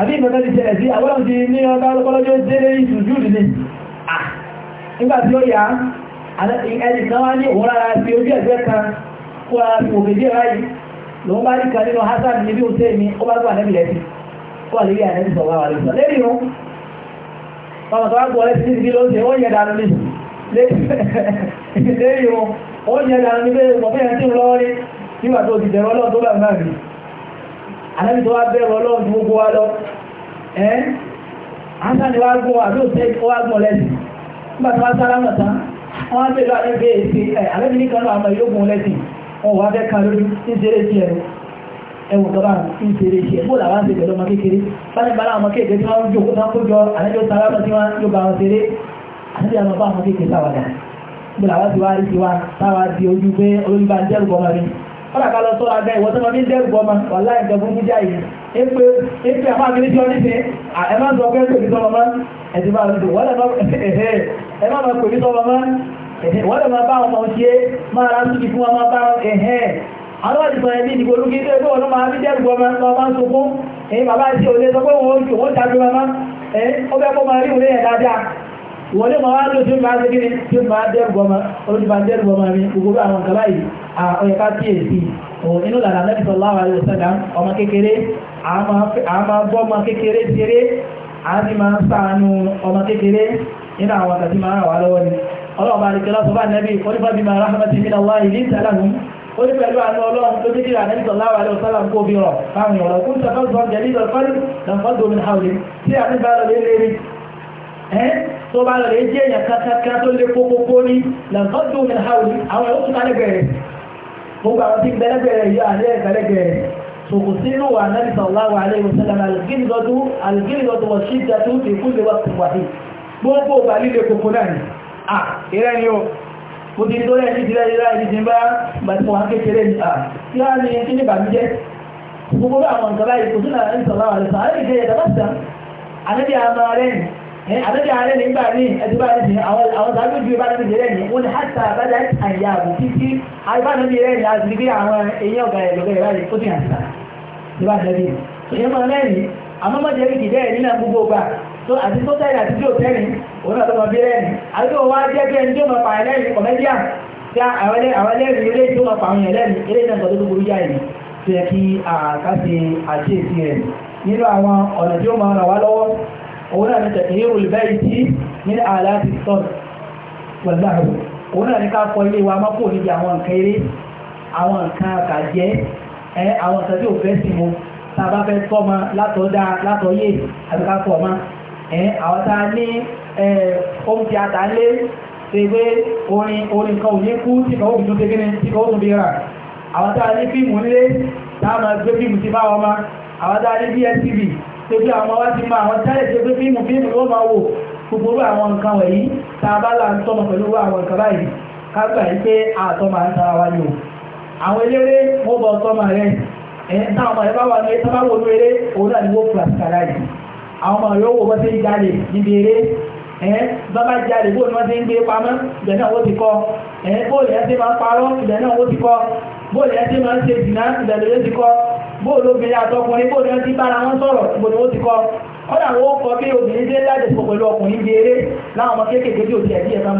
àbí ìgbẹ̀kẹ́ ti ṣẹlẹ̀ sí àbọ́lọ́n ti ní ọ̀dá ọlọ́pọ̀lọ́jọ́ délé ìṣùjúdì ni nígbà tí ó yá ẹni kan wá ní òun rárá sí ojú ẹ̀gbẹ́ kan kó ara sí òkèjì ráyì lòun bá rí kan nínú hasan níbi òun tẹ́ẹ̀mí ó bá gbà nẹ́bì lẹ́sí ó wà lórí ànẹ́bì sọ̀rọ̀ àwọn àlejò lẹ́bì rún ọmọ tó wá gbọ́ lẹ́sí ní ìdílé oúnjẹ ó yẹ dànù ní lẹ́bì rún ó yẹ dànù ní bẹ́ẹ̀ anábì tó wá bẹ̀rù ọlọ́run tó gbogbo wa lọ ẹ́ ánsáni wá gbọ́ àbí òṣè wá gbọ́ lẹ́sìn nígbà tó wá sára mọ̀ tán wọ́n á bẹ̀rù anábì èsì ẹ̀ anábì ní kan náà àmọ́ ìlógún lẹ́sìn wọn wá fẹ́ kan lórí ní ṣeré tiẹ̀ ẹwọ̀n kaba ń ṣeré tiẹ̀ bó làwọn ṣe pẹ̀lú ọmọ kékeré báyìí bá láwọn ọmọ kékeré tí wọ́n ń jòkó tán kó jọ sára mọ̀ tí wọ́n yóò bá wọn ṣeré àti àwọn ọmọ kékeré sáwàdà bó làwọn ti wá rí tiwa táwa di ojú pé olóyún ń dẹ́rù bọ́ ọ̀làkà lọ sọ́ra gan ìwọ́n dẹ́rù bọ́ ma wà láì jẹ fún jíjà àwọn àdìsàn ẹni ìdìbò olúkí tó ẹgbẹ́ ọ̀nà máa fi dẹ́rù bọ́ ma lọ máa ń sunkún èyí bàbá àti òde sọ pé ó jù wọ́n dájú ma má ẹ máa rí òde yẹn wọ́n lè mọ̀ wá ló tí ó bá ṣe kí ni tí ó bá dẹ́rù ọmọ mi gbogbo àwọn ìjọba yìí ọ̀yẹ̀ká psd òun inú lànà Ànábì sallallahu alaihi wasallam ọmọ kékeré àmà bọ́ ọmọ kékeré ṣeré àti máa ń sàánú ọmọ kékeré nínú àwọn àtàtí máa ń wà lọ́wọ́ ni ọlọ́ọ̀bá àríkẹ́lá sọ bá nẹ́bí onífàbí máa rahmatí min Allah linta lahum ó ní pẹ̀lú àánú ọlọ́run tó dídí Ànábì sallallahu alaihi wasallam kó bí rọ̀ fáwọn ọ̀rọ̀ kún tafẹ́ tó bá lọ́rẹ̀ jẹ́ èèyàn kankan tó lé kókókó ní lẹ́ǹkọ́dún mi ha òní àwọn yóò tún ká lẹ́gbẹ̀ẹ́ gbogbo àwọn tí ń bẹ́lẹ́gbẹ̀ẹ́ yóò àlẹ́ ìgbẹ́lẹ́gbẹ̀ẹ́ sòkò sínú wà alaihi wasallam alìgírígọ́dú alìgírígọ́dú wọ̀ sí ìdájú ti kú lè wọ́pù wàhí gbogbo ọba líle kókó náà ni à ìrẹ́ ni ó mo ti tó lẹ́yìn ìdílé ìrẹ́ ìdí ti bá gbàtí wọn kékeré ni à kí á ní kí ní bàmíjẹ́ gbogbo àwọn nǹkan báyìí kò sí náà ní sallallahu alaihi wasallam àlẹ́bí àmà Eh, àtẹ́jọ́ ààrẹ nígbà rí ẹ̀dùbà ní àwọn sàájú ìbára ní ìrẹ́ ní wọ́n ni hàtà àbájá àyà àbò títí àbájá ní ìrẹ́ ní àti bí àwọn èèyàn ọ̀gá ẹ̀lọ́gẹ́ ìbára tó ti hàn síta nígbà tẹ́lẹ̀ ìyẹn máa lẹ́yìn àmọ́ mọ́jẹ́ rí kìí bẹ́ẹ̀ nínú gbogbo gbà tó àti tó tẹ́lẹ̀ àti tó tẹ́lẹ̀ òun náà tó mọ bí lẹ́yìn àti tó wá jẹ́ bẹ́ẹ̀ tó mọ pa ẹlẹ́yìn kọ̀mẹ́díà tí àwọn ẹlẹ́yìn ilé tó mọ pa àwọn ẹlẹ́yìn ilé náà tọ́jú gbogbo yá ẹ̀yìn tó yẹ kí àkáṣe àti èsì rẹ̀ nínú àwọn ọ̀nà tí ó máa ràn wá lọ́wọ́ òun náà ni tẹ̀kìhírù lùbẹ́ ìtì ní àlá ti sọ́ọ̀tì pẹ̀láàrù òun náà ní ká fọ ilé wa mọ́kò níbi àwọn nǹkan eré àwọn nǹkan àkàjẹ́ ẹ àwọn nǹkan tí ò fẹ́ sí mu tá a bá fẹ́ tọ́mọ látọ̀dá látọ̀yé àti ká fọ ọmọ ẹ àwọn tá a ní ohun tí a tà lé ṣe pé orin orin kan ò ní kú tí kan ó fi tún ṣe kíni tí kan ó tún fi rà àwọn tá a ní fíìmù nílé tá a máa gbé fíìmù sí bá wọn mọ àwọn tá a ní DSTV pẹ̀lú àwọn wá ti máa àwọn tẹ́lẹ̀ ṣe pé fíìmù fíìmù ló máa wò gbogbo àwọn nǹkan wọ̀nyí tá a bá là ń tọ́mọ pẹ̀lú àwọn nǹkan báyìí ká gbà yí pé àtọ́ máa ń tara wa ni o àwọn eléré mo bọ̀ tọ́mọ rẹ ẹ̀yìn táwọn ọmọ rẹ bá wà ní tábà ẹ̀ẹ́ bábá jáde bóòlù wọ́n ti ń gbé pamọ́ ibẹ̀ náà ó ti kọ́ ẹ̀ẹ́ bóòlù ẹ̀ ti máa parọ́ ibẹ̀ náà ó ti kọ́ bóòlù ẹ̀ ti máa ń ṣe ìdìnnà ibẹ̀ ló ti kọ́ bóòlù obìnrin àtọkùnrin bóòlù ẹ̀ ti bára wọn sọ̀rọ̀ ibẹ̀ ló ti kọ́ kọ́dà wọ́n kọ bí obìnrin dé láti sọ pẹ̀lú ọkùnrin bí eré láwọn ọmọ kéékèèké tí ò ti ẹ̀dí ẹ̀ka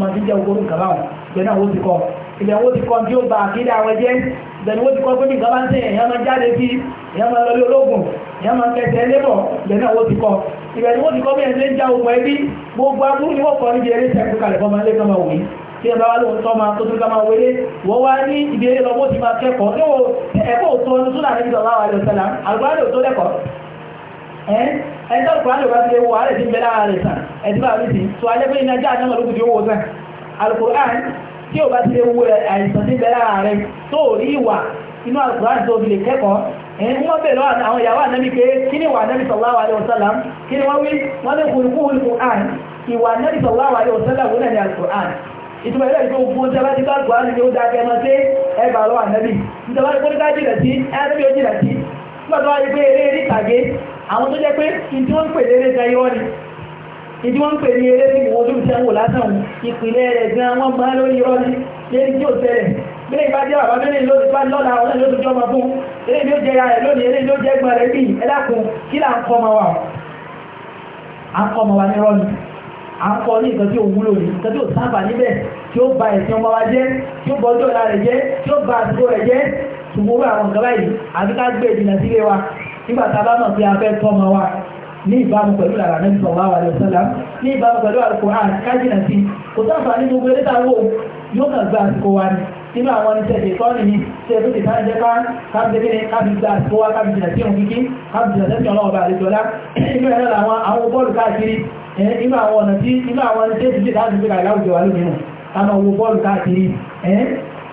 máa ti jẹ́ ogorun kàbá wọn bẹ́ẹ̀ náà wọ́n ti kọ́ ilẹ̀ wọ́n ti kọ́ tí ó ba àkídá àwọn jẹ́ bẹ́ẹ̀ ni wọ́n ti kọ́ pé nìkan bá ń sẹ́yìn èèyàn máa jáde sí èèyàn máa lọlé ológun èèyàn máa kẹsẹ̀ lébọ̀ bẹ́ẹ̀ náà wọ́n ti kọ́ ibẹ̀ ni ti kọ́ bí ẹni já ogun ẹbí gbogbo aburú tí ẹ bá wá lóhun tọ́ tó tún ká máa wọlé wọ́n wá ní ibi eré lọ́wọ́ ti máa kẹ́kọ̀ọ́ ẹ̀kọ́ òtọ́ ọdún súnà níbi ọ̀lá wa lọ́sẹ̀lá àgbáyé òtó lẹ́kọ̀ọ́ ẹ̀ẹ́dá kùránì bá ti lè wọ ààrẹ sí bẹ́lá rẹ̀ sàn ẹ̀dínbà rí sí tó alẹ́gbẹ́ iná já àjọ́mọ̀ lókùn tí ó wọ sàn alùkùránì tí ó bá ti lè wọ àìsàn sí bẹ́lá rẹ̀ tó rí ìwà inú alùkùránì tó fi lè kẹ́kọ̀ọ́ ẹ̀yìn wọ́n bẹ̀rẹ̀ àwọn ìyàwó ànábì pé kí ni wà ànábì sallallahu alaihi wasallam kí ni wọ́n wí wọ́n lè kùrùkù alùkùránì ìwà ànábì sallallahu alaihi wasallam wọ́n ní alùkùránì ìtumọ̀ ilẹ̀ ìgbó fún ọjọ́ bá ti bá gbọ́ ní ó dákẹ́ mọ́ sí ẹgbàá lọ́wọ́ ànábì nítorí wọ́n kó ní ká jìnà sí ẹgbẹ́ ó jìnà sí lọ́dọ̀ ayébé eré ìtàgé àwọn tó jẹ́ pé ìdí wọ́n ń pè léré gan irọ́ ni ìdí wọ́n ń pè ní eré ìwò ojú ìṣẹ́ wò lásán ìpìlẹ̀ rẹ̀ gan wọ́n máa lórí irọ́ ni lérí tí ó tẹ̀lẹ̀ bí lè bá jẹ́ bàbá mẹ́rin ló ti bá lọ́la ọ̀nà ló ti jọ́ ọmọ fún eré ni ó jẹ́ ya rẹ̀ lónìí eré ni ó jẹ́ ẹgbọ́n rẹ̀ bí ẹlákun kí là ń kọ́ ọmọ wa à ń kọ́ ọmọ wa ní irọ́ ni à ń kọ́ ní nǹkan tí ò wúlò ní nǹkan tí ò sábà níbẹ̀ tí ó ba ẹ̀sìn ọmọ wa jẹ́ tí ó bọ́jọ́ ọ̀la rẹ̀ jẹ́ tí ó ba àdúgbò rẹ̀ jẹ́ ṣùgbọ́n wọ́n àwọn ìjọba yìí àti ká gbé ìjìnà sílé wa nígbà tá a bá mọ̀ sí afẹ́ tọ́mọ wa ní ìbámu pẹ̀lú àrà náà sọ̀rọ̀ àwọn àlẹ́ sọ́lá ní ìbámu pẹ̀lú àrùkò àti kájìnà sí kò sáfà ní gbogbo eré tá a wò yóò kàn gba àsìkò wa ni nínú àwọn iṣẹ́ ìṣẹ́ nìyí ṣe tó ti sáré jẹ́ ká kábíyèsí kábí gba àsìkò wa kábí jìnà sí òun kíkí kábí jìnà sẹ́sìn ọlọ́ọ̀bà àlejòlá inú ẹ̀rọ làwọn àwọn bọ́ọ̀lù káàkiri inú àwọn ọ̀nà tí inú àwọn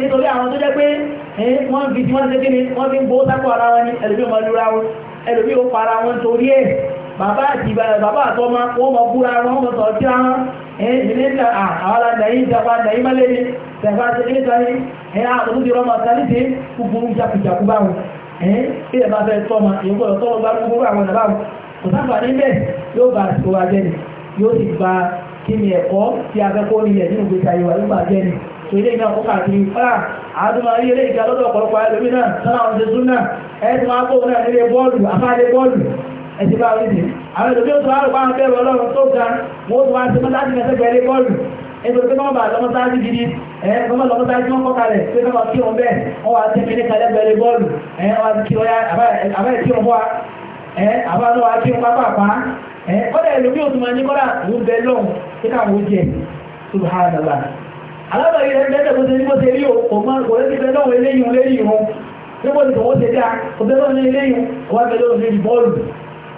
nítorí àwọn tó jẹ́ pé wọ́n fi tí wọ́n ṣe kíni wọ́n fi ń gbó sápò ara wọn ní ẹlòmí ọmọ lura wọn ẹlòmí ó para wọn torí ẹ̀ bàbá àti bàbá àtọ́ ma wọ́n mọ̀ búra wọn wọ́n sọ̀rọ̀ sí àwọn ìrìnlẹ́ta àwọn alàdàyìn ìjàpá àdàyìn má lẹ́ni tẹ̀fà ṣe kíni sáré ẹ̀yà àtọ́tún ti rọmọ sálídé kúkúrú jàkújàkú bá wọn ilẹ̀ bá fẹ́ tọ́ ma èyí gbọ́dọ̀ tọ́wọ́ bá kúkúrú àwọn ìdàbà wọn kò sáfà níbẹ̀ ni yóò sì gba kí ni ẹ̀kọ́ tí a fẹ́ kó nílẹ̀ nínú ìgbésí ayé wa yóò bá jẹ́ ni ilé iná kó káàkiri fáà àádọ́mà rí ilé ìjà lọ́dọ̀ ọ̀pọ̀lọpọ̀ ẹlòmí náà sọ́nà àwọn ṣe súnà ẹ̀ẹ́dì máa kó náà nílé bọ́ọ̀lù àfáàlé bọ́ọ̀lù ẹ̀sì bá rí ni àwọn ìlú tó wárò bá ń bẹ̀rù ọlọ́run tó ga wọ́n tó wá sí mọ́sáàjì mẹ́sẹ̀ gbẹ̀rẹ̀ bọ́ọ̀lù ẹgbẹ́ pé wọ́n bá lọ́mọ́sáàjì gidi ẹ̀ẹ́ wọ́n lọ́mọ́sáàjì wọ́n kọ́ kalẹ̀ pé wọ́n kí wọn bẹ́ẹ̀ wọ́n wá sí mẹ́lẹ́ kalẹ̀ gbẹ̀rẹ̀ bọ́ọ̀lù ẹ̀ẹ́ wọ́n kí wọ́n àbáyé kí wọ́n wá ẹ̀ẹ́ àbáyé wọ́n kí wọ́n pápá ẹ̀ẹ́ kọ́dẹ̀ ìlú mi ò kọ́dà ló bẹ lọ́hùn pé káwọn ó jẹ subhanallah alábàáyé rẹ̀ lẹ́tẹ̀ bó ṣe ní bó ṣe rí òkùnmọ́ kò lẹ́tí fẹ́ lọ́wọ́ eléyìn lẹ́yìn wọn ní bó ti tọ̀wọ́ ṣe dá ọ̀bẹ́rọ̀ ní eléyìn wà pẹ̀lú òṣèlú bọ́ọ̀lù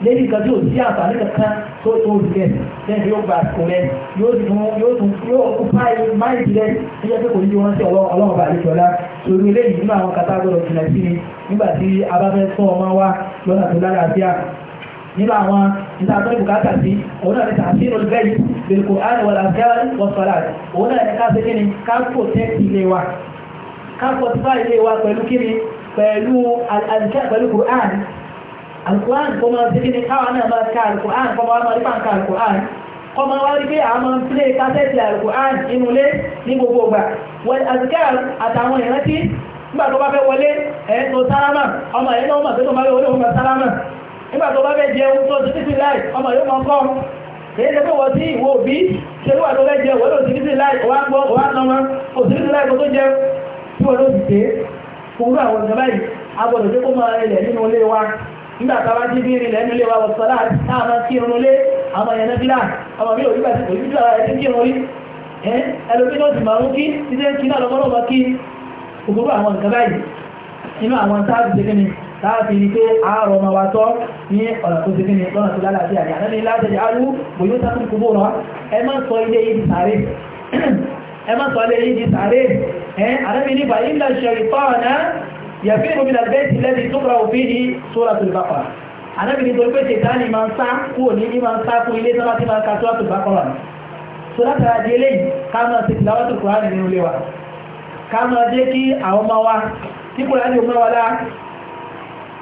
lẹ́yìn kan tí ò sí àǹfààní kankan tó tó rẹ̀ lẹ́yìn yóò gba àsìkò rẹ̀ yóò tún yóò tún yóò kú páì máìlì rẹ̀ ní jẹ́ pé kò ní ju wọn sí ọlọ́run bá àlejò ọlá torí eléyìí nínú àwọn kata gbọdọ̀ jìnà sí ni nígbà tí a bá fẹ́ sọ ọmọ wa lọ́nà tó lálàáfíà nínú àwọn ìtàkùn ìbùkátà sí òun náà ní tàbílù bẹ́ẹ̀ bẹ̀rẹ̀ kò áàrẹ wọ̀lá gẹ́rẹ́ wọ̀sọ̀lá òun náà ní káṣe kí ni káàpò tẹ́ẹ̀tì ilé wa káàpò tí bá ilé wa pẹ̀lú kí ni pẹ̀lú àdìkẹ́ pẹ̀lú Qur'an Al-Qur'an kò máa ṣe kí ni káwa náà máa ka Al-Qur'an kọ́ máa máa rí pàǹkà Al-Qur'an kọ́ máa wá rí pé àwọn máa ń plé kásẹ̀tì Al-Qur'an ní gbogbo ìgbà wọ́n àtàwọn ìrántí nígbà bá fẹ́ wọlé ẹ̀ tó ọmọ ẹ̀ tó tó bá wọlé òun bá nígbà tó bá fẹ́ jẹun tó ti títí láì ọmọ yóò mọ kọ́ èyí tẹ́ wọ́n sí ìwò òbí ṣerúwà tó fẹ́ jẹ wọ́n ló ti títí láì wá gbọ́ wá nọmọ òsìtítí láì tó jẹ tí wọ́n ló ti tẹ́ fún àwọn ìjọba báyìí agbọ̀dọ̀ tó kó mọ ilẹ̀ nínú ilé wa nígbà táwa ti bí ilẹ̀ nínú ilé wa wọ̀ sọ́lá táwọn kí irun lé àwọn ẹ̀yẹn náà ọmọ mi ò rí bàtí kò sí ẹni kí irun rí ẹlòmí tó sì máa ń kí títí kí náà lọ́mọ́lọ́mọ́ kí gbogbo àwọn láti ní pé àárọ̀ ma wá tọ́ ní ọ̀nà tó ti kíni lọ́nà tó lálàáfíà ní àdáni látẹ̀jẹ̀ alú bòyó sáfún kúbò rọ ẹ má sọ ilé yìí di sàárè <clears throat> ẹ má sọ ilé yìí di sàárè ẹ àdáni ní bàyí ńlá ṣẹ̀rì fáwọn yàfí ìròmìnà bẹ́ẹ̀tì lẹ́bi tó ra òfin ní sóra tó bá pàrà àdáni ní torí pé ṣètáni máa ń sá kúrò ní ní máa ń sá fún ilé tó láti máa ka sóra tó bá pàrà so látara di eléyìí ká máa ṣe tìlàwọ́ tó kùránì nínú ilé wa ká máa jẹ́ kí àwọn ọmọ wa tí kùránì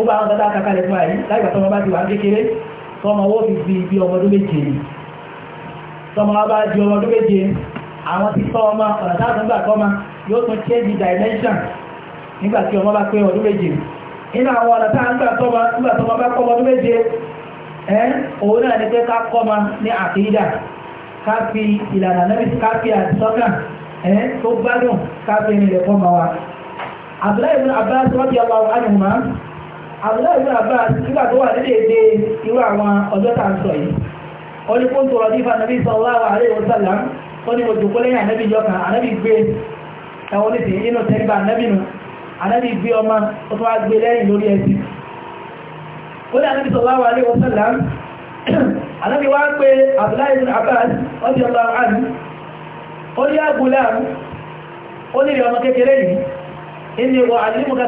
ó bá wọn tọ́ta àkàkalẹ̀ fún àyí láìgbà tọ́mọ bá ti wà kékeré tọ́mọ wó fi fi ibi ọmọ ọdún méje tọ́mọ bá di ọmọ ọdún méje àwọn ti tọ́ ọmọ ọ̀nà táàtàn gbà tọ́mọ yóò tún change dimension nígbà tí ọmọ bá pé ọdún méje nínú àwọn ọ̀nà táàtàn gbà tọ́mọ nígbà tọ́mọ bá kọ́ ọdún méje ẹ́ òun náà ni pé ká kọ́mọ ní àkídà ká fi ìlànà náà ká fi àtisọ́kà ẹ́ tó gbádùn ká fi ẹni lẹ̀kọ́ mọ́ wa Abdullahi ibn Abbas radiyallahu anhuma àbúlá ìlú àbá nígbà tó wà nílé èdè irú àwọn ọjọ́ tá à ń sọ yìí ó ní kó ń tọrọ nípa nàbí sallallahu alaihi wasallam ó ní mo jòkó lẹ́yìn ànábì yọkàn ànábì gbé ẹ̀wọ̀n ní sí inú tẹ́gbà ànábì nù ànábì gbé ọmọ ó tó wá gbé lẹ́yìn lórí ẹsìn ó ní ànábì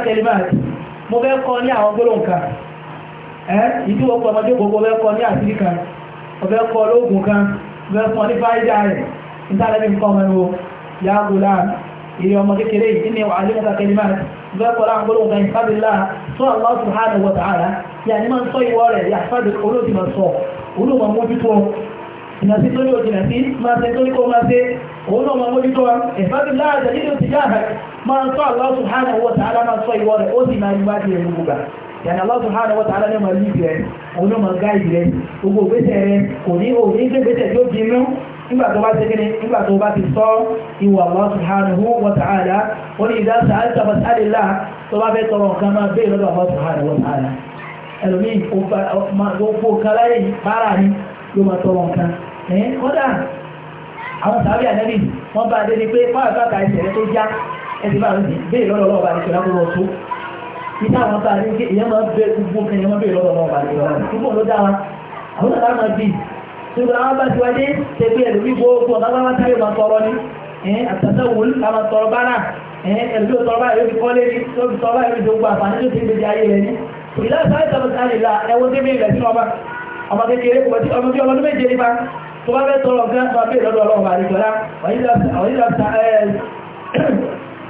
sallallahu <clears throat> mo fẹ́ kọ́ ní àwọn gbólóhùn kan ẹ́ ìdí ọkọ̀ ọmọdé gbogbo fẹ́ kọ́ ní àṣírí kan ọfẹ́ kọ́ lóògùn kan fẹ́ kọ́ ní fáyídà rẹ̀ ìtàlẹ́bí ń kọ́ mẹ́rin o yá gùlá ilé ọmọ kékeré yìí ní àlẹ́mọ̀ta kẹlímà fẹ́ kọ́ láwọn gbólóhùn kan ìfábílá tó Allah subhanahu wa ta'ala yà ní máa máa ń sọ Allah subhanahu wa ta'ala máa sọ ìwọ rẹ̀ ó sì máa rí wájú ẹ̀rù gbogbo yàrá Allah subhanahu wa ta'ala ní ọmọ ìlú rẹ̀ òun ló máa gáìdì rẹ̀ gbogbo gbèsè rẹ̀ kò ní òní gbèsè tó di inú nígbà tó bá ti kíni nígbà tó bá ti sọ ìwọ Allah subhanahu wa ta'ala ó ní ìdá sàá sábà sáré là tó bá fẹ́ tọrọ nǹkan máa bẹ́ẹ̀ lọ́dọ̀ Allah subhanahu wa ta'ala ẹlòmí gbogbo kan bára ni ló máa tọrọ nǹkan ẹ̀ kọ́dà àwọn sàbí ànábì wọ́n bá dé ni pé fáwọn àgbàkà ìṣẹ̀lẹ̀ tó já ẹ̀sì bá ń bèèrè lọ́dọ̀ ọlọ́ọ̀bà ní ṣọlá gbogbo ọ̀tún ìta àwọn bá ní kí èèyàn máa bẹ gbogbo kan èèyàn máa bèèrè lọ́dọ̀ ọlọ́ọ̀bà ní ṣọlá gbogbo ló dára àwọn ọ̀tá máa bì ṣùgbọ́n àwọn bá ti wáyé ṣe pé ẹ̀lú bí gbogbo ọ̀tá máa sáré máa tọrọ ní àtàtà wò ní àwọn tọrọ bára ẹ̀lú bí tọrọ báyìí fi kọ́lé ní tó fi tọrọ báyìí fi gbogbo àǹfààní tó ti ń gbèdé ayé rẹ̀ ní ìlà sáré tọrọ sáré la ẹwọ́n tó bèèrè sínú ọba ọmọ kékeré kò tí ọmọ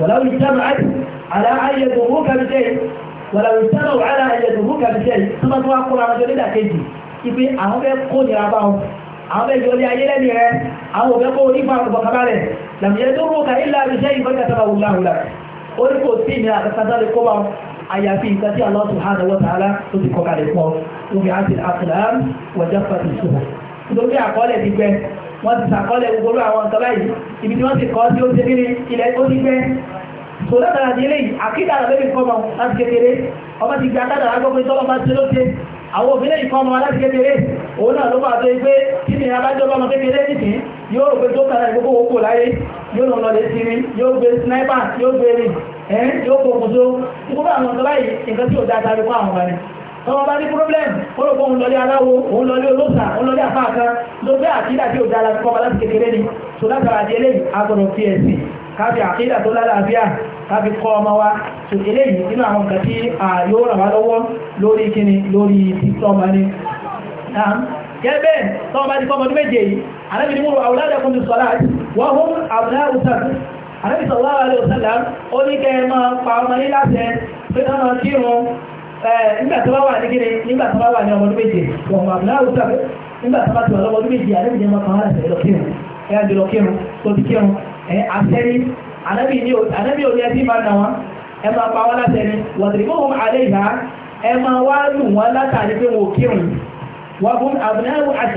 ولو اجتمعت على أن يضروك بشيء ولو اجتمعوا على أن يضروك بشيء ثم توقع على جميل أكيد ipe àwọn fẹ́ kó ní ara wọn àwọn fẹ́ yọlé ayé lẹ́ni rẹ àwọn òfẹ́ kó onípa ọ̀pọ̀kọ̀bá rẹ̀ làmìyẹ tó rú ka ilá iṣẹ́ ìfẹ́kà sábà wùláhùlá ó ní kò sí ìnira àkàkàtà lè kó wọn àyàfi nǹkan tí Allah subhanahu wa ta'ala tó ti kọkàlẹ̀ fún ọ lómi àti àkùlá wọ̀já pàtó ìṣòwò nítorí àkọọ́lẹ̀ ti gbẹ wọ́n ti sàkọ́lẹ̀ gbogbo àwọn nǹkan báyìí ibi tí wọ́n ti kọ́ sí ó ti rí ilẹ̀ ó ti pẹ́ so látara di eléyìí àkídàrà lórí kọ́mọ láti kékeré ọmọ ti gbé akádàrà gbogbo ìtọ́lọ́ bá ti lóde àwọn òbí lè kọ́ ọmọ láti kékeré òun náà ló máa tó ipé tí ní abájọ́ ọmọ kékeré nìkí yóò gbé tó kára ìgbókò owó láyé yóò lọ lè ti rí yóò gbé sniper yóò gbé rí ẹ̀ yóò kò kùtó gbogbo àwọn ọ̀tọ́ báyìí nǹkan tí ò dáadáa rí kọ́ àwọn ọmọ tọ́wọ́ bá ní problem olùkọ́ òun lọlé aláwo òun lọlé olóòsà òun lọlé àfáàkà ló gbé àkídà tí ó dára kọ́ láti kékeré ni so látara di eléyìí agbọ̀dọ̀ fi ẹ̀sìn káfí àkídà tó lálàáfíà káfí kọ́ ọmọ wa so eléyìí nínú àwọn nǹkan tí yóò ràn wá lọ́wọ́ lórí kíni lórí títọ́ ọmọ ni gẹ́gẹ́ tọ́wọ́ bá ti kọ́ ọmọdé méje yìí anábìnrin múlò àwòládẹ́kùn ti sọ́lá wọ́n hún àbúlá òsàkùn anábìsọ̀lá àlẹ́ òsàlá ó ní kẹ́ máa pa ọmọ yín láṣẹ pé wọ́n máa kírun Eh, nígbà tó bá wà ní kíni nígbà tó bá wà ní ọmọdún méje wọn mọ àbúrò àwùjọ pé nígbà tó bá ti wà lọ́mọdún méje àdébì ní ọmọ kan wà lọ kírun ẹ á jùlọ kírun tó ti kírun ẹ àtẹ́rí àdébì òní ẹtí máa nà wọn ẹ máa pa wọn látẹni wọ̀tìrìmọ́ wọn àlẹ́ ìhà ẹ máa wá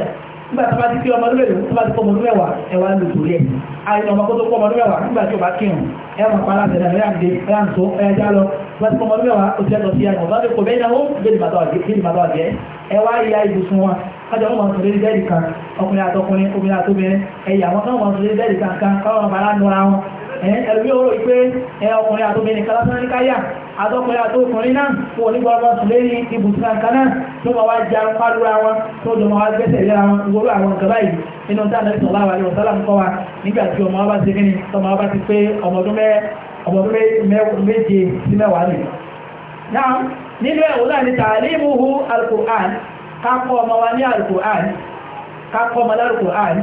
nígbà tó bá ti kí ọmọ ọdún mẹ́rin tó bá ti pọmọ ọdún mẹ́wàá ẹwà ń lò torí ẹ̀ àìyàn ọmọ kó tó pọmọ ọdún mẹ́wàá nígbà tí ó bá kírun ẹwà pàlá tẹ̀lé ẹ̀yàǹdé ẹ̀yàǹtó ẹ̀yàjá lọ tó bá ti pọmọ ọdún mẹ́wàá ó ti ẹ̀tọ́ sí ẹ̀yàn ọ̀bá tó kò ẹ̀rí ọ̀rọ̀ ìpé ọkùnrin àtòbìnrin kalásán káyà àtọkùnrin àtòkùnrin náà fún onígbọ́gbọ́ sílé ní ibùsùn kanáà tó ma wá já ń pàdúrà wọn tó jọ ma wá gbẹ́sẹ̀ lé àwọn ìwòrò àwọn ìjọba yìí nínú tí a lè sọ̀lá wa yóò sálà ń kọ́ wa nígbà tí ọmọ bá ti kíni tọmọ bá ti pé ọmọdún méje sí mẹ́wàá nì náà nínú ẹ̀wọ̀n náà ni tààlímùhù alkùnrin kápọ̀ ọmọ wa ní alkùnrin kápọ̀ ọmọ lárùkùnrin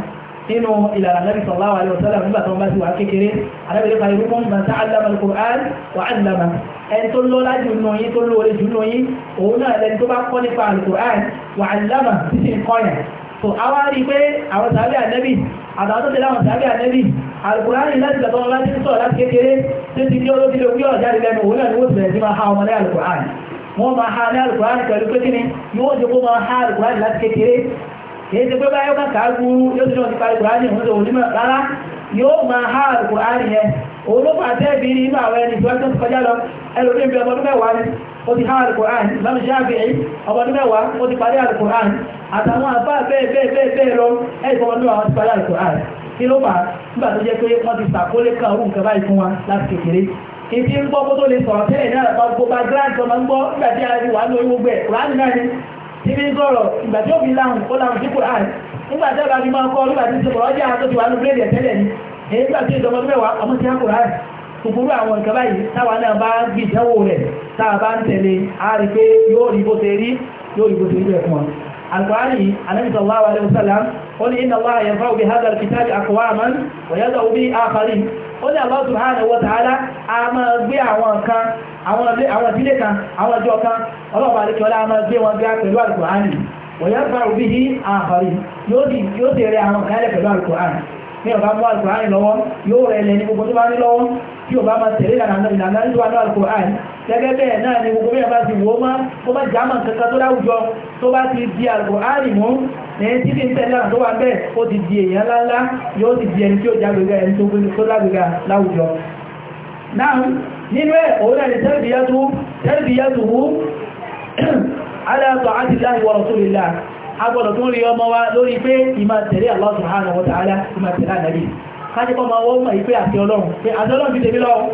nínú ìlànà nàbí sallallahu alaihi wasallam nígbà tó ń bá sí wà kékeré alábẹ̀rẹ̀ kan irúgbọ́n máa ta allama al-Qur'an wa allama ẹni tó lọ́lá jù nù yín tó lóore jù nù yín òun náà lẹni tó bá kọ́ nípa al wa allama títí kọ́yà so àwọn rí pé àwọn sàbẹ̀ ànẹ́bì àtàwọn tó tẹ̀lé àwọn sàbẹ̀ ànẹ́bì alukurani láti gbàtọ́ láti sọ̀rọ̀ láti kékeré tó ti ní olóbi lè wí ọ̀já lẹ́nu òun náà ni wọ́n bẹ̀rẹ̀ sí wọ́n máa ha ní alukurani pẹ̀lú pé kíni ni wọ́n ti kó máa ha alukurani láti kékeré kìí ṣe pé báyọ́ kan kàágú yóò tún ti parí kùránì ìhúnlẹ̀ onímọ̀ rárá yóò máa ha kùránì yẹn òun ló fà tẹ́ bí nínú àwọn ẹni tí wọ́n tó kọjá lọ ẹlòmí bí ọmọdún mẹ́wàá ni ó ti ha kùránì lọ́nà ṣe àgbẹ̀ yìí ọmọdún mẹ́wàá ó ti parí kùránì àtàwọn àbá bẹ́ẹ̀ bẹ́ẹ̀ bẹ́ẹ̀ bẹ́ẹ̀ lọ ẹ̀yìn fọmọ náà wọ́n ti parí kùránì kí ló fà nígbà tó jẹ́ pé wọ́n ti sàkólé kan orú nǹkan báyìí fún wa láti kékeré ìdí ń gbọ́ kó tó lè sọ̀rọ̀ tẹ́lẹ̀ náà gbogbo bá gíláàsì ọmọ ń gbọ́ nígbà tí a ti wà ní orí gbogbo ẹ̀ kùránì náà ni níbi sọ̀rọ̀ ìgbà tí ó fi láhùn ó láhùn sí Quran nígbà tí ọba ahụ máa kọ́ nígbà tí ìṣòro ọjà tó ti wà ní bíléèdì ẹ̀tẹ́lẹ̀ ni èyí nígbà tí ìṣòro mẹ́wàá ọmọ ti Quran kòkòrò àwọn ìkàbá yìí táwa náà bá gbì rẹ̀ bá ń tẹ̀lé a pé yóò rí bó ṣe القرآني النبي صلى الله عليه وسلم قل إن الله ينفع بهذا الكتاب أقواما ويدعو به آخرين قل الله سبحانه وتعالى أما أبي أعوانك أعوان تلك أعوان جوك الله بارك ولا أما أبي وأبي أكبر القرآن وينفع به آخرين يوتي يوتي ري أعوان كالك القرآن ní ọba mú alùkùránì lọ́wọ́ yóò rẹ̀ lẹ̀ ní gbogbo tó bá ní lọ́wọ́ tí ọba máa tẹ̀lé ìlànà ìlànà nínú àná alùkùránì gẹ́gẹ́ bẹ́ẹ̀ náà ni gbogbo bẹ́ẹ̀ bá ti wò ó má tó bá jámà kankan tó láwùjọ tó bá ti di alùkùránì mú ní títí ń tẹ̀lé àná tó wà bẹ́ẹ̀ ó ti di èèyàn tí ó jágbègà agbọ́dọ̀ tó ń rí ọmọ wa lórí pé ìmá tẹ̀lé Allah subhanahu wa ta'ala ìmá tẹ̀lé ànàbí kájíkọ́ ma wọ́n mọ̀ ìpé àti ọlọ́run pé àtọ́lọ́run fi tèmi lọ́wọ́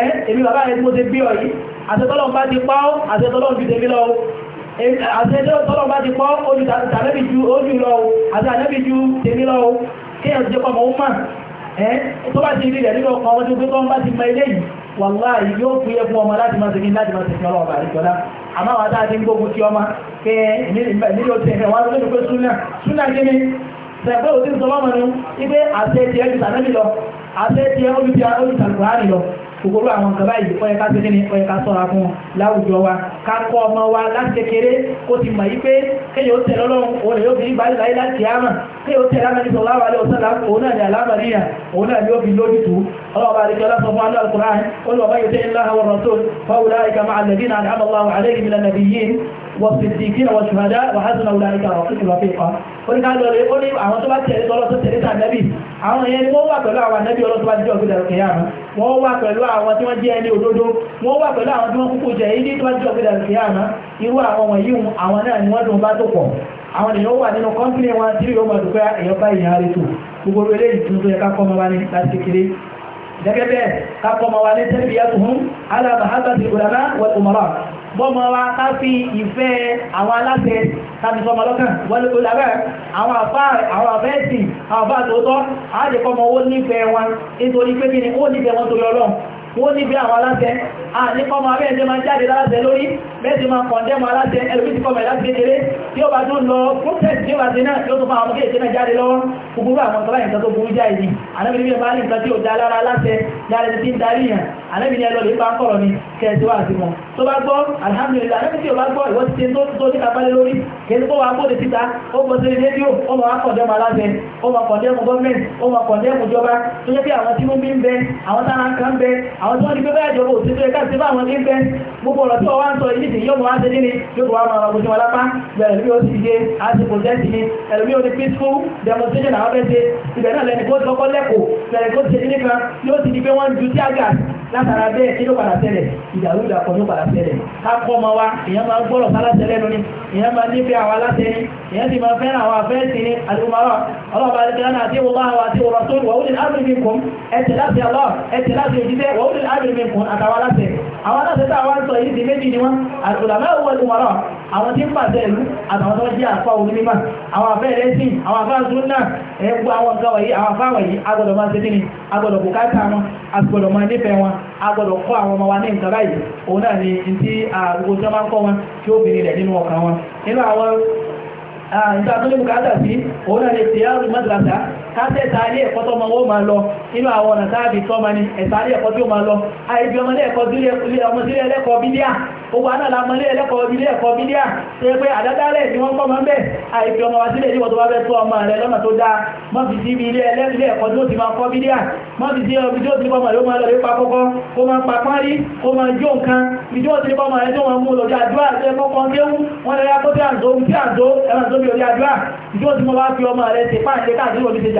ẹ́ èmi bàbá rẹ̀ tí mo ti bí ọ yìí àtọ́lọ́run bá ti pa ọ́ àtọ́lọ́run fi tèmi lọ́wọ́ àtọ́lọ́run bá ti pa ọ́ ojú tàbí ju ojú lọ́wọ́ àti ànàbí ju tèmi lọ́wọ́ kí ẹ̀ ẹ́ tó bá ti rí rẹ̀ nínú ọkọ̀ ọmọdé pé tọ́n bá ti mọ ilé yìí wàláhì yóò fi yẹ fún ọmọ láti máa ṣe ní láti máa ṣe fi ọlọ́ọ̀bà àríkọ́lá àmọ́ àwọn adáàdé ń gbógun tí ọmọ pé nílò tí ẹ̀fẹ̀ wọn lónìí pé súnà súnà kí ni sẹ̀pẹ́ òsì sọ mọ́mọ́ ni wípé àṣẹ ti ẹ́ ti sànẹ́bì lọ àṣẹ ti gbogbo àwọn nǹkan báyìí ó yẹ ká tẹ́kẹ́ ní ó yẹ ká sọ́ra fún láwùjọ wa ká kọ́ ọmọ wa láti kékeré kó ti mọ̀ yí pé kéyìí ó tẹ̀ lọ́lọ́run òun lè yóò fi gbáyé láyé láti àmà kéyìí ó tẹ̀ lámà ní sọ̀rọ̀ àwàlẹ̀ òsàlà òun náà ní àlámàríyàn òun náà ni sọ fún àlọ́ alkùnrin oníkálọ́lẹ̀ ó ní àwọn tó bá tẹ̀lé tọ́lọ́ tó tẹ̀lé tàbí àwọn èèyàn ni wọ́n wà pẹ̀lú àwọn anẹ́bí ọlọ́tọ́ bá jíjọ́ ògbèdè òkè àmà wọ́n wà pẹ̀lú àwọn tí wọ́n jẹ́ ẹni òdodo wọ́n wà pẹ̀lú àwọn tí wọ́n kúkú jẹ́ ilé tó bá jíjọ́ ògbèdè òkè àmà irú àwọn wọ̀nyí àwọn náà ni wọ́n dùn bá tó pọ̀ àwọn èèyàn wà nínú kọ́ńpìnì wọn tí yóò mọ̀ dùkọ́ èèyàn bá ìyá rẹ̀ tó gbogbo eré ìtúntò ẹ̀ká kọ́ mọ́ wá ní láti kékeré gẹ́gẹ́ bẹ́ẹ̀ ká kọ́ mọ́ wá ní tẹ́lifíyàtùhún alábàhábàtì ìgbàlá wọ́n tó mọ́ra bọ́mọ wa ká fi ìfẹ́ àwọn aláṣẹ tàbí sọmọ lọ́kàn wọlé tó lábẹ́ àwọn àfá àwọn àfẹ́ẹ̀sì àwọn àfá àtòótọ́ àádẹ́kọ́mọ ó nífẹ̀ẹ́ wọn nítorí pé kí ni ó nífẹ̀ẹ́ wọn torí ọlọ́run wọ́n ní bí àwọn aláṣẹ à nípa ọmọ abẹ́ ẹ̀jẹ́ máa jáde láláṣẹ lórí mẹ́sì máa kọ̀ndẹ́mù aláṣẹ ẹlùmí ti kọmọ̀ ìlàṣẹ kékeré tí ó bá tún lọ protest tí ó bá ti náà tí ó tún máa ọmọdé ìṣẹ́nà jáde lọ́wọ́ gbogbo àwọn ọ̀tọ́lá ìṣẹ́ tó burú jáì ní ànábìnrin bí ẹ ni kẹsì wà sí wọn tó bá gbọ́ alhamdulillah ànábìnrin tí ó bá gbọ́ ìwọ́n ti ṣe tó wa kó lè síta ó bọ́ sí rédíò ó mọ̀ wá kọ̀ndẹ́mù aláṣẹ ó mọ̀ kọ̀ndẹ́mù gọ́ọ̀mẹ̀ntì ó mọ̀ kọ̀ndẹ́mù ìjọba tó jẹ́ bí àwọn tí wọ́n ti gbẹ́gbẹ́ ìjọba òṣìṣẹ́ ẹ̀ká sí fáwọn ní fẹ́ gbogbo ọ̀rọ̀ tí wọ́n wá ń sọ yìí ti yọ́mọ̀ wá ń tẹ́lé ní yóò wá máa rọ̀gbọ̀n wọn lápá ẹ̀lùmí ó ti ṣe àti protest ni ẹ̀lùmí ó ní peaceful demonstration àwọn fẹ́ ṣe ibẹ̀ náà lẹ́nu kó kọ́kọ́ lẹ́kọ̀ọ́ lẹ́nu kó ṣe nílé kan yóò ti di pé wọ́n ju tí àgà látara bẹ́ẹ̀ kí ló padà tẹ́lẹ̀ ìdàrú ìdàpọ̀ ló padà tẹ́lẹ̀ ká kọ́ ọmọ wa èèyàn máa ń gbọ́rọ̀ sálásẹ lẹ́nu ni èèyàn máa nífẹ̀ẹ́ àwọn aláṣẹ ni èèyàn sì máa fẹ́ràn àwọn afẹ́sì ni àdúgbòmọ́rọ̀ ọlọ́ọ̀bá àti kíláàna àti ìwọ̀n àwọn àti ìwọ̀n tó wọ́n ó lè láti fi kùn ẹ̀tẹ̀ láti àlọ́ ẹ̀tẹ̀ láti òjíṣẹ́ wọ́n ulul azmi minkum àtàwọn aláṣẹ àwọn aláṣẹ tá àwọn sọ yìí di méjì ni wọn al-ulama wal-umara àwọn tí ń pàṣẹ ìlú àtàwọn tó jẹ́ àpá orí mímá àwọn afẹ́ ẹlẹ́sìn àwọn afẹ́ àṣúná ẹgbọ́ àwọn nǹkan wọ̀nyí àwọn afẹ́ wọ̀nyí agbọ́dọ̀ máa ṣe kí ni agbọ́dọ̀ bùkátà wọn agbọ́dọ̀ máa nífẹ̀ẹ́ wọn agbọ́dọ̀ kọ́ àwọn ọmọ wa ní nǹkan báyìí òun náà ni tí àgbogbo tí wọ́n máa ń kọ́ wọn tí ó bìnrin rẹ̀ nínú ọkàn wọn nínú àwọn ìta tó ní bùkátà sí òun náà ni tìyàrù madrasa káṣẹ́ ìtàrí ẹ̀kọ́ tọ́mọ ó máa lọ nínú àwọn ọ̀nà tàbí tọ́mọ ni ìtàrí ẹ̀kọ́ tí ó máa lọ àìbí ọmọdé ẹ̀kọ́ sílé ẹ̀kọ́ bídíà tó pé àdádálẹ̀ ni wọ́n kọ́mọ bẹ́ẹ̀ àìbí ọmọ wa sílé ìwọ̀n tó bá fẹ́ tó ọmọ rẹ̀ lọ́nà tó dáa mọ́ fi sí bí orí àdúrà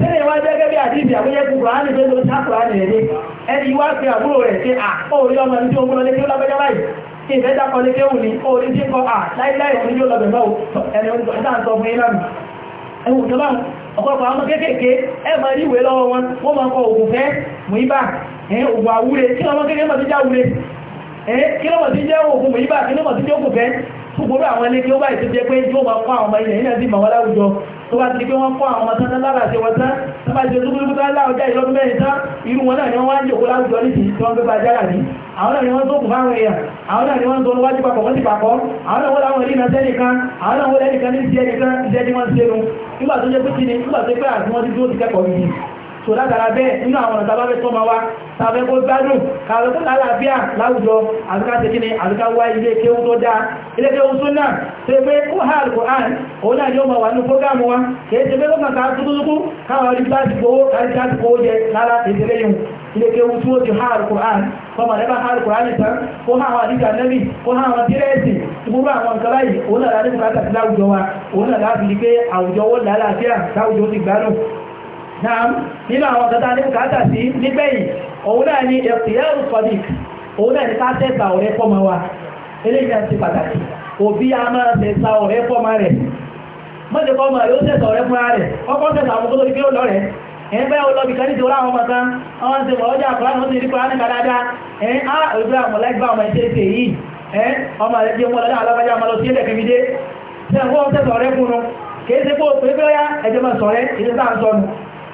tẹ́lẹ̀ wá jẹ́gẹ́ bí àdíbi àgbẹ́jẹ́ kú kùránì tó lórí sákùránì rẹ̀ ní ẹni wá pé àbúrò rẹ̀ ṣe àkóòrí ọmọ ní tí ó múlọ lékè lábẹ́jẹ́ báyìí kí ìfẹ́ dákọ lékè wù ní orí tí kọ àláìláì òun yóò lọ́bẹ̀ mọ́ ẹni orí tó ń sọ fún iná nù ẹwù tó bá ọ̀pọ̀lọpọ̀ àwọn kéékèèké ẹ máa rí ìwé lọ́wọ́ wọn wọ́n máa kọ ògùn fẹ́ mùíbà ògùn àwúre gbogbo àwọn ilé kí ó bá ìtẹ́jẹ́ pé tí ó bá fún àwọn ọmọ ilẹ̀ ilẹ̀ ìmọ̀wọ́ láwùjọ tó bá ti pé wọ́n fún àwọn ọmọ tán lára àti wọ́n tán tó bá ti pé tó láwùjá ìlọ́dún mẹ́rin tán irú wọn náà ni wọ́n wá ń jòkó láwùjọ nídìí tí wọ́n gbé jára ní àwọn náà ni wọ́n tó kù fáwọn èèyàn àwọn náà ni wọ́n tó wájú papọ̀ wọ́n ti papọ̀ àwọn náà wọ́n láwọn orí ìrìnàṣẹ́ nìkan àwọn náà wọ́n lẹ́nìkan ní ìṣẹ́ nìkan ìṣẹ́ tí wọ́n ń ṣe nu nígbà tó jẹ́ pé kí ni nígbà tó pé àti wọ́n ti dúró ti kẹ́kọ̀ọ́ yìí tó látara bẹ́ẹ̀ nínú àwọn ọ̀nà tàbí tó ma wá tàbí kó gbádùn kààrọ̀ tó ni àríká wá ilé kéwú tó dáa ilé kéwú tó náà tó pé kó ha Al-Qur'an òun náà yóò ma wà ní fógámù wa kìí ṣe pé ó kàn káà tútútúkú káwọn rí bá ti gbowó kárí ká ti gbowó jẹ lára ìdílé yìí ilé kéwú tí ó ti ha Al-Qur'an kọmọ rẹ bá ha Al-Qur'an nìkan kó ha àwọn àdíkà nẹ́bì kó ha àwọn tírẹ́ẹ̀sì gbogbo àwọn nǹkan báyìí òun náà láti bùkátà sí láwùjọ wa òun náà láti rí pé àwùjọ wọ́n náà nínú àwọn ọ̀tọ́ta ní bùkátà sí nígbẹ̀yìn ni ẹ̀kùyẹ́rù sọ́dík òun náà ni ká tẹ́ta ọ̀rẹ́ fọ́mọ wa eléyìí náà ti pàtàkì òbí a máa tẹ́ta ọ̀rẹ́ fọ́mọ rẹ̀ mọ́tẹ́ fọ́mọ yóò tẹ́ta ọ̀rẹ́ fúnra rẹ̀ ọkọ̀ tẹ́ta àwọn tó kí ó lọ rẹ̀ ẹgbẹ́ olóbi kan ní ti wọ́n àwọn ọmọ kan wọ́n ti wọ́n ọjà kọ́lá wọ́n ti rí kọ́lá nípa dáadáa ẹ̀ á òjò àwọn ọmọlẹ́gbà ọmọ ìṣe ìṣe yìí ẹ̀ ọmọ rẹ̀ jẹ́ ọmọ lọ́dọ̀ alábájá ọmọ lọ sí ẹ̀lẹ̀ kìí dé ṣe àwọn ọmọ tẹ̀sọ̀ rẹ̀ fún un kìí ṣe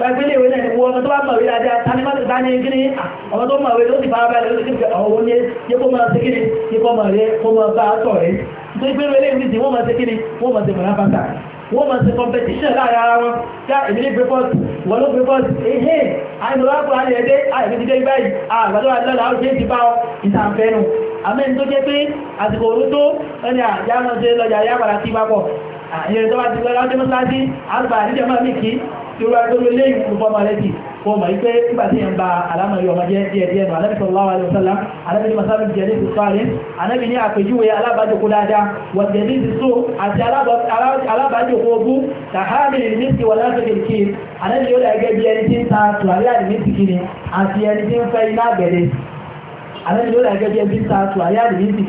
pẹ̀lú ìwé náà ni wọ́n tó bá mọ̀wé dáadáa tani má ti dá ní gíní ọmọ tó mọ̀wé ló ti fara balẹ̀ ló ti fi ọ̀wọ́ ní yé kó máa ṣe gíní yé kó máa rẹ kó máa bá tọ̀ rẹ tó ń gbéró eléyìí nìsín wọ́n máa ṣe gíní wọ́n máa ṣe mọ̀lá bàtà wọ́n máa ṣe competition láàrin ara wọn ká èmi ní breport wọ́n ló breport ehe àìmọ̀lá kò á lè dé àìmọ̀ ti dé báyìí àgbàdo àdúrà ó ṣe é ti bá ọ ìtànfẹ́nu àmẹ́ni tó jẹ́ pé àsìkò òru tó ẹni àjá náà ṣe lọ́jà ayá padà sí papọ̀ àyẹ̀rẹ̀ tó bá ti lọ́jọ́ mọ́sálásí àgbà àdíjọ́ máa mí kìí tí ó rá tó lé lẹ́yìn fún fọ́mà lẹ́bí fọ́mà ipé ìpàtí ẹ̀ ń ba alámàrí ọmọ jẹ́ díẹ̀díẹ̀ nù alábi sallallahu alaihi wasallam alábi ní masáàbí jẹ́lé ti sọ́rin alábi ní àpèjúwe alábàájòkó dáadáa wà jẹ́lé ti sọ àti alábàájòkó ogún tàhámi ní ti wà láti kìrìkì alábi yóò dàgẹ́ bí ẹni tí ń ta tùwárí àdìmí kiri àti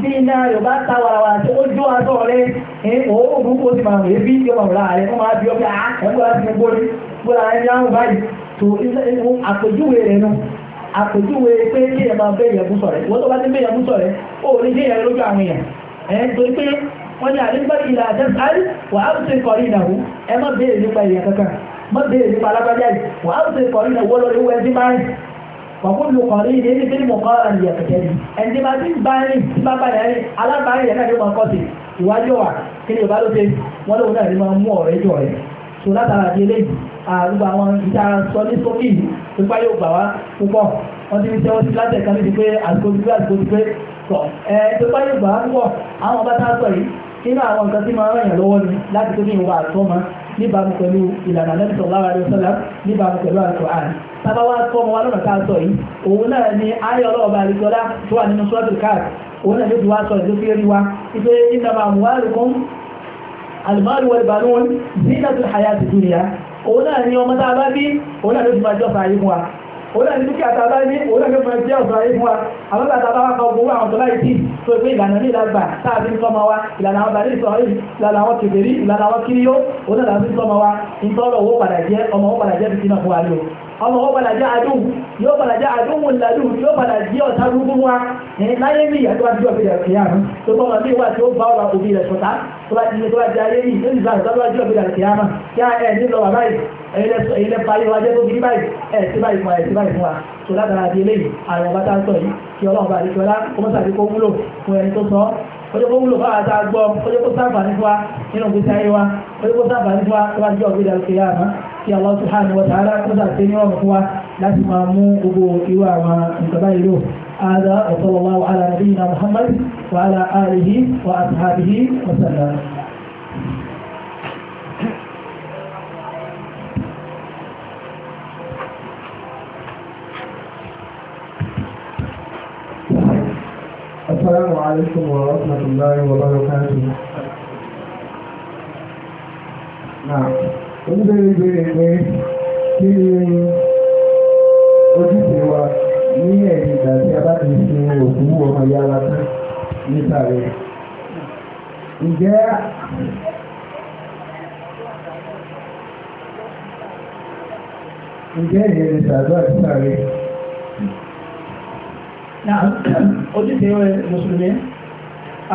bí iná yorùbá ta warawara tó ojú adọ́ rẹ òórùn kó sì máa rèé bí yóò máa rà rẹ wọ́n máa bí ọbẹ̀ ẹgbẹ́ láti fi gbóni gbóra rẹ ní àwọn báyìí tó àpèjúwe rẹ nù àpèjúwe pé kí ẹ máa bẹ́ẹ̀ yẹ̀bú sọ̀rẹ́ wọ́n tó bá ti bẹ́ẹ̀ yẹ̀bú sọ̀rẹ́ ó lè jẹ́ yẹn lójú àwọn èèyàn ẹ̀ ń torí pé wọ́n ní àdébá ìlà àjẹsárí wà á tún kọrí ìnáwó ẹ má bẹ́ẹ̀ nípa èèyàn kankan má bẹ́ẹ̀ nípa alágbájá yìí wà á tún kọrí ìnáwó lọ́dún wẹ́ẹ́ fàkúlù kọ̀rí ilé ní bí mo kọ́ra ní ẹ̀kẹ́kẹ́ni ẹni máa ti bá ní tí bá bá yẹn alábàárẹ̀ yẹn náà ló máa kọ́sì ìwájú wa kí ni Yorùbá ló ṣe wọ́n lóun náà ní máa mú ọ̀rẹ́ jọ rẹ̀ so látara di eléyìí àrùbọ àwọn ìta sọ ní sókè pípa yóò gbà wá púpọ̀ wọ́n ti fi ṣe wọ́n ti látẹ̀ kan níbi pé àsìkò ti pé àsìkò ti pé tọ̀ ẹ pípa yóò gbà wá púpọ̀ àwọn ọba tá a sọ yìí nínú àwọn nǹkan tí máa ń ràn yàn lọ́wọ́ ni láti tó ní ìwà àtọ́ máa níbàámu pẹ̀lú ìlànà Ànábì sallallahu alaihi wasallam níbàámu pẹ̀lú Al-Qur'an sábà wá tọ́ ọmọ wa lọ́nà tá a sọ yìí òun náà ni ayé ọlọ́ọ̀bá àríkọlá tó wà nínú suratul Kahf òun náà ló ti wá sọ ìlú fi rí wa ipe innama amwalukum al-malu wal-banun zinatul hayatid dunya òun náà ni ọmọ tá a bá bí òun náà ló ti máa jọ́ òun náà ní kí àtàlá ní òun náà fẹ́ jẹ́ ọ̀sán ayé fún wa àwọn àtàlá wa kan gbogbo àwọn tọ́lá ìdí tó pé ìlànà ní ìlàgbà táàbí ń sọmọ wa ìlànà àwọn bàdé ìsọ̀rọ̀ ọmọ wọn padà já adóhùn yóò padà já adóhùn ladùn yóò padà jí ọ̀tá rúgbú wa láyé ní ìyá tó bá dúró fèrè kìíyà rẹ tó kọ́ ọmọ bíi wà tí ó bá ọ̀rọ̀ òbí rẹ̀ sọ̀tá tó bá ti tó bá di ayé yìí lórí ìgbàlódé tó bá dúró fèrè kìíyà rẹ kí á ẹ̀ nílò wà báyìí ẹ̀yìn lẹ́ parí wájẹ́ tó bí báyìí ẹ̀ sí báyìí fún wa ẹ̀ sí báyìí fún wa tó di eléyìí àwọn kọjọ́ kó wúlò fáwọn àtàgbọ́ kọjọ́ kó sáfà ní fúwa nínú gbèsè ayé wa kọjọ́ kó sáfà ní fúwa tó bá jẹ́ ọ̀gbẹ́dà òkè yá àmọ́ kí Allah subhanahu wa ta'ala kó sàté ní ọ̀rùn fún wa láti máa mú gbogbo irú àwọn nǹkan báyìí lò هذا وصلى الله على نبينا محمد وعلى آله وأصحابه وسلم السلام عليكم ورحمة الله وبركاته نعم oníbẹ̀rẹ̀ ìbẹ̀rẹ̀ pé kí ni ojúṣe wa ní ẹ̀yìn ìgbà tí a bá ti ṣe òkú ọmọ ìyá wa tán níta rẹ̀ ǹjẹ́ ǹjẹ́ ìyẹn ìṣàdúrà ojúṣe mùsùlùmí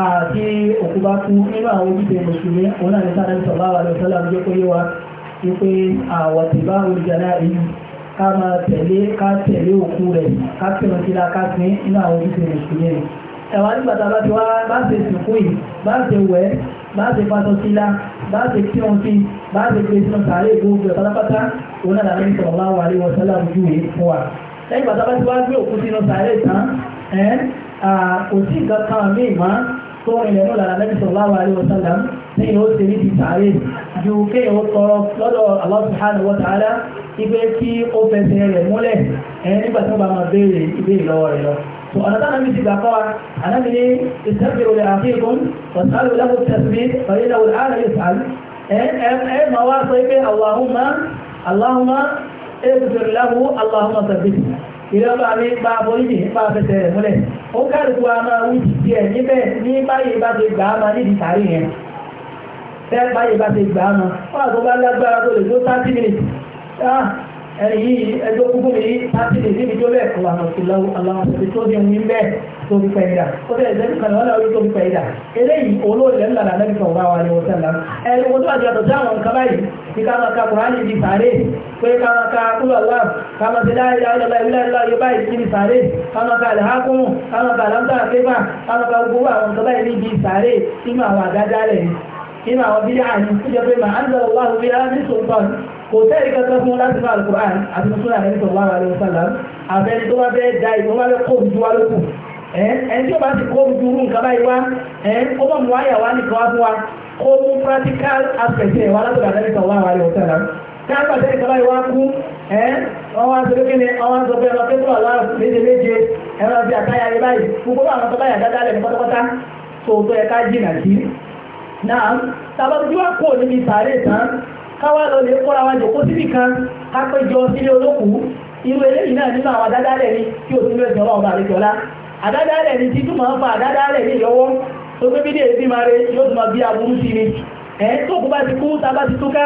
àti òkú bá kú nínú àwọn ojúṣe mùsùlùmí òun náà ní sáré sọ̀rọ̀ àwọn àlọ́sọ́lá ń jẹ́ kó yé wa wípé àwọn tìbá olùjàdá èyí ká máa tẹ̀lé ká tẹ̀lé òkú rẹ̀ ká kírun síra ká sin nínú àwọn ojúṣe mùsùlùmí rẹ̀ ẹ̀wà nígbàtà bá ti wá bá ṣe sìnkú yìí bá ṣe wẹ̀ bá ṣe pàtó lẹ́yìn bàtà bá ti wá gbé òkú sínú sàárè tán kò sí nǹkan kan mí mọ́ tó ilẹ̀ náà lára lẹ́yìn sọ̀rọ̀ láwọn àríwọ̀ sálàm lẹ́yìn ó ṣe níbi sàárè ju kéèyàn ó tọrọ lọ́dọ̀ Allah subhanahu wa ta'ala ipe kí ó fẹsẹ̀ rẹ̀ múlẹ̀ nígbà tí wọ́n bá máa béèrè ìbéèrè lọ́wọ́ rẹ̀ lọ وأنا تعالى مثل بقاء أنا من استغفروا لأخيكم واسألوا له التثبيت فإنه الآن يسأل مواصيب اللهم ìrọ́lọ́ àrí gba aboríjì nípa fẹsẹ̀ rẹ̀ múlẹ̀ ó kálukú a máa wí jì níbẹ̀ ní báyìí bá ti gbà á ma nídìí sàárì yẹn tẹ́ báyìí bá ti gbà á ma wọ́n àgbọ̀ lágbára tó lè tó 30 minutes ah, ẹni yìí ẹjọ́ púpọ̀ mi yìí láti lè níbi tó bẹ́ẹ̀ kọ́ àmọ̀ tó lọ́wọ́ aláwọ̀ tó tó di ẹni bẹ́ẹ̀ tó fi pẹ̀ ìdá ó bẹ́ẹ̀ ẹ̀jẹ̀ kan wọ́n lọ́wọ́ tó fi pẹ̀ ìdá eléyìí olóòlẹ̀ ńlá là lẹ́bi sọ̀rọ̀ wa ni wọ́n sẹ́la ẹni wọ́n tó àti àtọ̀ sí àwọn nǹkan báyìí ní ká máa ka kùránì di sàárè pé ká máa ka kúlọ̀ lám ká máa ṣe láyé ayé ọlá ìwílẹ̀ ńlá yóò báyìí sí ní sàárè ká máa ka àlàákùn ká máa ka àlámsà àkébà ká máa ka gbogbo àwọn nǹkan báyìí níbi sàárè nínú àwọn àdájálẹ̀ nínú àwọn bídíà ní kújọ pé màá ń lọ wá òbí rárá ní sòǹtọ́ni kò tẹ́rì kankan fún láti máa Al-Qur'an àti mùsùlùmí àti sallallahu alaihi wasallam àfẹ́ni tó bá fẹ́ da ìwọ́n bá fẹ́ kó ojú wa lókù ẹni tí ó bá ti kó ojú rú nǹkan báyìí wá ó bá mú àyà wá nìkan wá fún wa kó mú practical aspect ẹ̀ wá látọ̀dọ̀ àti sallallahu alaihi wasallam káàkiri àti ìkọlá ìwá kú ẹ́ ọwọ́ aṣọ́lókè ni ọwọ́ aṣọ́fẹ́ ọmọ pẹ́pọ̀ aláàrùn méje méje ẹ̀rọ àti àkáyà rẹ̀ báyìí gbogbo àwọn tó báyà dáadáa lẹ̀ pátápátá tó tó ẹ̀ká jìnà sí náà tàbátí wá kó níbi sàárè tán káwá lọ lè kóra wa jòkó síbì kan kápẹ́jọ sílé olókùú irú eléyìí náà nínú àwọn àdádálẹ̀ ni tí ò sílé ìjọba ọba àlejòlá àdádálẹ̀ ni títún máa ń fa àdádálẹ̀ ní ìyọwọ́ tó gbé bí ní èébí máa re yóò tún máa bí aburú sí ni ẹ̀ tó kú bá ti kú tá ti túká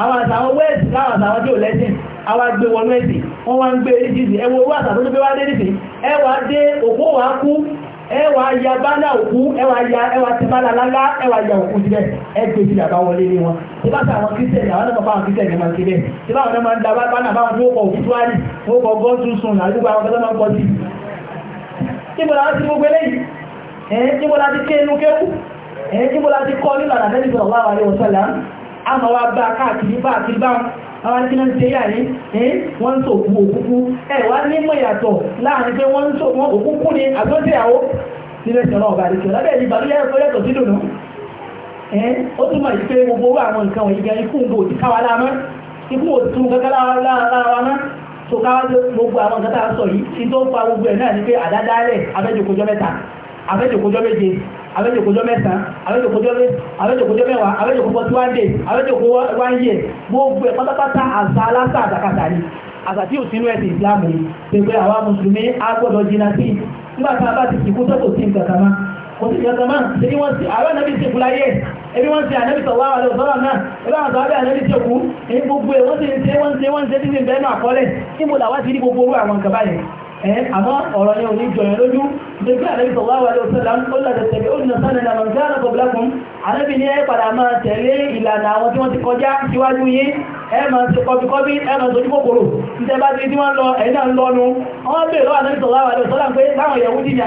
àwọn àtàwọn wẹ́ẹ̀sì láwọn àtàwọn tí ò lẹ́sìn àwọn gbé wọnú ẹ̀sìn wọ́n wá ń gbé ní ẹwọ owó àtàwọn tó gbé wá dé nìsìn ẹwà dé òkú wà kú ẹwà ya bánà òkú ẹwà ya ẹwà ti bánà lálá ẹwà ya òkú síbẹ̀ ẹgbẹ́ ti dàbá wọlé ní wọn tí bá sàwọn kírísítẹ̀nì àwọn náà báwọn kírísítẹ̀nì máa ń síbẹ̀ tí báwọn náà máa ń bánà tó òkú tuwárì a ma wá bá káàkiri bá àkiri bá àwọn tí wọ́n ń ṣe yàrí wọ́n ń sọ òkú òkúkú ẹ̀ wá ní mọ̀ yàtọ̀ láàrin pé wọ́n ń sọ wọn òkúkú ni àtúntìyàwó nílẹ̀ ìṣẹ̀lẹ̀ ọ̀bà àdìsẹ̀ lábẹ́ ìlú ìbàdí yẹ́rẹ́ fẹ́lẹ́tọ̀ sí dùnú ó túnmọ̀ ìpé gbogbo àwọn nǹkan wọ̀nyí gan ikú ń bò ti náà tó abẹ́jòkójọ́ méje abẹ́jòkójọ́ mẹ́sàn abẹ́jòkójọ́ mẹ́wàá abẹ́jòkójọ́ tí wọ́n dé abẹ́jòkó wá ń yẹ gbogbo ẹ̀ pátápátá àṣà aláṣà àtàkàtà ni àṣà tí ò sínú ẹ̀sìn ìsìláàmù yìí pé pé àwa mùsùlùmí á gbọ́dọ̀ jìnnà sí nígbà tá a bá ti kú sọ́tò sí nǹkan kan máa òtí ìjọba ṣe ni wọ́n sí àwọn ànábì sí ìkúláyé ẹbí wọ́n sí ànábì sọ̀wọ́ àwọn ọ̀sọ́rọ̀ náà ẹbí àwọn àbẹ́ ànábì sí òkú ní gbogbo ẹ̀ wọ́n sì ń ṣe wọ́n ṣe wọ́n ṣe nínú ìbẹ́nu àkọọ́lẹ̀ níbo làwá ti rí gbogbo orú àwọn nǹkan báyìí Eh, àmọ́ ọ̀rọ̀ ni òní jọyọ̀ lójú nígbà àrẹ́bí sọ̀láwà ló sọ́lá ó lọ́dẹ̀ tẹ̀lé ó nà sánà ìlànà ìjá àrẹ́bọ̀ blákùn àrẹ́bí ní ẹ́pàdà máa tẹ̀lé ìlànà àwọn tí wọ́n ti kọjá síwájú yín ẹ máa ti kọbíkọbí ẹ máa tó jíkòkòrò títẹ bá ti tí wọ́n lọ ẹ̀yìn náà lọ́nu wọ́n bèèrè lọ́wọ́ àrẹ́bí sọ̀láwà ló sọ́lá pé láwọn yẹ̀wú ti ní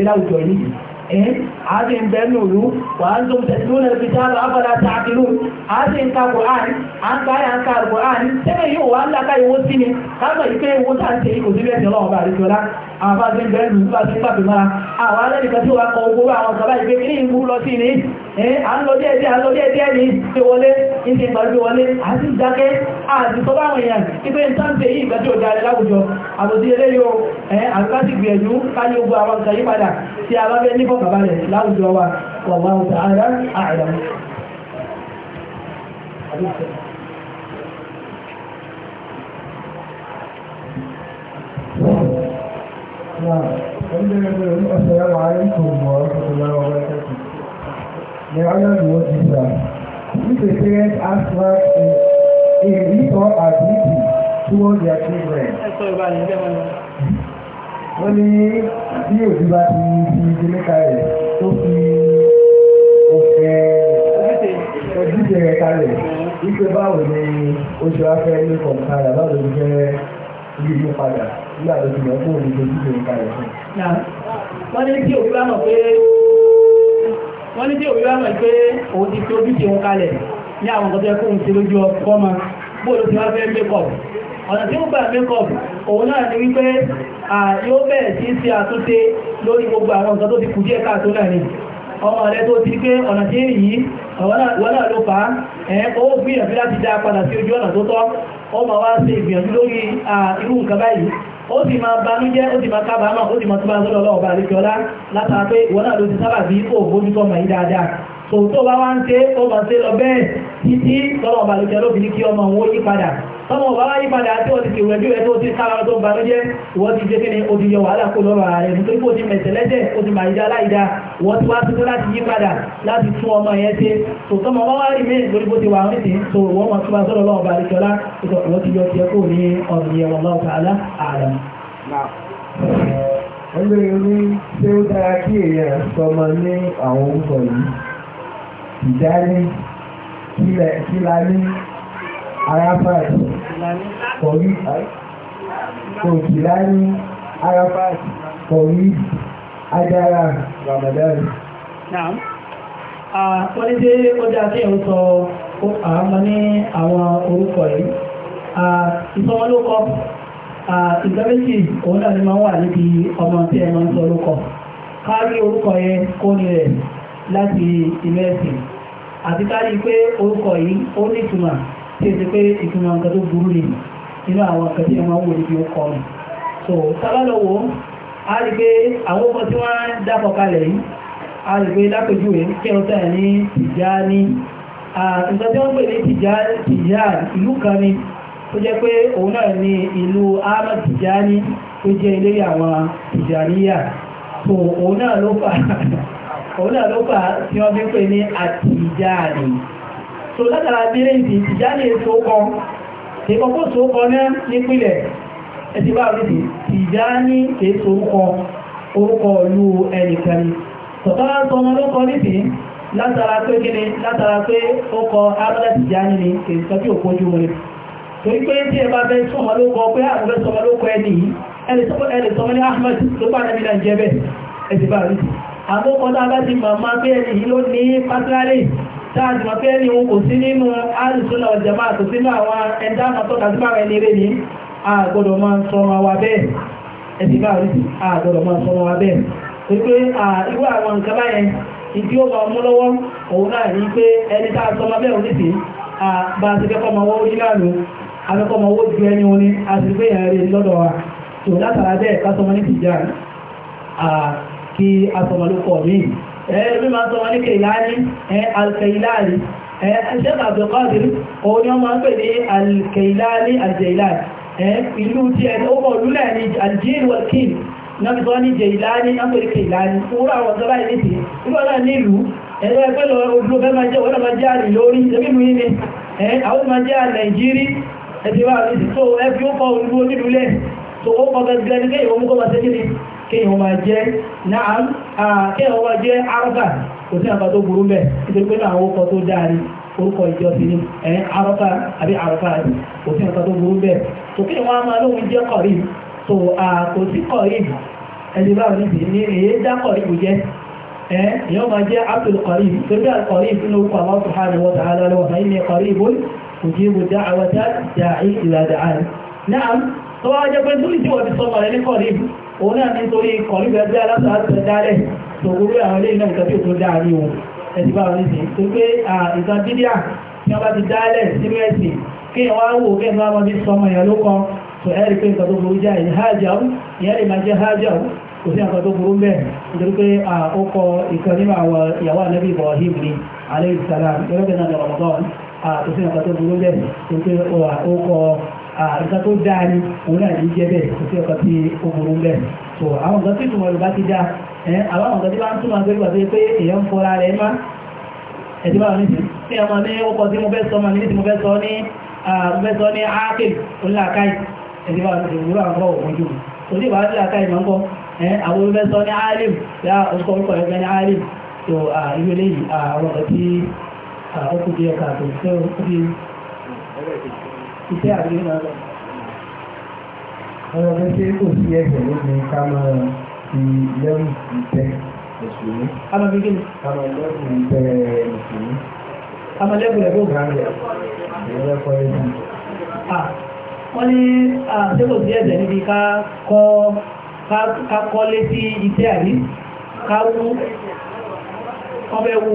àrẹ́bí àti ìbẹ̀nùrú wà ń tún tẹ̀sí lónà ìfìta àbára tààkìlú àti ìka kòrán àkáyà ń ka kòrán tẹ́lẹ̀ yóò wá láká ìwó sí ni káàkọ̀ ìpé ìwó tàà ń tẹ ikò sí bẹ́ẹ̀ tẹ́lọ́ ọba àríkọ́lá àwọn àti ìbẹ̀nùrú bá ti pàpì mara àwọn alẹ́nìkan tí ó wá kọ ogun àwọn ọ̀sán báyìí pé kí ní ìlú lọ sí ni à ń lọ díẹ̀ díẹ̀ à ń lọ díẹ̀ díẹ̀ ní ṣe wọlé ní ṣe ìgbàlú wọlé àti ìdákẹ́ àti sọ báwọn èèyàn ipé ń tán ṣe yí ìgbà tí ó dáre láwùjọ àbòsí eléyìí o ìfọ̀kànbalẹ̀ láwùjọ wa wallahu ta'ala a'lam Assalamu alaikum warahmatullahi wabarakatuh. May Allah be with you, sir. If a parent asks for a, a leap or a duty towards their children, wọ́n ní bí òbí bá ti fi ìdílẹ́ka rẹ̀ tó fi òfin ojúṣe rẹ̀ kalẹ̀ wípé báwo ni oṣù afẹ́ ní kọ̀ǹkàrà báwo ló jẹ́ yíyí padà nígbà tó ti lọ fún òní ojúṣe rẹ̀ kalẹ̀ fún. wọ́n ní tí òbí bá mọ̀ pé wọ́n ní tí òbí òun ti fi ojúṣe òun kalẹ̀ ní àwọn nǹkan ọ̀nà tí ó gbà makeup òun náà ni wípé yóò bẹ̀rẹ̀ sí ṣe àtúnṣe lórí gbogbo àwọn nǹkan tó ti kù díẹ̀ káàtó náà ni ọmọ rẹ̀ tó ti pé ọ̀nà tí ń yìí wọ́n náà ló fàá ẹ̀ẹ́ owó gbìyànjú láti dá padà sí ojú ọ̀nà tó tọ́ ó ma wá ṣe ìgbìyànjú lórí irú nǹkan báyìí ó sì máa banújẹ́ ó sì máa kábàámọ̀ ó sì máa túnbà sọ́dọ̀ ọlọ́ọ̀bà àríkọ́lá látàá pé wọ́n náà ló ti sábà bí ògbójútọ́ mọ̀ yí dáadáa tòun tó bá wá ń ṣe ó bá ṣe lọ bẹ́ẹ̀ títí tọ́lọ̀ ọba lókè lóbi ní kí ọmọ òun yí padà tọ́mọ ọba wá yí padà tí wọ́n ti kìwẹ̀ bí ẹ tó ti sára tó ba lójẹ́ wọ́n ti jẹ́ kí ni odi yọ wàhálà kó lọ́rọ̀ ààrẹ nítorí kò ti mẹ̀sẹ̀ lẹ́jẹ̀ ó ti màìdá láìdá wọ́n ti wá tuntun láti yí padà láti tún ọlọ́run ní ṣé ó dára kí èèyàn sọmọ ní àwọn orúkọ yìí ìdárí kílẹ̀ kílání aráfáàtì kọ̀rí òkìlání aráfáàtì kọ̀rí adára ramadani. wọ́n ní tí ó dá sí ìhùn sọ àwọn ní àwọn orúkọ yìí ìsọmọlókọ ìgbẹ́mẹ́sì òun náà ni máa ń wà níbi ọmọ tí ẹ máa ń sọ lókọ kárí orúkọ yẹn kó ní rẹ̀ láti inú ẹ̀sìn àti kárí pé orúkọ yìí ó ní ìtumọ̀ tí ó ti pé ìtumọ̀ nǹkan tó burú ni inú àwọn nǹkan tí wọ́n wò níbi ọkọ̀ rẹ̀ so sábàlọ́wọ́ a rí pé àwọn ọkọ̀ tí wọ́n dápọ̀ kalẹ̀ yìí a rí pé lápèjúwe kí ọ tẹ̀ ní Tìjání nǹkan tí wọ́n pè ní Tìjání ìlú kan ni tó jẹ́ pé òun náà ni ìlú Ahmad Tìjání tó jẹ́ ilé àwọn Tìjàníyà so òun náà ló fà <laughs> òun náà ló fà tí wọ́n fi pè ní àtìjáàní so látara bílẹ̀ ìdí ìtìjáàní èso kan ìkọ̀kọ́ so kan náà nípìnlẹ̀ ẹ̀sìn bá rí ìtìjáàní èso kan orúkọ ìlú ẹnìkan tọ̀tọ́ sọmọ ló kọ níbi látara pé kíni látara pé ó kọ abúlé ìtìjáàní ni èyí sọ pé òkójú rẹ̀ torí pé tí ẹ bá fẹ́ sọmọ ló kọ ah, ní Ahmed ló rí àmúkọdá láti màmá bẹ́ẹ̀ni yìí ló ní pátírálì táàtì mọ̀ pé ní kò sí nínú àrùsùnà ọ̀jẹ̀má kò sínú àwọn ẹ̀dá àmọ́tọ́ka sí máa ẹni rẹ̀ ní àgbọ̀dọ̀ máa ń sọ wa bẹ́ẹ̀ ẹ̀sìn bá rí àgbọ̀dọ̀ máa ń sọ wa bẹ́ẹ̀ wípé irú àwọn nǹkan báyẹn ìdí ó máa mú lọ́wọ́ òun náà ní pé ẹni tá a sọ máa bẹ́ẹ̀ oníṣìí bá a ti fẹ́ kọ́ máa wọ́wọ́ yílá lò afẹ́kọ́ máa wó ju ẹni oní a sì kí asọ̀mọ̀lúkọ̀ mi ẹ̀ẹ́rẹ́ mi máa sọ wọn ní kèláàrí alkèláàrí ṣẹ́bà àbẹ̀kọ́dìr òun ni wọ́n máa ń pè ní alkèláàrí alkèláàrí ìlú tí ẹ̀ ó mọ̀ lúlẹ̀ ní aljíwọ̀kín náà sọ ní jẹ̀ìláàrí náà pè ní kèláàrí fúnra àwọn ọ̀sọ́lá ìlítì nígbà náà nílùú ẹ̀rọ ẹgbẹ́ lọ ojú ọgbẹ́ máa jẹ́ wọ́n máa jẹ́ àrì lórí ẹgbẹ́mú ní àwọn máa jẹ́ nàìjírí ẹ̀dẹ̀wà àti tó ẹbí ó kọ́ ojú onílùú lẹ̀ tó ó kọ́ gẹ́gẹ́ ní kéyìn omúkọ́ máa tẹ́kìrì kéèyàn máa jẹ́ náà kéèyàn máa jẹ́ arọ́gà kò sí àgbà tó burú bẹ́ẹ̀ nítorí pé náà àwọn ọkọ̀ tó dáa ni orúkọ ìjọsìn ni ẹ̀yìn arọ́gà àbí arọ́gà kò sí àgbà tó burú bẹ́ẹ̀ tó kéèyàn wá máa lóhun jẹ́ kọ̀rí tó kò sí kọ̀rí ẹni bá wọn níbi ní èyí dá kọ̀rí kò jẹ́ ẹ̀yìn máa jẹ́ abdul kọ̀rí torí bí kọ̀rí nínú òun náà nítorí kọ̀lúgbẹ̀ bí alásàásẹ̀ dálẹ̀ tòwúrú àwọn ilé ìnáwó tàbí òtò dáàrí wọn ẹ̀sì bá wọn nìsí tó pé ìtàn bídíà tí wọ́n bá ti dálẹ̀ sínú ẹ̀sìn kí wọ́n wò kí wọ́n mọ́ bí sọmọ ìyàn ló kan tó ẹ̀rí pé nǹkan tó burú jẹ́ ìhájáwó Ibrahim ní alẹ́ ìsàlám gẹ́gẹ́ bẹ́ẹ̀ náà lọ́wọ́ tó sí nǹkan tó burú nǹkan tó dáa ni òun náà yìí jẹ́ bẹ́ẹ̀ kò sí ọkọ̀ tí ó burú bẹ́ẹ̀ so àwọn nǹkan tí ìtumọ̀ yorùbá ti dáa ẹ̀ àwọn nǹkan tí wọ́n ń túmọ̀ pé wà pé èèyàn ń fọra rẹ̀ má ẹ̀dí báwọn níbi tí ọmọ ní ọkọ̀ tí mo fẹ́ sọ ọmọ ní tí mo fẹ́ sọ ní mo fẹ́ sọ ní ákèl onílàkàì ẹ̀dí báwọn níbi ìwúrọ̀ àwọn ọkọ̀ òun jù òní ìwà onílàkàì máa ń kọ́ àwọn olùfẹ́ sọ ní alim yá orúkọ orúkọ ẹgbẹ́ ní alim so ìwé lẹ́yìn àwọn ọkọ̀ tí ó kù díẹ̀ káàtó iṣẹ́ àríyìn náà lọ. ọ̀rọ̀ rẹ̀ ṣe kò sí ẹ̀jẹ̀ lóde ká máa fi lẹ́rù ìtẹ́ mùsùlùmí. a máa fi gíni. a máa lẹ́rù ìtẹ́ mùsùlùmí. a máa lẹ́rù ẹ̀kọ́ gbàǹdẹ̀ ìrẹ́lẹ́kọ́ ẹ̀jẹ̀. wọ́n ní ṣé kò sí ẹ̀jẹ̀ níbi ká kọ́ létí iṣẹ́ àrí ká wú ọbẹ̀ wù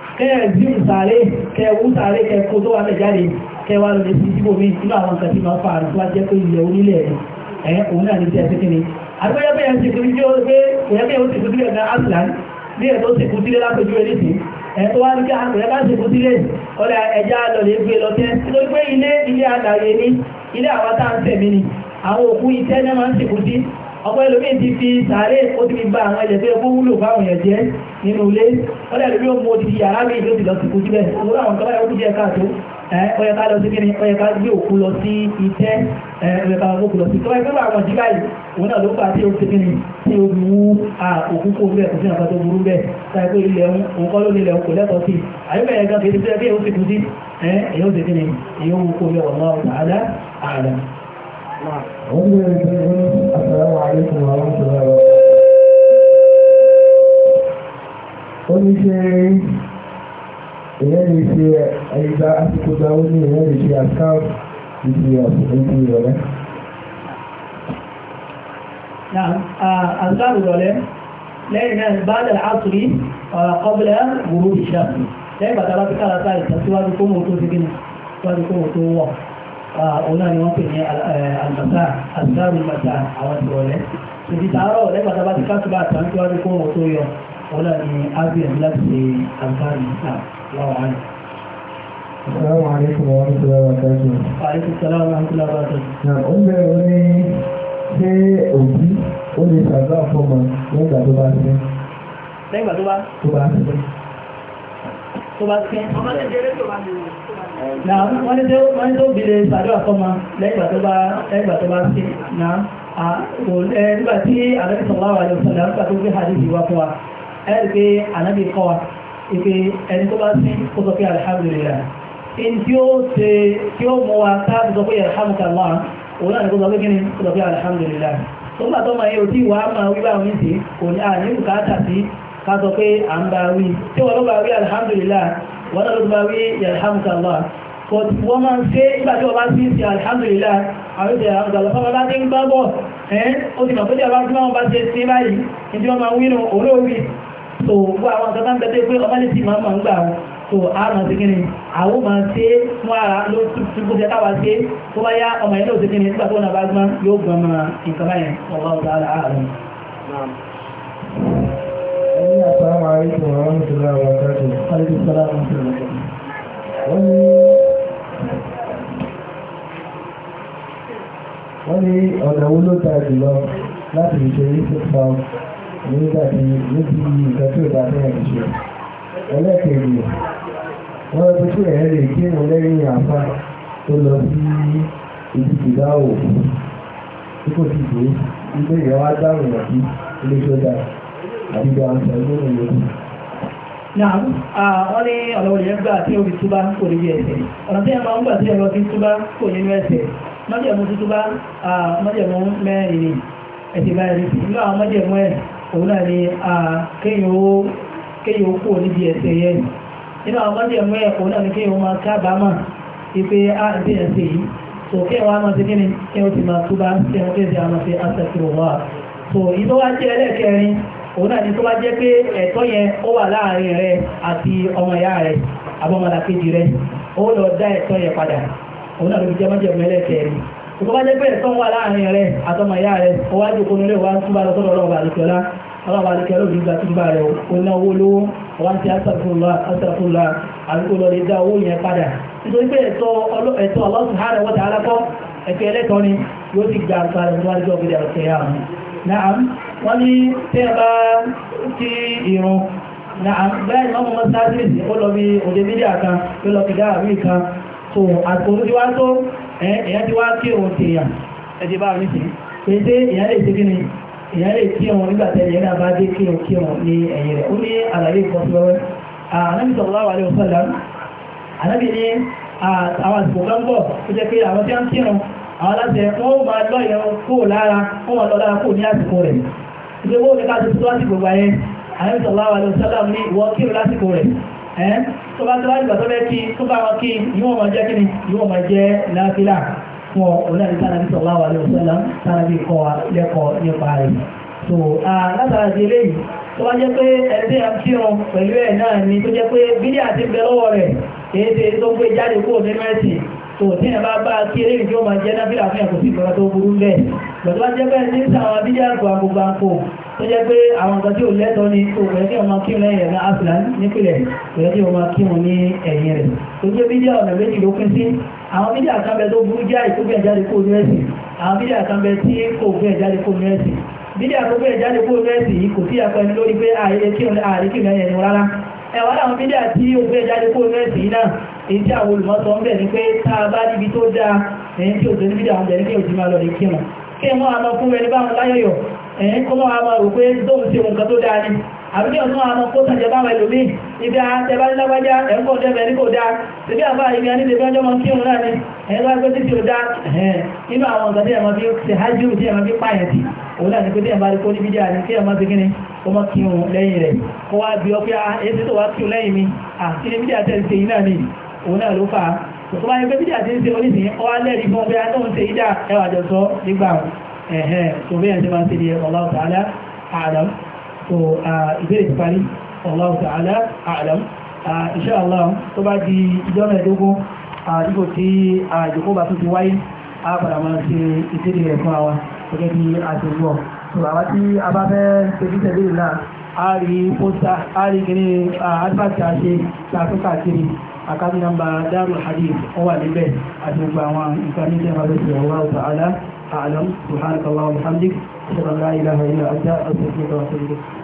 kẹ́ẹ̀ zíù sàárè kẹ́ẹ̀wú sàárè kẹ́ẹ̀kó tó wà lẹ́jáde kẹ́wà lórí sí síbò mi nínú àwọn nǹkan tí máa fa àrùn tó wá jẹ́ pé ilẹ̀ onílẹ̀ ẹ̀ òun náà ní ti ẹsẹ̀ kíni àgbẹ́yẹ́bẹ́ yẹn ti fi jẹ́ pé òyẹ́bẹ́ yẹn ó ti fi sílẹ̀ ní aslan ní ẹ̀ tó ti kú sílẹ̀ lápẹjú ẹ̀ nìsín ẹ̀ tó wá ní kí àgbẹ̀yẹ́ bá ti kú sílẹ̀ ọ̀là ẹja lọ̀lẹ̀ gbé lọ tẹ́ lórí pé ilé ilé àlàyé ní ilé àwọn tá à ń ọ̀pọ̀ ẹlòmí ti fi sàárè ó ti fi bá àwọn ẹ̀jẹ̀ tó yẹ kó wúlò fáwọn èèyàn jẹ́ nínú ilé ọ̀dẹ̀ ẹlòmí ó mo ti fi yàrá mi tó ti lọ sí kú síbẹ̀ òun àwọn kan báyọ̀ kú díẹ̀ káàtó ó yẹ ká lọ sí kíni ó yẹ ká gbé òkú lọ sí itẹ́ ó yẹ ká gbé òkú lọ sí tọ́wọ́ ẹgbẹ́ àwọn ọ̀dí báyìí òun náà ló fà tí ó ti kíni tí ó wú òkú kó bẹ́ẹ̀ kò sí nǹkan tó burú bẹ́ẹ̀ táyé pé ilẹ̀ òun kọ́ ló ní ilẹ̀ òun kò lẹ́tọ̀ọ́ sí Oníṣẹ́ ìyẹn lè ṣe ẹ̀yíká àsìkò dáwó ní ìyẹn ṣe àkáàbù ìdí ìdí ìrọ̀lẹ́. Àkáàbù ìrọ̀lẹ́ lẹ́yìn náà bá dẹ̀ àtúrí ọ̀rọ̀kọ́bílẹ̀ gbòrò ìṣàkùn lẹ́yìn bàtà bá ìtàsíwájú kó mọ̀ tó ti gínà síwájú kó mọ̀ tó wọ̀ ọ̀nà ah, ni wọ́n pè ní àlùbàtà àdúrà mẹ́ta àwọn ìrọ̀lẹ́ ìdí tààrọ̀ lẹ́gbàtà bá ti káṣùbà àtàǹtí wájú fún ohun tó yọ ọ̀nà ni abm láti àdúrà mẹ́ta láwọn àná. Assalamu alaikum wa rahmatullahi wa barakatuh. Wa alaikum salam wa rahmatullahi wa barakatuh. Ó bẹ̀rẹ̀ ó ní ṣé òbí ó lè ṣàdúrà fọmọ lẹ́gbà tó bá ṣe. Lẹ́gbà tó bá? Tó bá ṣe tó bá sí náà wọ́n ní tó bèèrè sàdúrà fọ́mà lẹ́gbà tó bá sí náà nígbà tí àrẹ́bí sallallahu alaihi wasallam nígbà tó gbé hadith wá fún wa ẹ̀rì pé ànábì kọ́ wa ìpé ẹni tó bá sí kó sọ pé alhamdulillah in tí ó ṣe tí ó mú wa káàkiri sọ pé yarhamukallah òun náà ni kó sọ pé kí ni kó sọ pé alhamdulillah tó gbà tó máa yẹ òtí wàá máa wíwá òní sí kò ní àní bùkátà sí ká sọ pé à ń bá wí tí wọ́n ló bá wí alhamdulillah wọ́n náà ló bá wí alhamdulillah but wọ́n máa ń ṣe nígbà tí wọ́n bá sí ti alhamdulillah àwọn you alhamdulillah fọ́n bá ti ń gbábọ̀ ẹ́n ó ti mọ̀ pé tí a bá tí wọ́n bá ṣe sí báyìí ní tí wọ́n máa ń wínú olóògbé so gbọ́ àwọn nǹkan tá ń bẹ́tẹ́ pé ọmọdé sì máa ń gbà wọn so àmà sí kíni àwọn máa ṣe mú ara ló túbú ṣe káwà ṣe tó bá yá ọmọ yẹn ló ṣe kíni nígbà tó náà bá gbọ́n yóò gbọ́n mọ́ nǹkan báyẹn ọ̀gá ọ̀gá ààrùn Assalamu alaikum wa rahmatullahi wa barakatuh. Alaikum salam wa rahmatullahi wa barakatuh. Wọ́n ní wọ́n ní ọ̀nà wo ló ta jùlọ láti ṣe ìṣèpá nígbà tí níbi nǹkan tí ó bá bẹ́ẹ̀ ń ṣe. Ẹlẹ́kẹ̀ẹ́rì wọ́n ti tún ẹ̀ lè gé wọn lẹ́yìn àpá tó lọ sí ibi ìdáwò tí kò sì dé ilé ìyẹn wá dáhùn ilé tó dáa àdìgbà àṣàlẹ́ ìlú. Náà wọ́n ní ọ̀nà òní ẹgbà tí ó fi túbá kò ní bí ẹsẹ̀. Ọ̀nà tí ẹ̀ma ń gbà tí ẹ̀rọ fi túbá kò nínú ẹsẹ̀. Mọ́jẹ̀mú ti túbá mọ́jẹ̀mú mẹ́rin ni ẹ̀sìn báyìí ní ìlú àwọn mọ́jẹ̀mú ẹ̀ òun náà ni kéyìn ó kò ní bí ẹsẹ̀ yẹn. Nínú àwọn mọ́jẹ̀mú ẹ̀ òun náà ni kéyìn ó máa kábàámà ipe á ti ẹsẹ̀ yìí so kí ẹwà máa ti kíni kí ó ti máa túbá kí ẹwà kéde àwọn ti àṣẹ òun náà ni tó bá jẹ́ pé ẹ̀tọ́ yẹn ó wà láàrin rẹ àti ọmọ ìyá rẹ abọ́mọdà kejì rẹ ó lọ dá ẹ̀tọ́ yẹn padà òun náà ló fi jẹ́ mọ́jẹ̀mú ẹlẹ́kẹ̀ẹ́rì tó bá jẹ́ pé ẹ̀tọ́ wà láàrin rẹ àtọmọ ìyá rẹ ó wá jòkó nílé wa túbà lọ sọ́dọ̀ àlùkẹ́lá àlùkẹ́lá òbí gba rẹ ó owó lówó wọ́n ti Naam, wọ́n ní tẹ́ bá kí ìrun. Naam, bẹ́ẹ̀ ni wọ́n mọ́ sáàtìsì ó lọ bí òde mídíà kan tó lọ fi dáa mí kan. So, àtòrò ti wá tó ẹ̀yẹ́ ti wá kí òun tèèyàn. Ẹ ti bá mi sí. Pèsè ìyá lè ṣe kí ni ìyá lè kí wọn nígbà tẹ́lẹ̀ yẹn náà bá dé kí wọn kí wọn ní ẹ̀yìn rẹ̀ ó ní àlàyé ìkan sí wẹ́wẹ́ ànábì sallallahu alaihi wasallam ànábì ní àwọn àsìkò kan bọ̀ tó jẹ́ pé àwọn àwọn aláṣẹ wọ́n máa lọ ìyẹn kó lára wọ́n máa lọ lára kó ní àsìkò rẹ̀ ṣe wọ́n ní ká ti tó lásìkò gbà yẹn àyẹ̀wò sọ̀lá wa lọ́sọ́ láàmú ní ìwọ kí o lásìkò rẹ̀ ẹ̀ tó bá tó láti gbà tó bẹ́ kí tó bá wọn kí yíwọ́n máa jẹ́ kíni yíwọ́n máa jẹ́ láfílà fún ọ̀nàdì tánàbí sọ̀lá wa lọ́sọ́ láàmú tánàbí kọ́ wa lẹ́kọ̀ọ́ nípa rẹ̀ so látara di eléyìí tó bá jẹ́ pé ẹ̀dẹ́ àfihàn pẹ̀lú ẹ̀ náà ni tó jẹ́ pé bídíà ti bẹ lọ́wọ́ rẹ̀ èyí tó gbé jáde kúrò nínú ẹ̀sìn tó tí ẹ bá bá kí eré ìjọ máa jẹ́ nábìlà fún ìyàtọ̀ sí ìfọ́nà tó burú bẹ́ẹ̀ pẹ̀lú ajẹ́ bẹ́ẹ̀ ní sàwọn abíjẹ́ àgbò àgbògbàǹkò tó jẹ́ pé àwọn nǹkan tí ò lẹ́tọ́ ni tó rẹ̀ kí ọmọ kí lẹ́yìn rẹ̀ áfìlà nípìnlẹ̀ rẹ̀ kí ọmọ kí wọn ní ẹ̀yìn rẹ̀ tó jẹ́ bíjẹ́ ọ̀nà méjì ló pín sí àwọn bíjẹ́ àkànbẹ tó burú jẹ́ ìkógbẹ̀ jáde kó ní ẹ̀sìn àwọn bíjẹ́ àkànbẹ tí kò gbẹ̀ jáde kó ní ẹ̀sìn bídí àkókò ìjáde kó mẹ́sì yìí kò sí àpẹni lórí pé ààrẹ kí èyí tí àwọn olùmọ́sọ ń bẹ̀ ní pé tá a bá níbi tó dáa ẹ̀yìn tí òṣèlú bídà àwọn ẹ̀yìn tí òṣèlú máa lọ lè kí wọn kí wọ́n a lọ fún ẹni báwọn láyọ̀yọ̀ ẹ̀yìn kọ́ máa máa rò pé dóun sí ohun tó dáa ni àbíkí ọ̀tún àwọn kó tàjẹ báwọn ẹlòmíì ibi àtẹ́bá nílágbájá lẹ́yìn rẹ̀ kó bí ọ pé ah, tó wá kírun lẹ́yìn mi àti níbi jà tẹ̀sí náà ni òun náà ló fà á tó bá yẹ pé bídíà ti ń ṣe oníṣìí ọwá lẹ́rìí fún ọgbẹ́ àtọ́hún ṣe ìdá ẹwà jọ sọ nígbà ẹ̀hẹ́ tó bẹ́ẹ̀ ṣe máa ń ṣe ní Allahu ta'ala a'lam tó ìbéèrè ti parí Allahu ta'ala a'lam insha Allah tó bá di ìjọ mẹ́ẹ̀ẹ́dógún dípò tí àjòkó bá tún ti wáyé á padà máa ṣe ìkéde rẹ̀ fún wa gẹ́gẹ́ bí àjòwọ̀ tó àwa tí a bá fẹ́ ṣe bí tẹ̀lé náà kiri àkáàtì nàmbà Darul Hadith ó wà níbẹ̀ àti gbogbo àwọn nǹkan ní ta'ala a'lam subhanaka Allahumma wa bihamdik ashhadu an la ilaha illa anta astaghfiruka